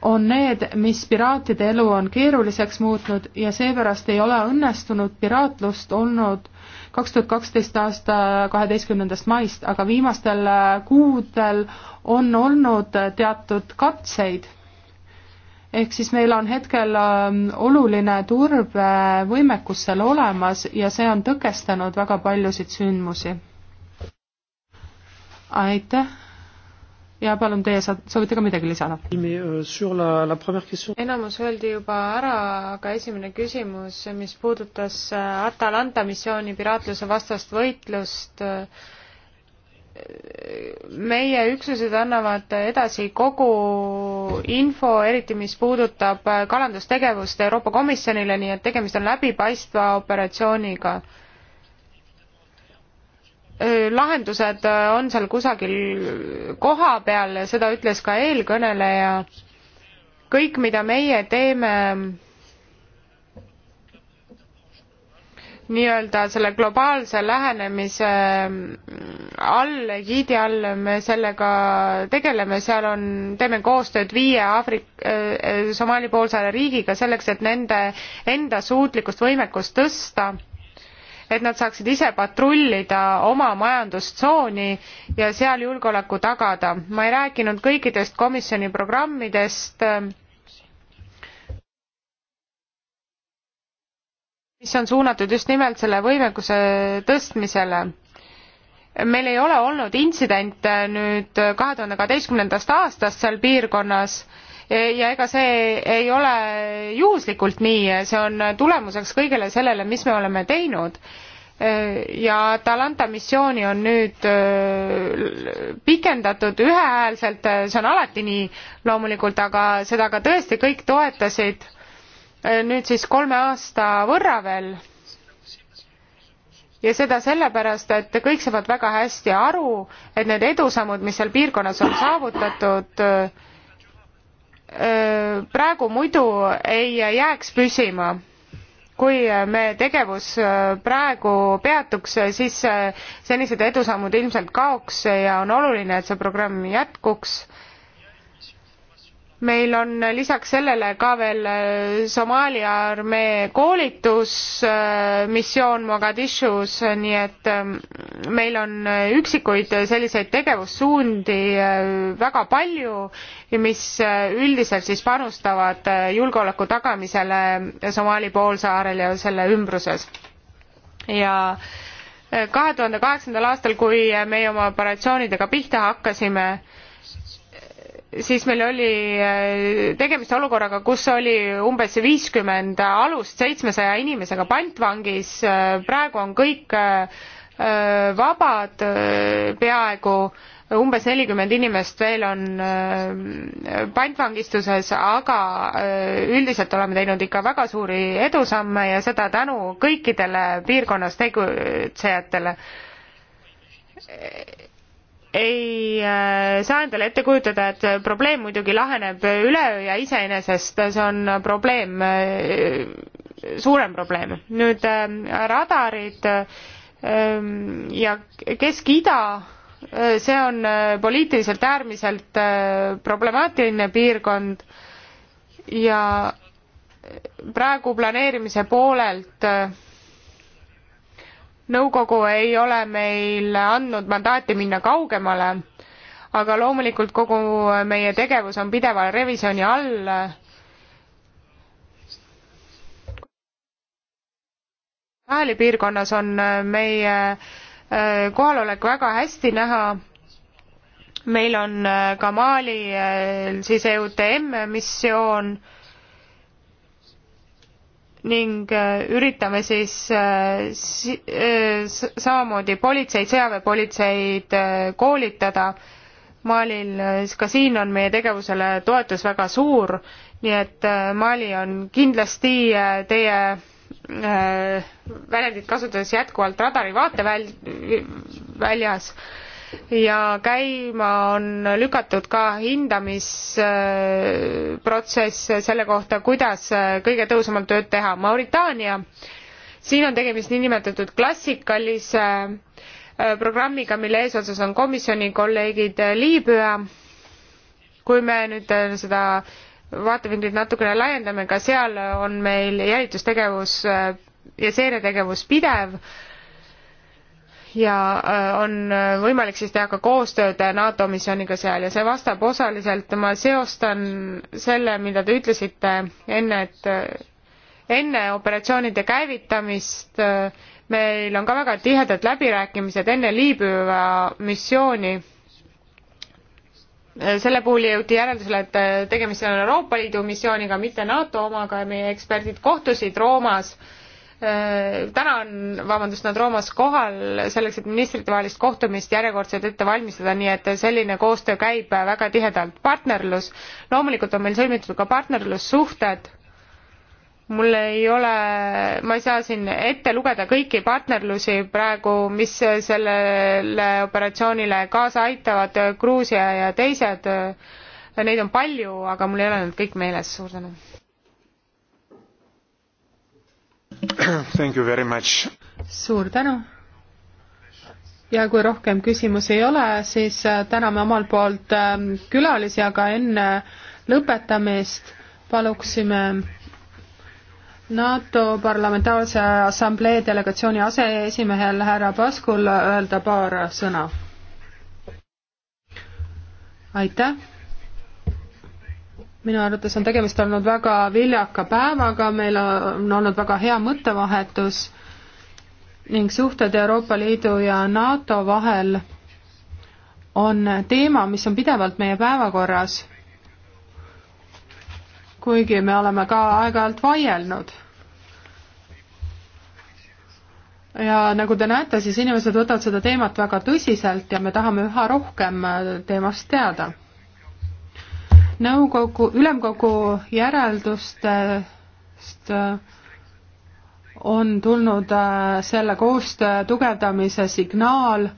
on need, mis piraatide elu on keeruliseks muutnud ja seepärast ei ole õnnestunud piraatlust olnud kaks tuhat kaksteist aasta kaheteistkümnendast maist, aga viimastel äh, kuudel on olnud teatud katseid. ehk siis meil on hetkel ähm, oluline turbevõimekus äh, seal olemas ja see on tõkestanud väga paljusid sündmusi. aitäh ja palun, teie saad, soovite ka midagi lisada? Euh, enamus öeldi juba ära, aga esimene küsimus, mis puudutas äh, Atalanta missiooni piraatluse vastast võitlust, meie üksused annavad edasi kogu info, eriti mis puudutab äh, kalandustegevust Euroopa Komisjonile, nii et tegemist on läbipaistva operatsiooniga lahendused on seal kusagil kohapeal, seda ütles ka eelkõneleja. kõik, mida meie teeme nii-öelda selle globaalse lähenemise all, giidi all me sellega tegeleme, seal on, teeme koostööd viie Aafrik-, Somaali poolsaare riigiga selleks, et nende enda suutlikkust, võimekust tõsta et nad saaksid ise patrullida oma majandustsooni ja seal julgeoleku tagada. ma ei rääkinud kõikidest komisjoni programmidest, mis on suunatud just nimelt selle võimekuse tõstmisele meil ei ole olnud intsidente äh, nüüd kahe tuhande kaheteistkümnendast aastast seal piirkonnas ja ega see ei ole juhuslikult nii, see on tulemuseks kõigele sellele, mis me oleme teinud. Äh, ja Atalanta missiooni on nüüd äh, pikendatud ühehäälselt, see on alati nii loomulikult, aga seda ka tõesti kõik toetasid nüüd siis kolme aasta võrra veel ja seda sellepärast, et kõik saavad väga hästi aru, et need edusammud, mis seal piirkonnas on saavutatud, praegu muidu ei jääks püsima. kui me tegevus praegu peatuks, siis senised edusammud ilmselt kaoks ja on oluline, et see programm jätkuks meil on lisaks sellele ka veel äh, Somaalia armee koolitusmissioon Mogadishus, nii et ähm, meil on äh, üksikuid selliseid tegevussuundi äh, väga palju, mis üldiselt siis panustavad julgeoleku tagamisele Somaali poolsaarel ja selle ümbruses. ja kahe tuhande kaheksandal aastal, kui meie oma operatsioonidega pihta hakkasime, siis meil oli äh, tegemist olukorraga, kus oli umbes viiskümmend alust seitsmesaja inimesega pantvangis, äh, praegu on kõik äh, vabad peaaegu, umbes nelikümmend inimest veel on pantvangistuses, aga üldiselt oleme teinud ikka väga suuri edusamme ja seda tänu kõikidele piirkonnas tegutsejatele ei äh, saa endale ette kujutada, et probleem muidugi laheneb üleöö ja iseenesest see on probleem, äh, suurem probleem. nüüd äh, radarid ähm, ja Kesk-Ida, see on poliitiliselt äärmiselt problemaatiline piirkond ja praegu planeerimise poolelt äh, nõukogu ei ole meil andnud mandaati minna kaugemale, aga loomulikult kogu meie tegevus on pideva revisjoni all. Saheli piirkonnas on meie äh, kohalolek väga hästi näha. meil on äh, ka Mali äh, siis EUTM missioon ning äh, üritame siis äh, äh, samamoodi politseid, sõjaväepolitseid koolitada Malil, ka siin on meie tegevusele toetus väga suur, nii et Mali on kindlasti teie väljendit kasutades jätkuvalt radari vaateväljas väl, ja käima on lükatud ka hindamisprotsess selle kohta, kuidas kõige tõhusamalt tööd teha. Mauritaania, siin on tegemist niinimetatud klassikalise äh, programmiga, mille eesotsas on komisjoni kolleegid äh, Liibüa. kui me nüüd äh, seda vaatevinklit natukene laiendame, ka seal on meil jälitustegevus ja seiretegevus pidev ja äh, on äh, võimalik siis teha ka koostööd äh, NATO missiooniga seal ja see vastab osaliselt, ma seostan selle, mida te ütlesite enne, et enne operatsioonide käivitamist meil on ka väga tihedad läbirääkimised enne Liibüa missiooni. selle puhul jõuti järeldusele, et tegemist on Euroopa Liidu missiooniga, mitte NATO omaga ja meie eksperdid kohtusid Roomas äh, Äh, täna on, vabandust, nad Roomas kohal selleks, et ministritevahelist kohtumist järjekordselt ette valmistada, nii et selline koostöö käib väga tihedalt. partnerlus, loomulikult on meil sõlmitud ka partnerlussuhted, mul ei ole, ma ei saa siin ette lugeda kõiki partnerlusi praegu, mis sellele operatsioonile kaasa aitavad, Gruusia ja teised, neid on palju, aga mul ei ole nad kõik meeles, suur tänu suur tänu. ja kui rohkem küsimusi ei ole, siis äh, täname omalt poolt ähm, külalisi, aga enne lõpetamist paluksime NATO Parlamentaarse Assamblee delegatsiooni aseesimehel härra Paskul öelda paar sõna. aitäh minu arvates on tegemist olnud väga viljaka päevaga, meil on olnud väga hea mõttevahetus ning suhted Euroopa Liidu ja NATO vahel on teema, mis on pidevalt meie päevakorras, kuigi me oleme ka aeg-ajalt vaielnud ja nagu te näete, siis inimesed võtavad seda teemat väga tõsiselt ja me tahame üha rohkem teemast teada nõukogu, ülemkogu järeldustest äh, on tulnud äh, selle koostöö tugevdamise signaal,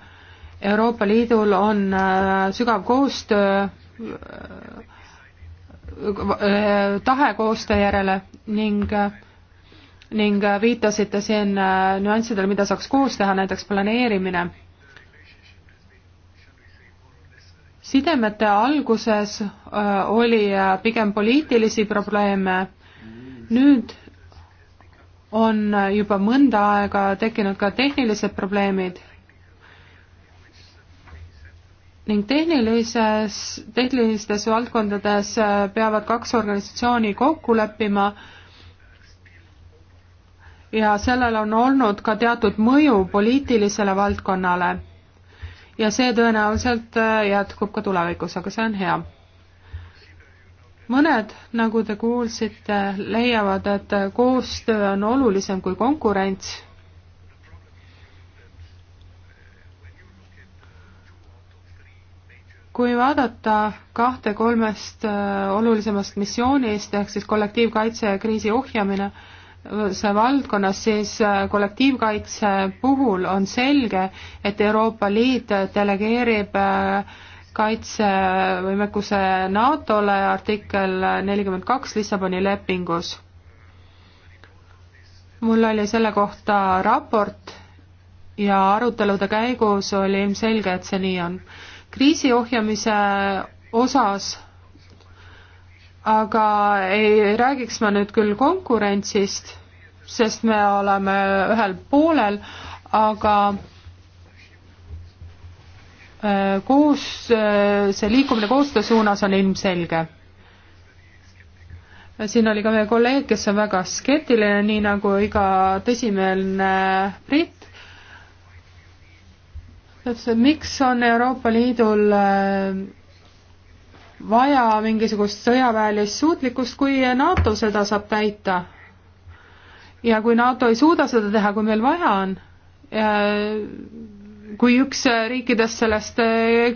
Euroopa Liidul on äh, sügav koostöö tahe koostöö järele ning ning viitasite siin nüanssidele, mida saaks koos teha, näiteks planeerimine sidemete alguses äh, oli äh, pigem poliitilisi probleeme, nüüd on äh, juba mõnda aega tekkinud ka tehnilised probleemid ning tehnilises, tehnilistes valdkondades peavad kaks organisatsiooni kokku leppima ja sellel on olnud ka teatud mõju poliitilisele valdkonnale ja see tõenäoliselt äh, jätkub ka tulevikus, aga see on hea. mõned, nagu te kuulsite, leiavad, et koostöö on olulisem kui konkurents kui vaadata kahte kolmest äh, olulisemast missioonist ehk siis kollektiivkaitse ja kriisi ohjamine, valdkonnas, siis äh, kollektiivkaitse puhul on selge, et Euroopa Liit delegeerib äh, kaitsevõimekuse NATO-le artikkel nelikümmend kaks Lissaboni lepingus. mul oli selle kohta raport ja arutelude käigus oli ilmselge, et see nii on. kriisi ohjamise osas aga ei räägiks ma nüüd küll konkurentsist, sest me oleme ühel poolel, aga äh, koos, äh, see liikumine koostöö suunas on ilmselge. siin oli ka meie kolleeg, kes on väga skeptiline, nii nagu iga tõsimeelne britt, täpselt, miks on Euroopa Liidul äh, vaja mingisugust sõjaväelist suutlikkust, kui NATO seda saab täita. ja kui NATO ei suuda seda teha, kui meil vaja on, kui üks riikidest sellest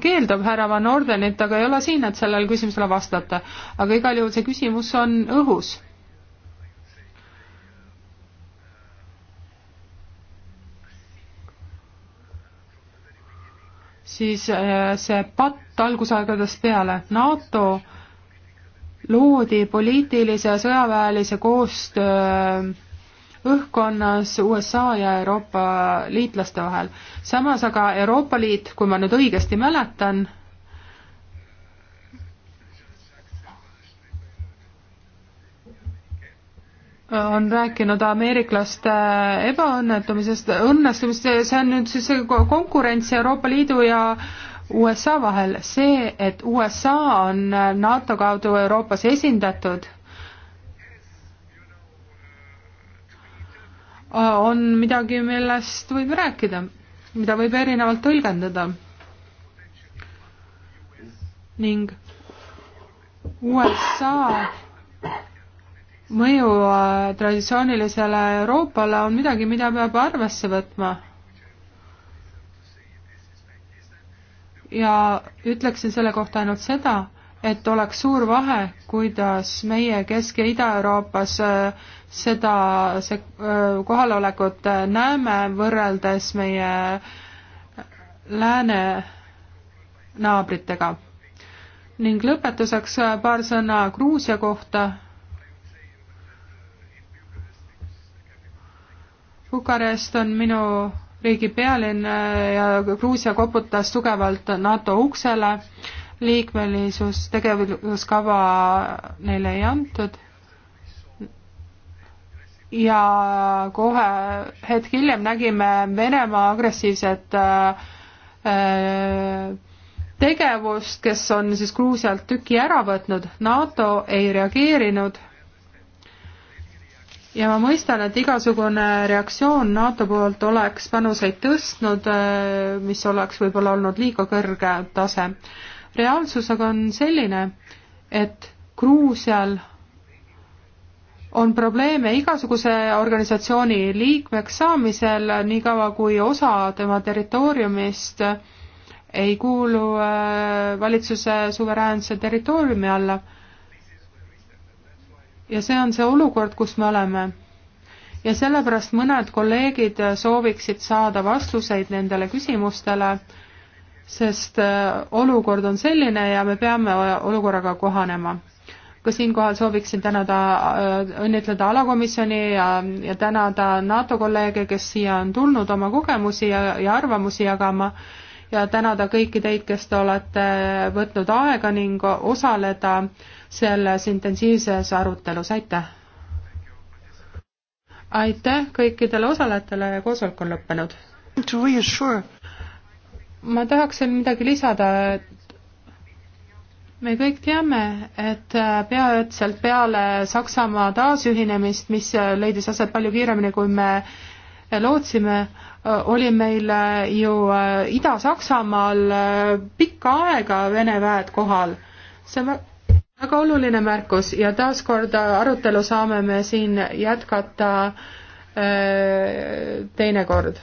keeldub, härra Van Ordenit, aga ei ole siin, et sellele küsimusele vastata. aga igal juhul see küsimus on õhus siis äh, see patt algusaegadest peale, NATO loodi poliitilise ja sõjaväelise koostöö äh, õhkkonnas USA ja Euroopa liitlaste vahel. samas aga Euroopa Liit, kui ma nüüd õigesti mäletan, on rääkinud ameeriklaste ebaõnnetumisest, õnnestumist, see on nüüd siis konkurents Euroopa Liidu ja USA vahel, see, et USA on NATO kaudu Euroopas esindatud, on midagi, millest võib rääkida, mida võib erinevalt tõlgendada. ning USA mõju äh, traditsioonilisele Euroopale on midagi, mida peab arvesse võtma. ja ütleksin selle kohta ainult seda, et oleks suur vahe, kuidas meie Kesk- ja Ida-Euroopas äh, seda, see äh, kohalolekut näeme võrreldes meie lääne naabritega. ning lõpetuseks paar sõna Gruusia kohta Bukarest on minu riigi pealinn äh, ja Gruusia koputas tugevalt NATO uksele, liikmelisus tegevuskava neile ei antud ja kohe hetk hiljem nägime Venemaa agressiivset äh, äh, tegevust, kes on siis Gruusialt tüki ära võtnud, NATO ei reageerinud ja ma mõistan, et igasugune reaktsioon NATO poolt oleks panuseid tõstnud, äh, mis oleks võib-olla olnud liiga kõrge tase. reaalsus aga on selline, et Gruusial on probleeme igasuguse organisatsiooni liikmeks saamisel, niikaua kui osa tema territooriumist ei kuulu äh, valitsuse suveräänse territooriumi alla ja see on see olukord, kus me oleme. ja sellepärast mõned kolleegid sooviksid saada vastuseid nendele küsimustele, sest äh, olukord on selline ja me peame olukorraga kohanema ka siinkohal sooviksin tänada, äh, õnnitleda alakomisjoni ja, ja tänada NATO kolleege, kes siia on tulnud oma kogemusi ja, ja arvamusi jagama ja tänada kõiki teid, kes te olete võtnud aega ning osaleda selles intensiivses arutelus, aitäh! aitäh kõikidele osalejatele ja koosolek on lõppenud. ma tahaksin midagi lisada, et me kõik teame, et peaatselt peale Saksamaa taasühinemist, mis leidis aset palju kiiremini, kui me lootsime, oli meil ju Ida-Saksamaal pikka aega Vene väed kohal. see on väga oluline märkus ja taaskord arutelu saame me siin jätkata äh, teinekord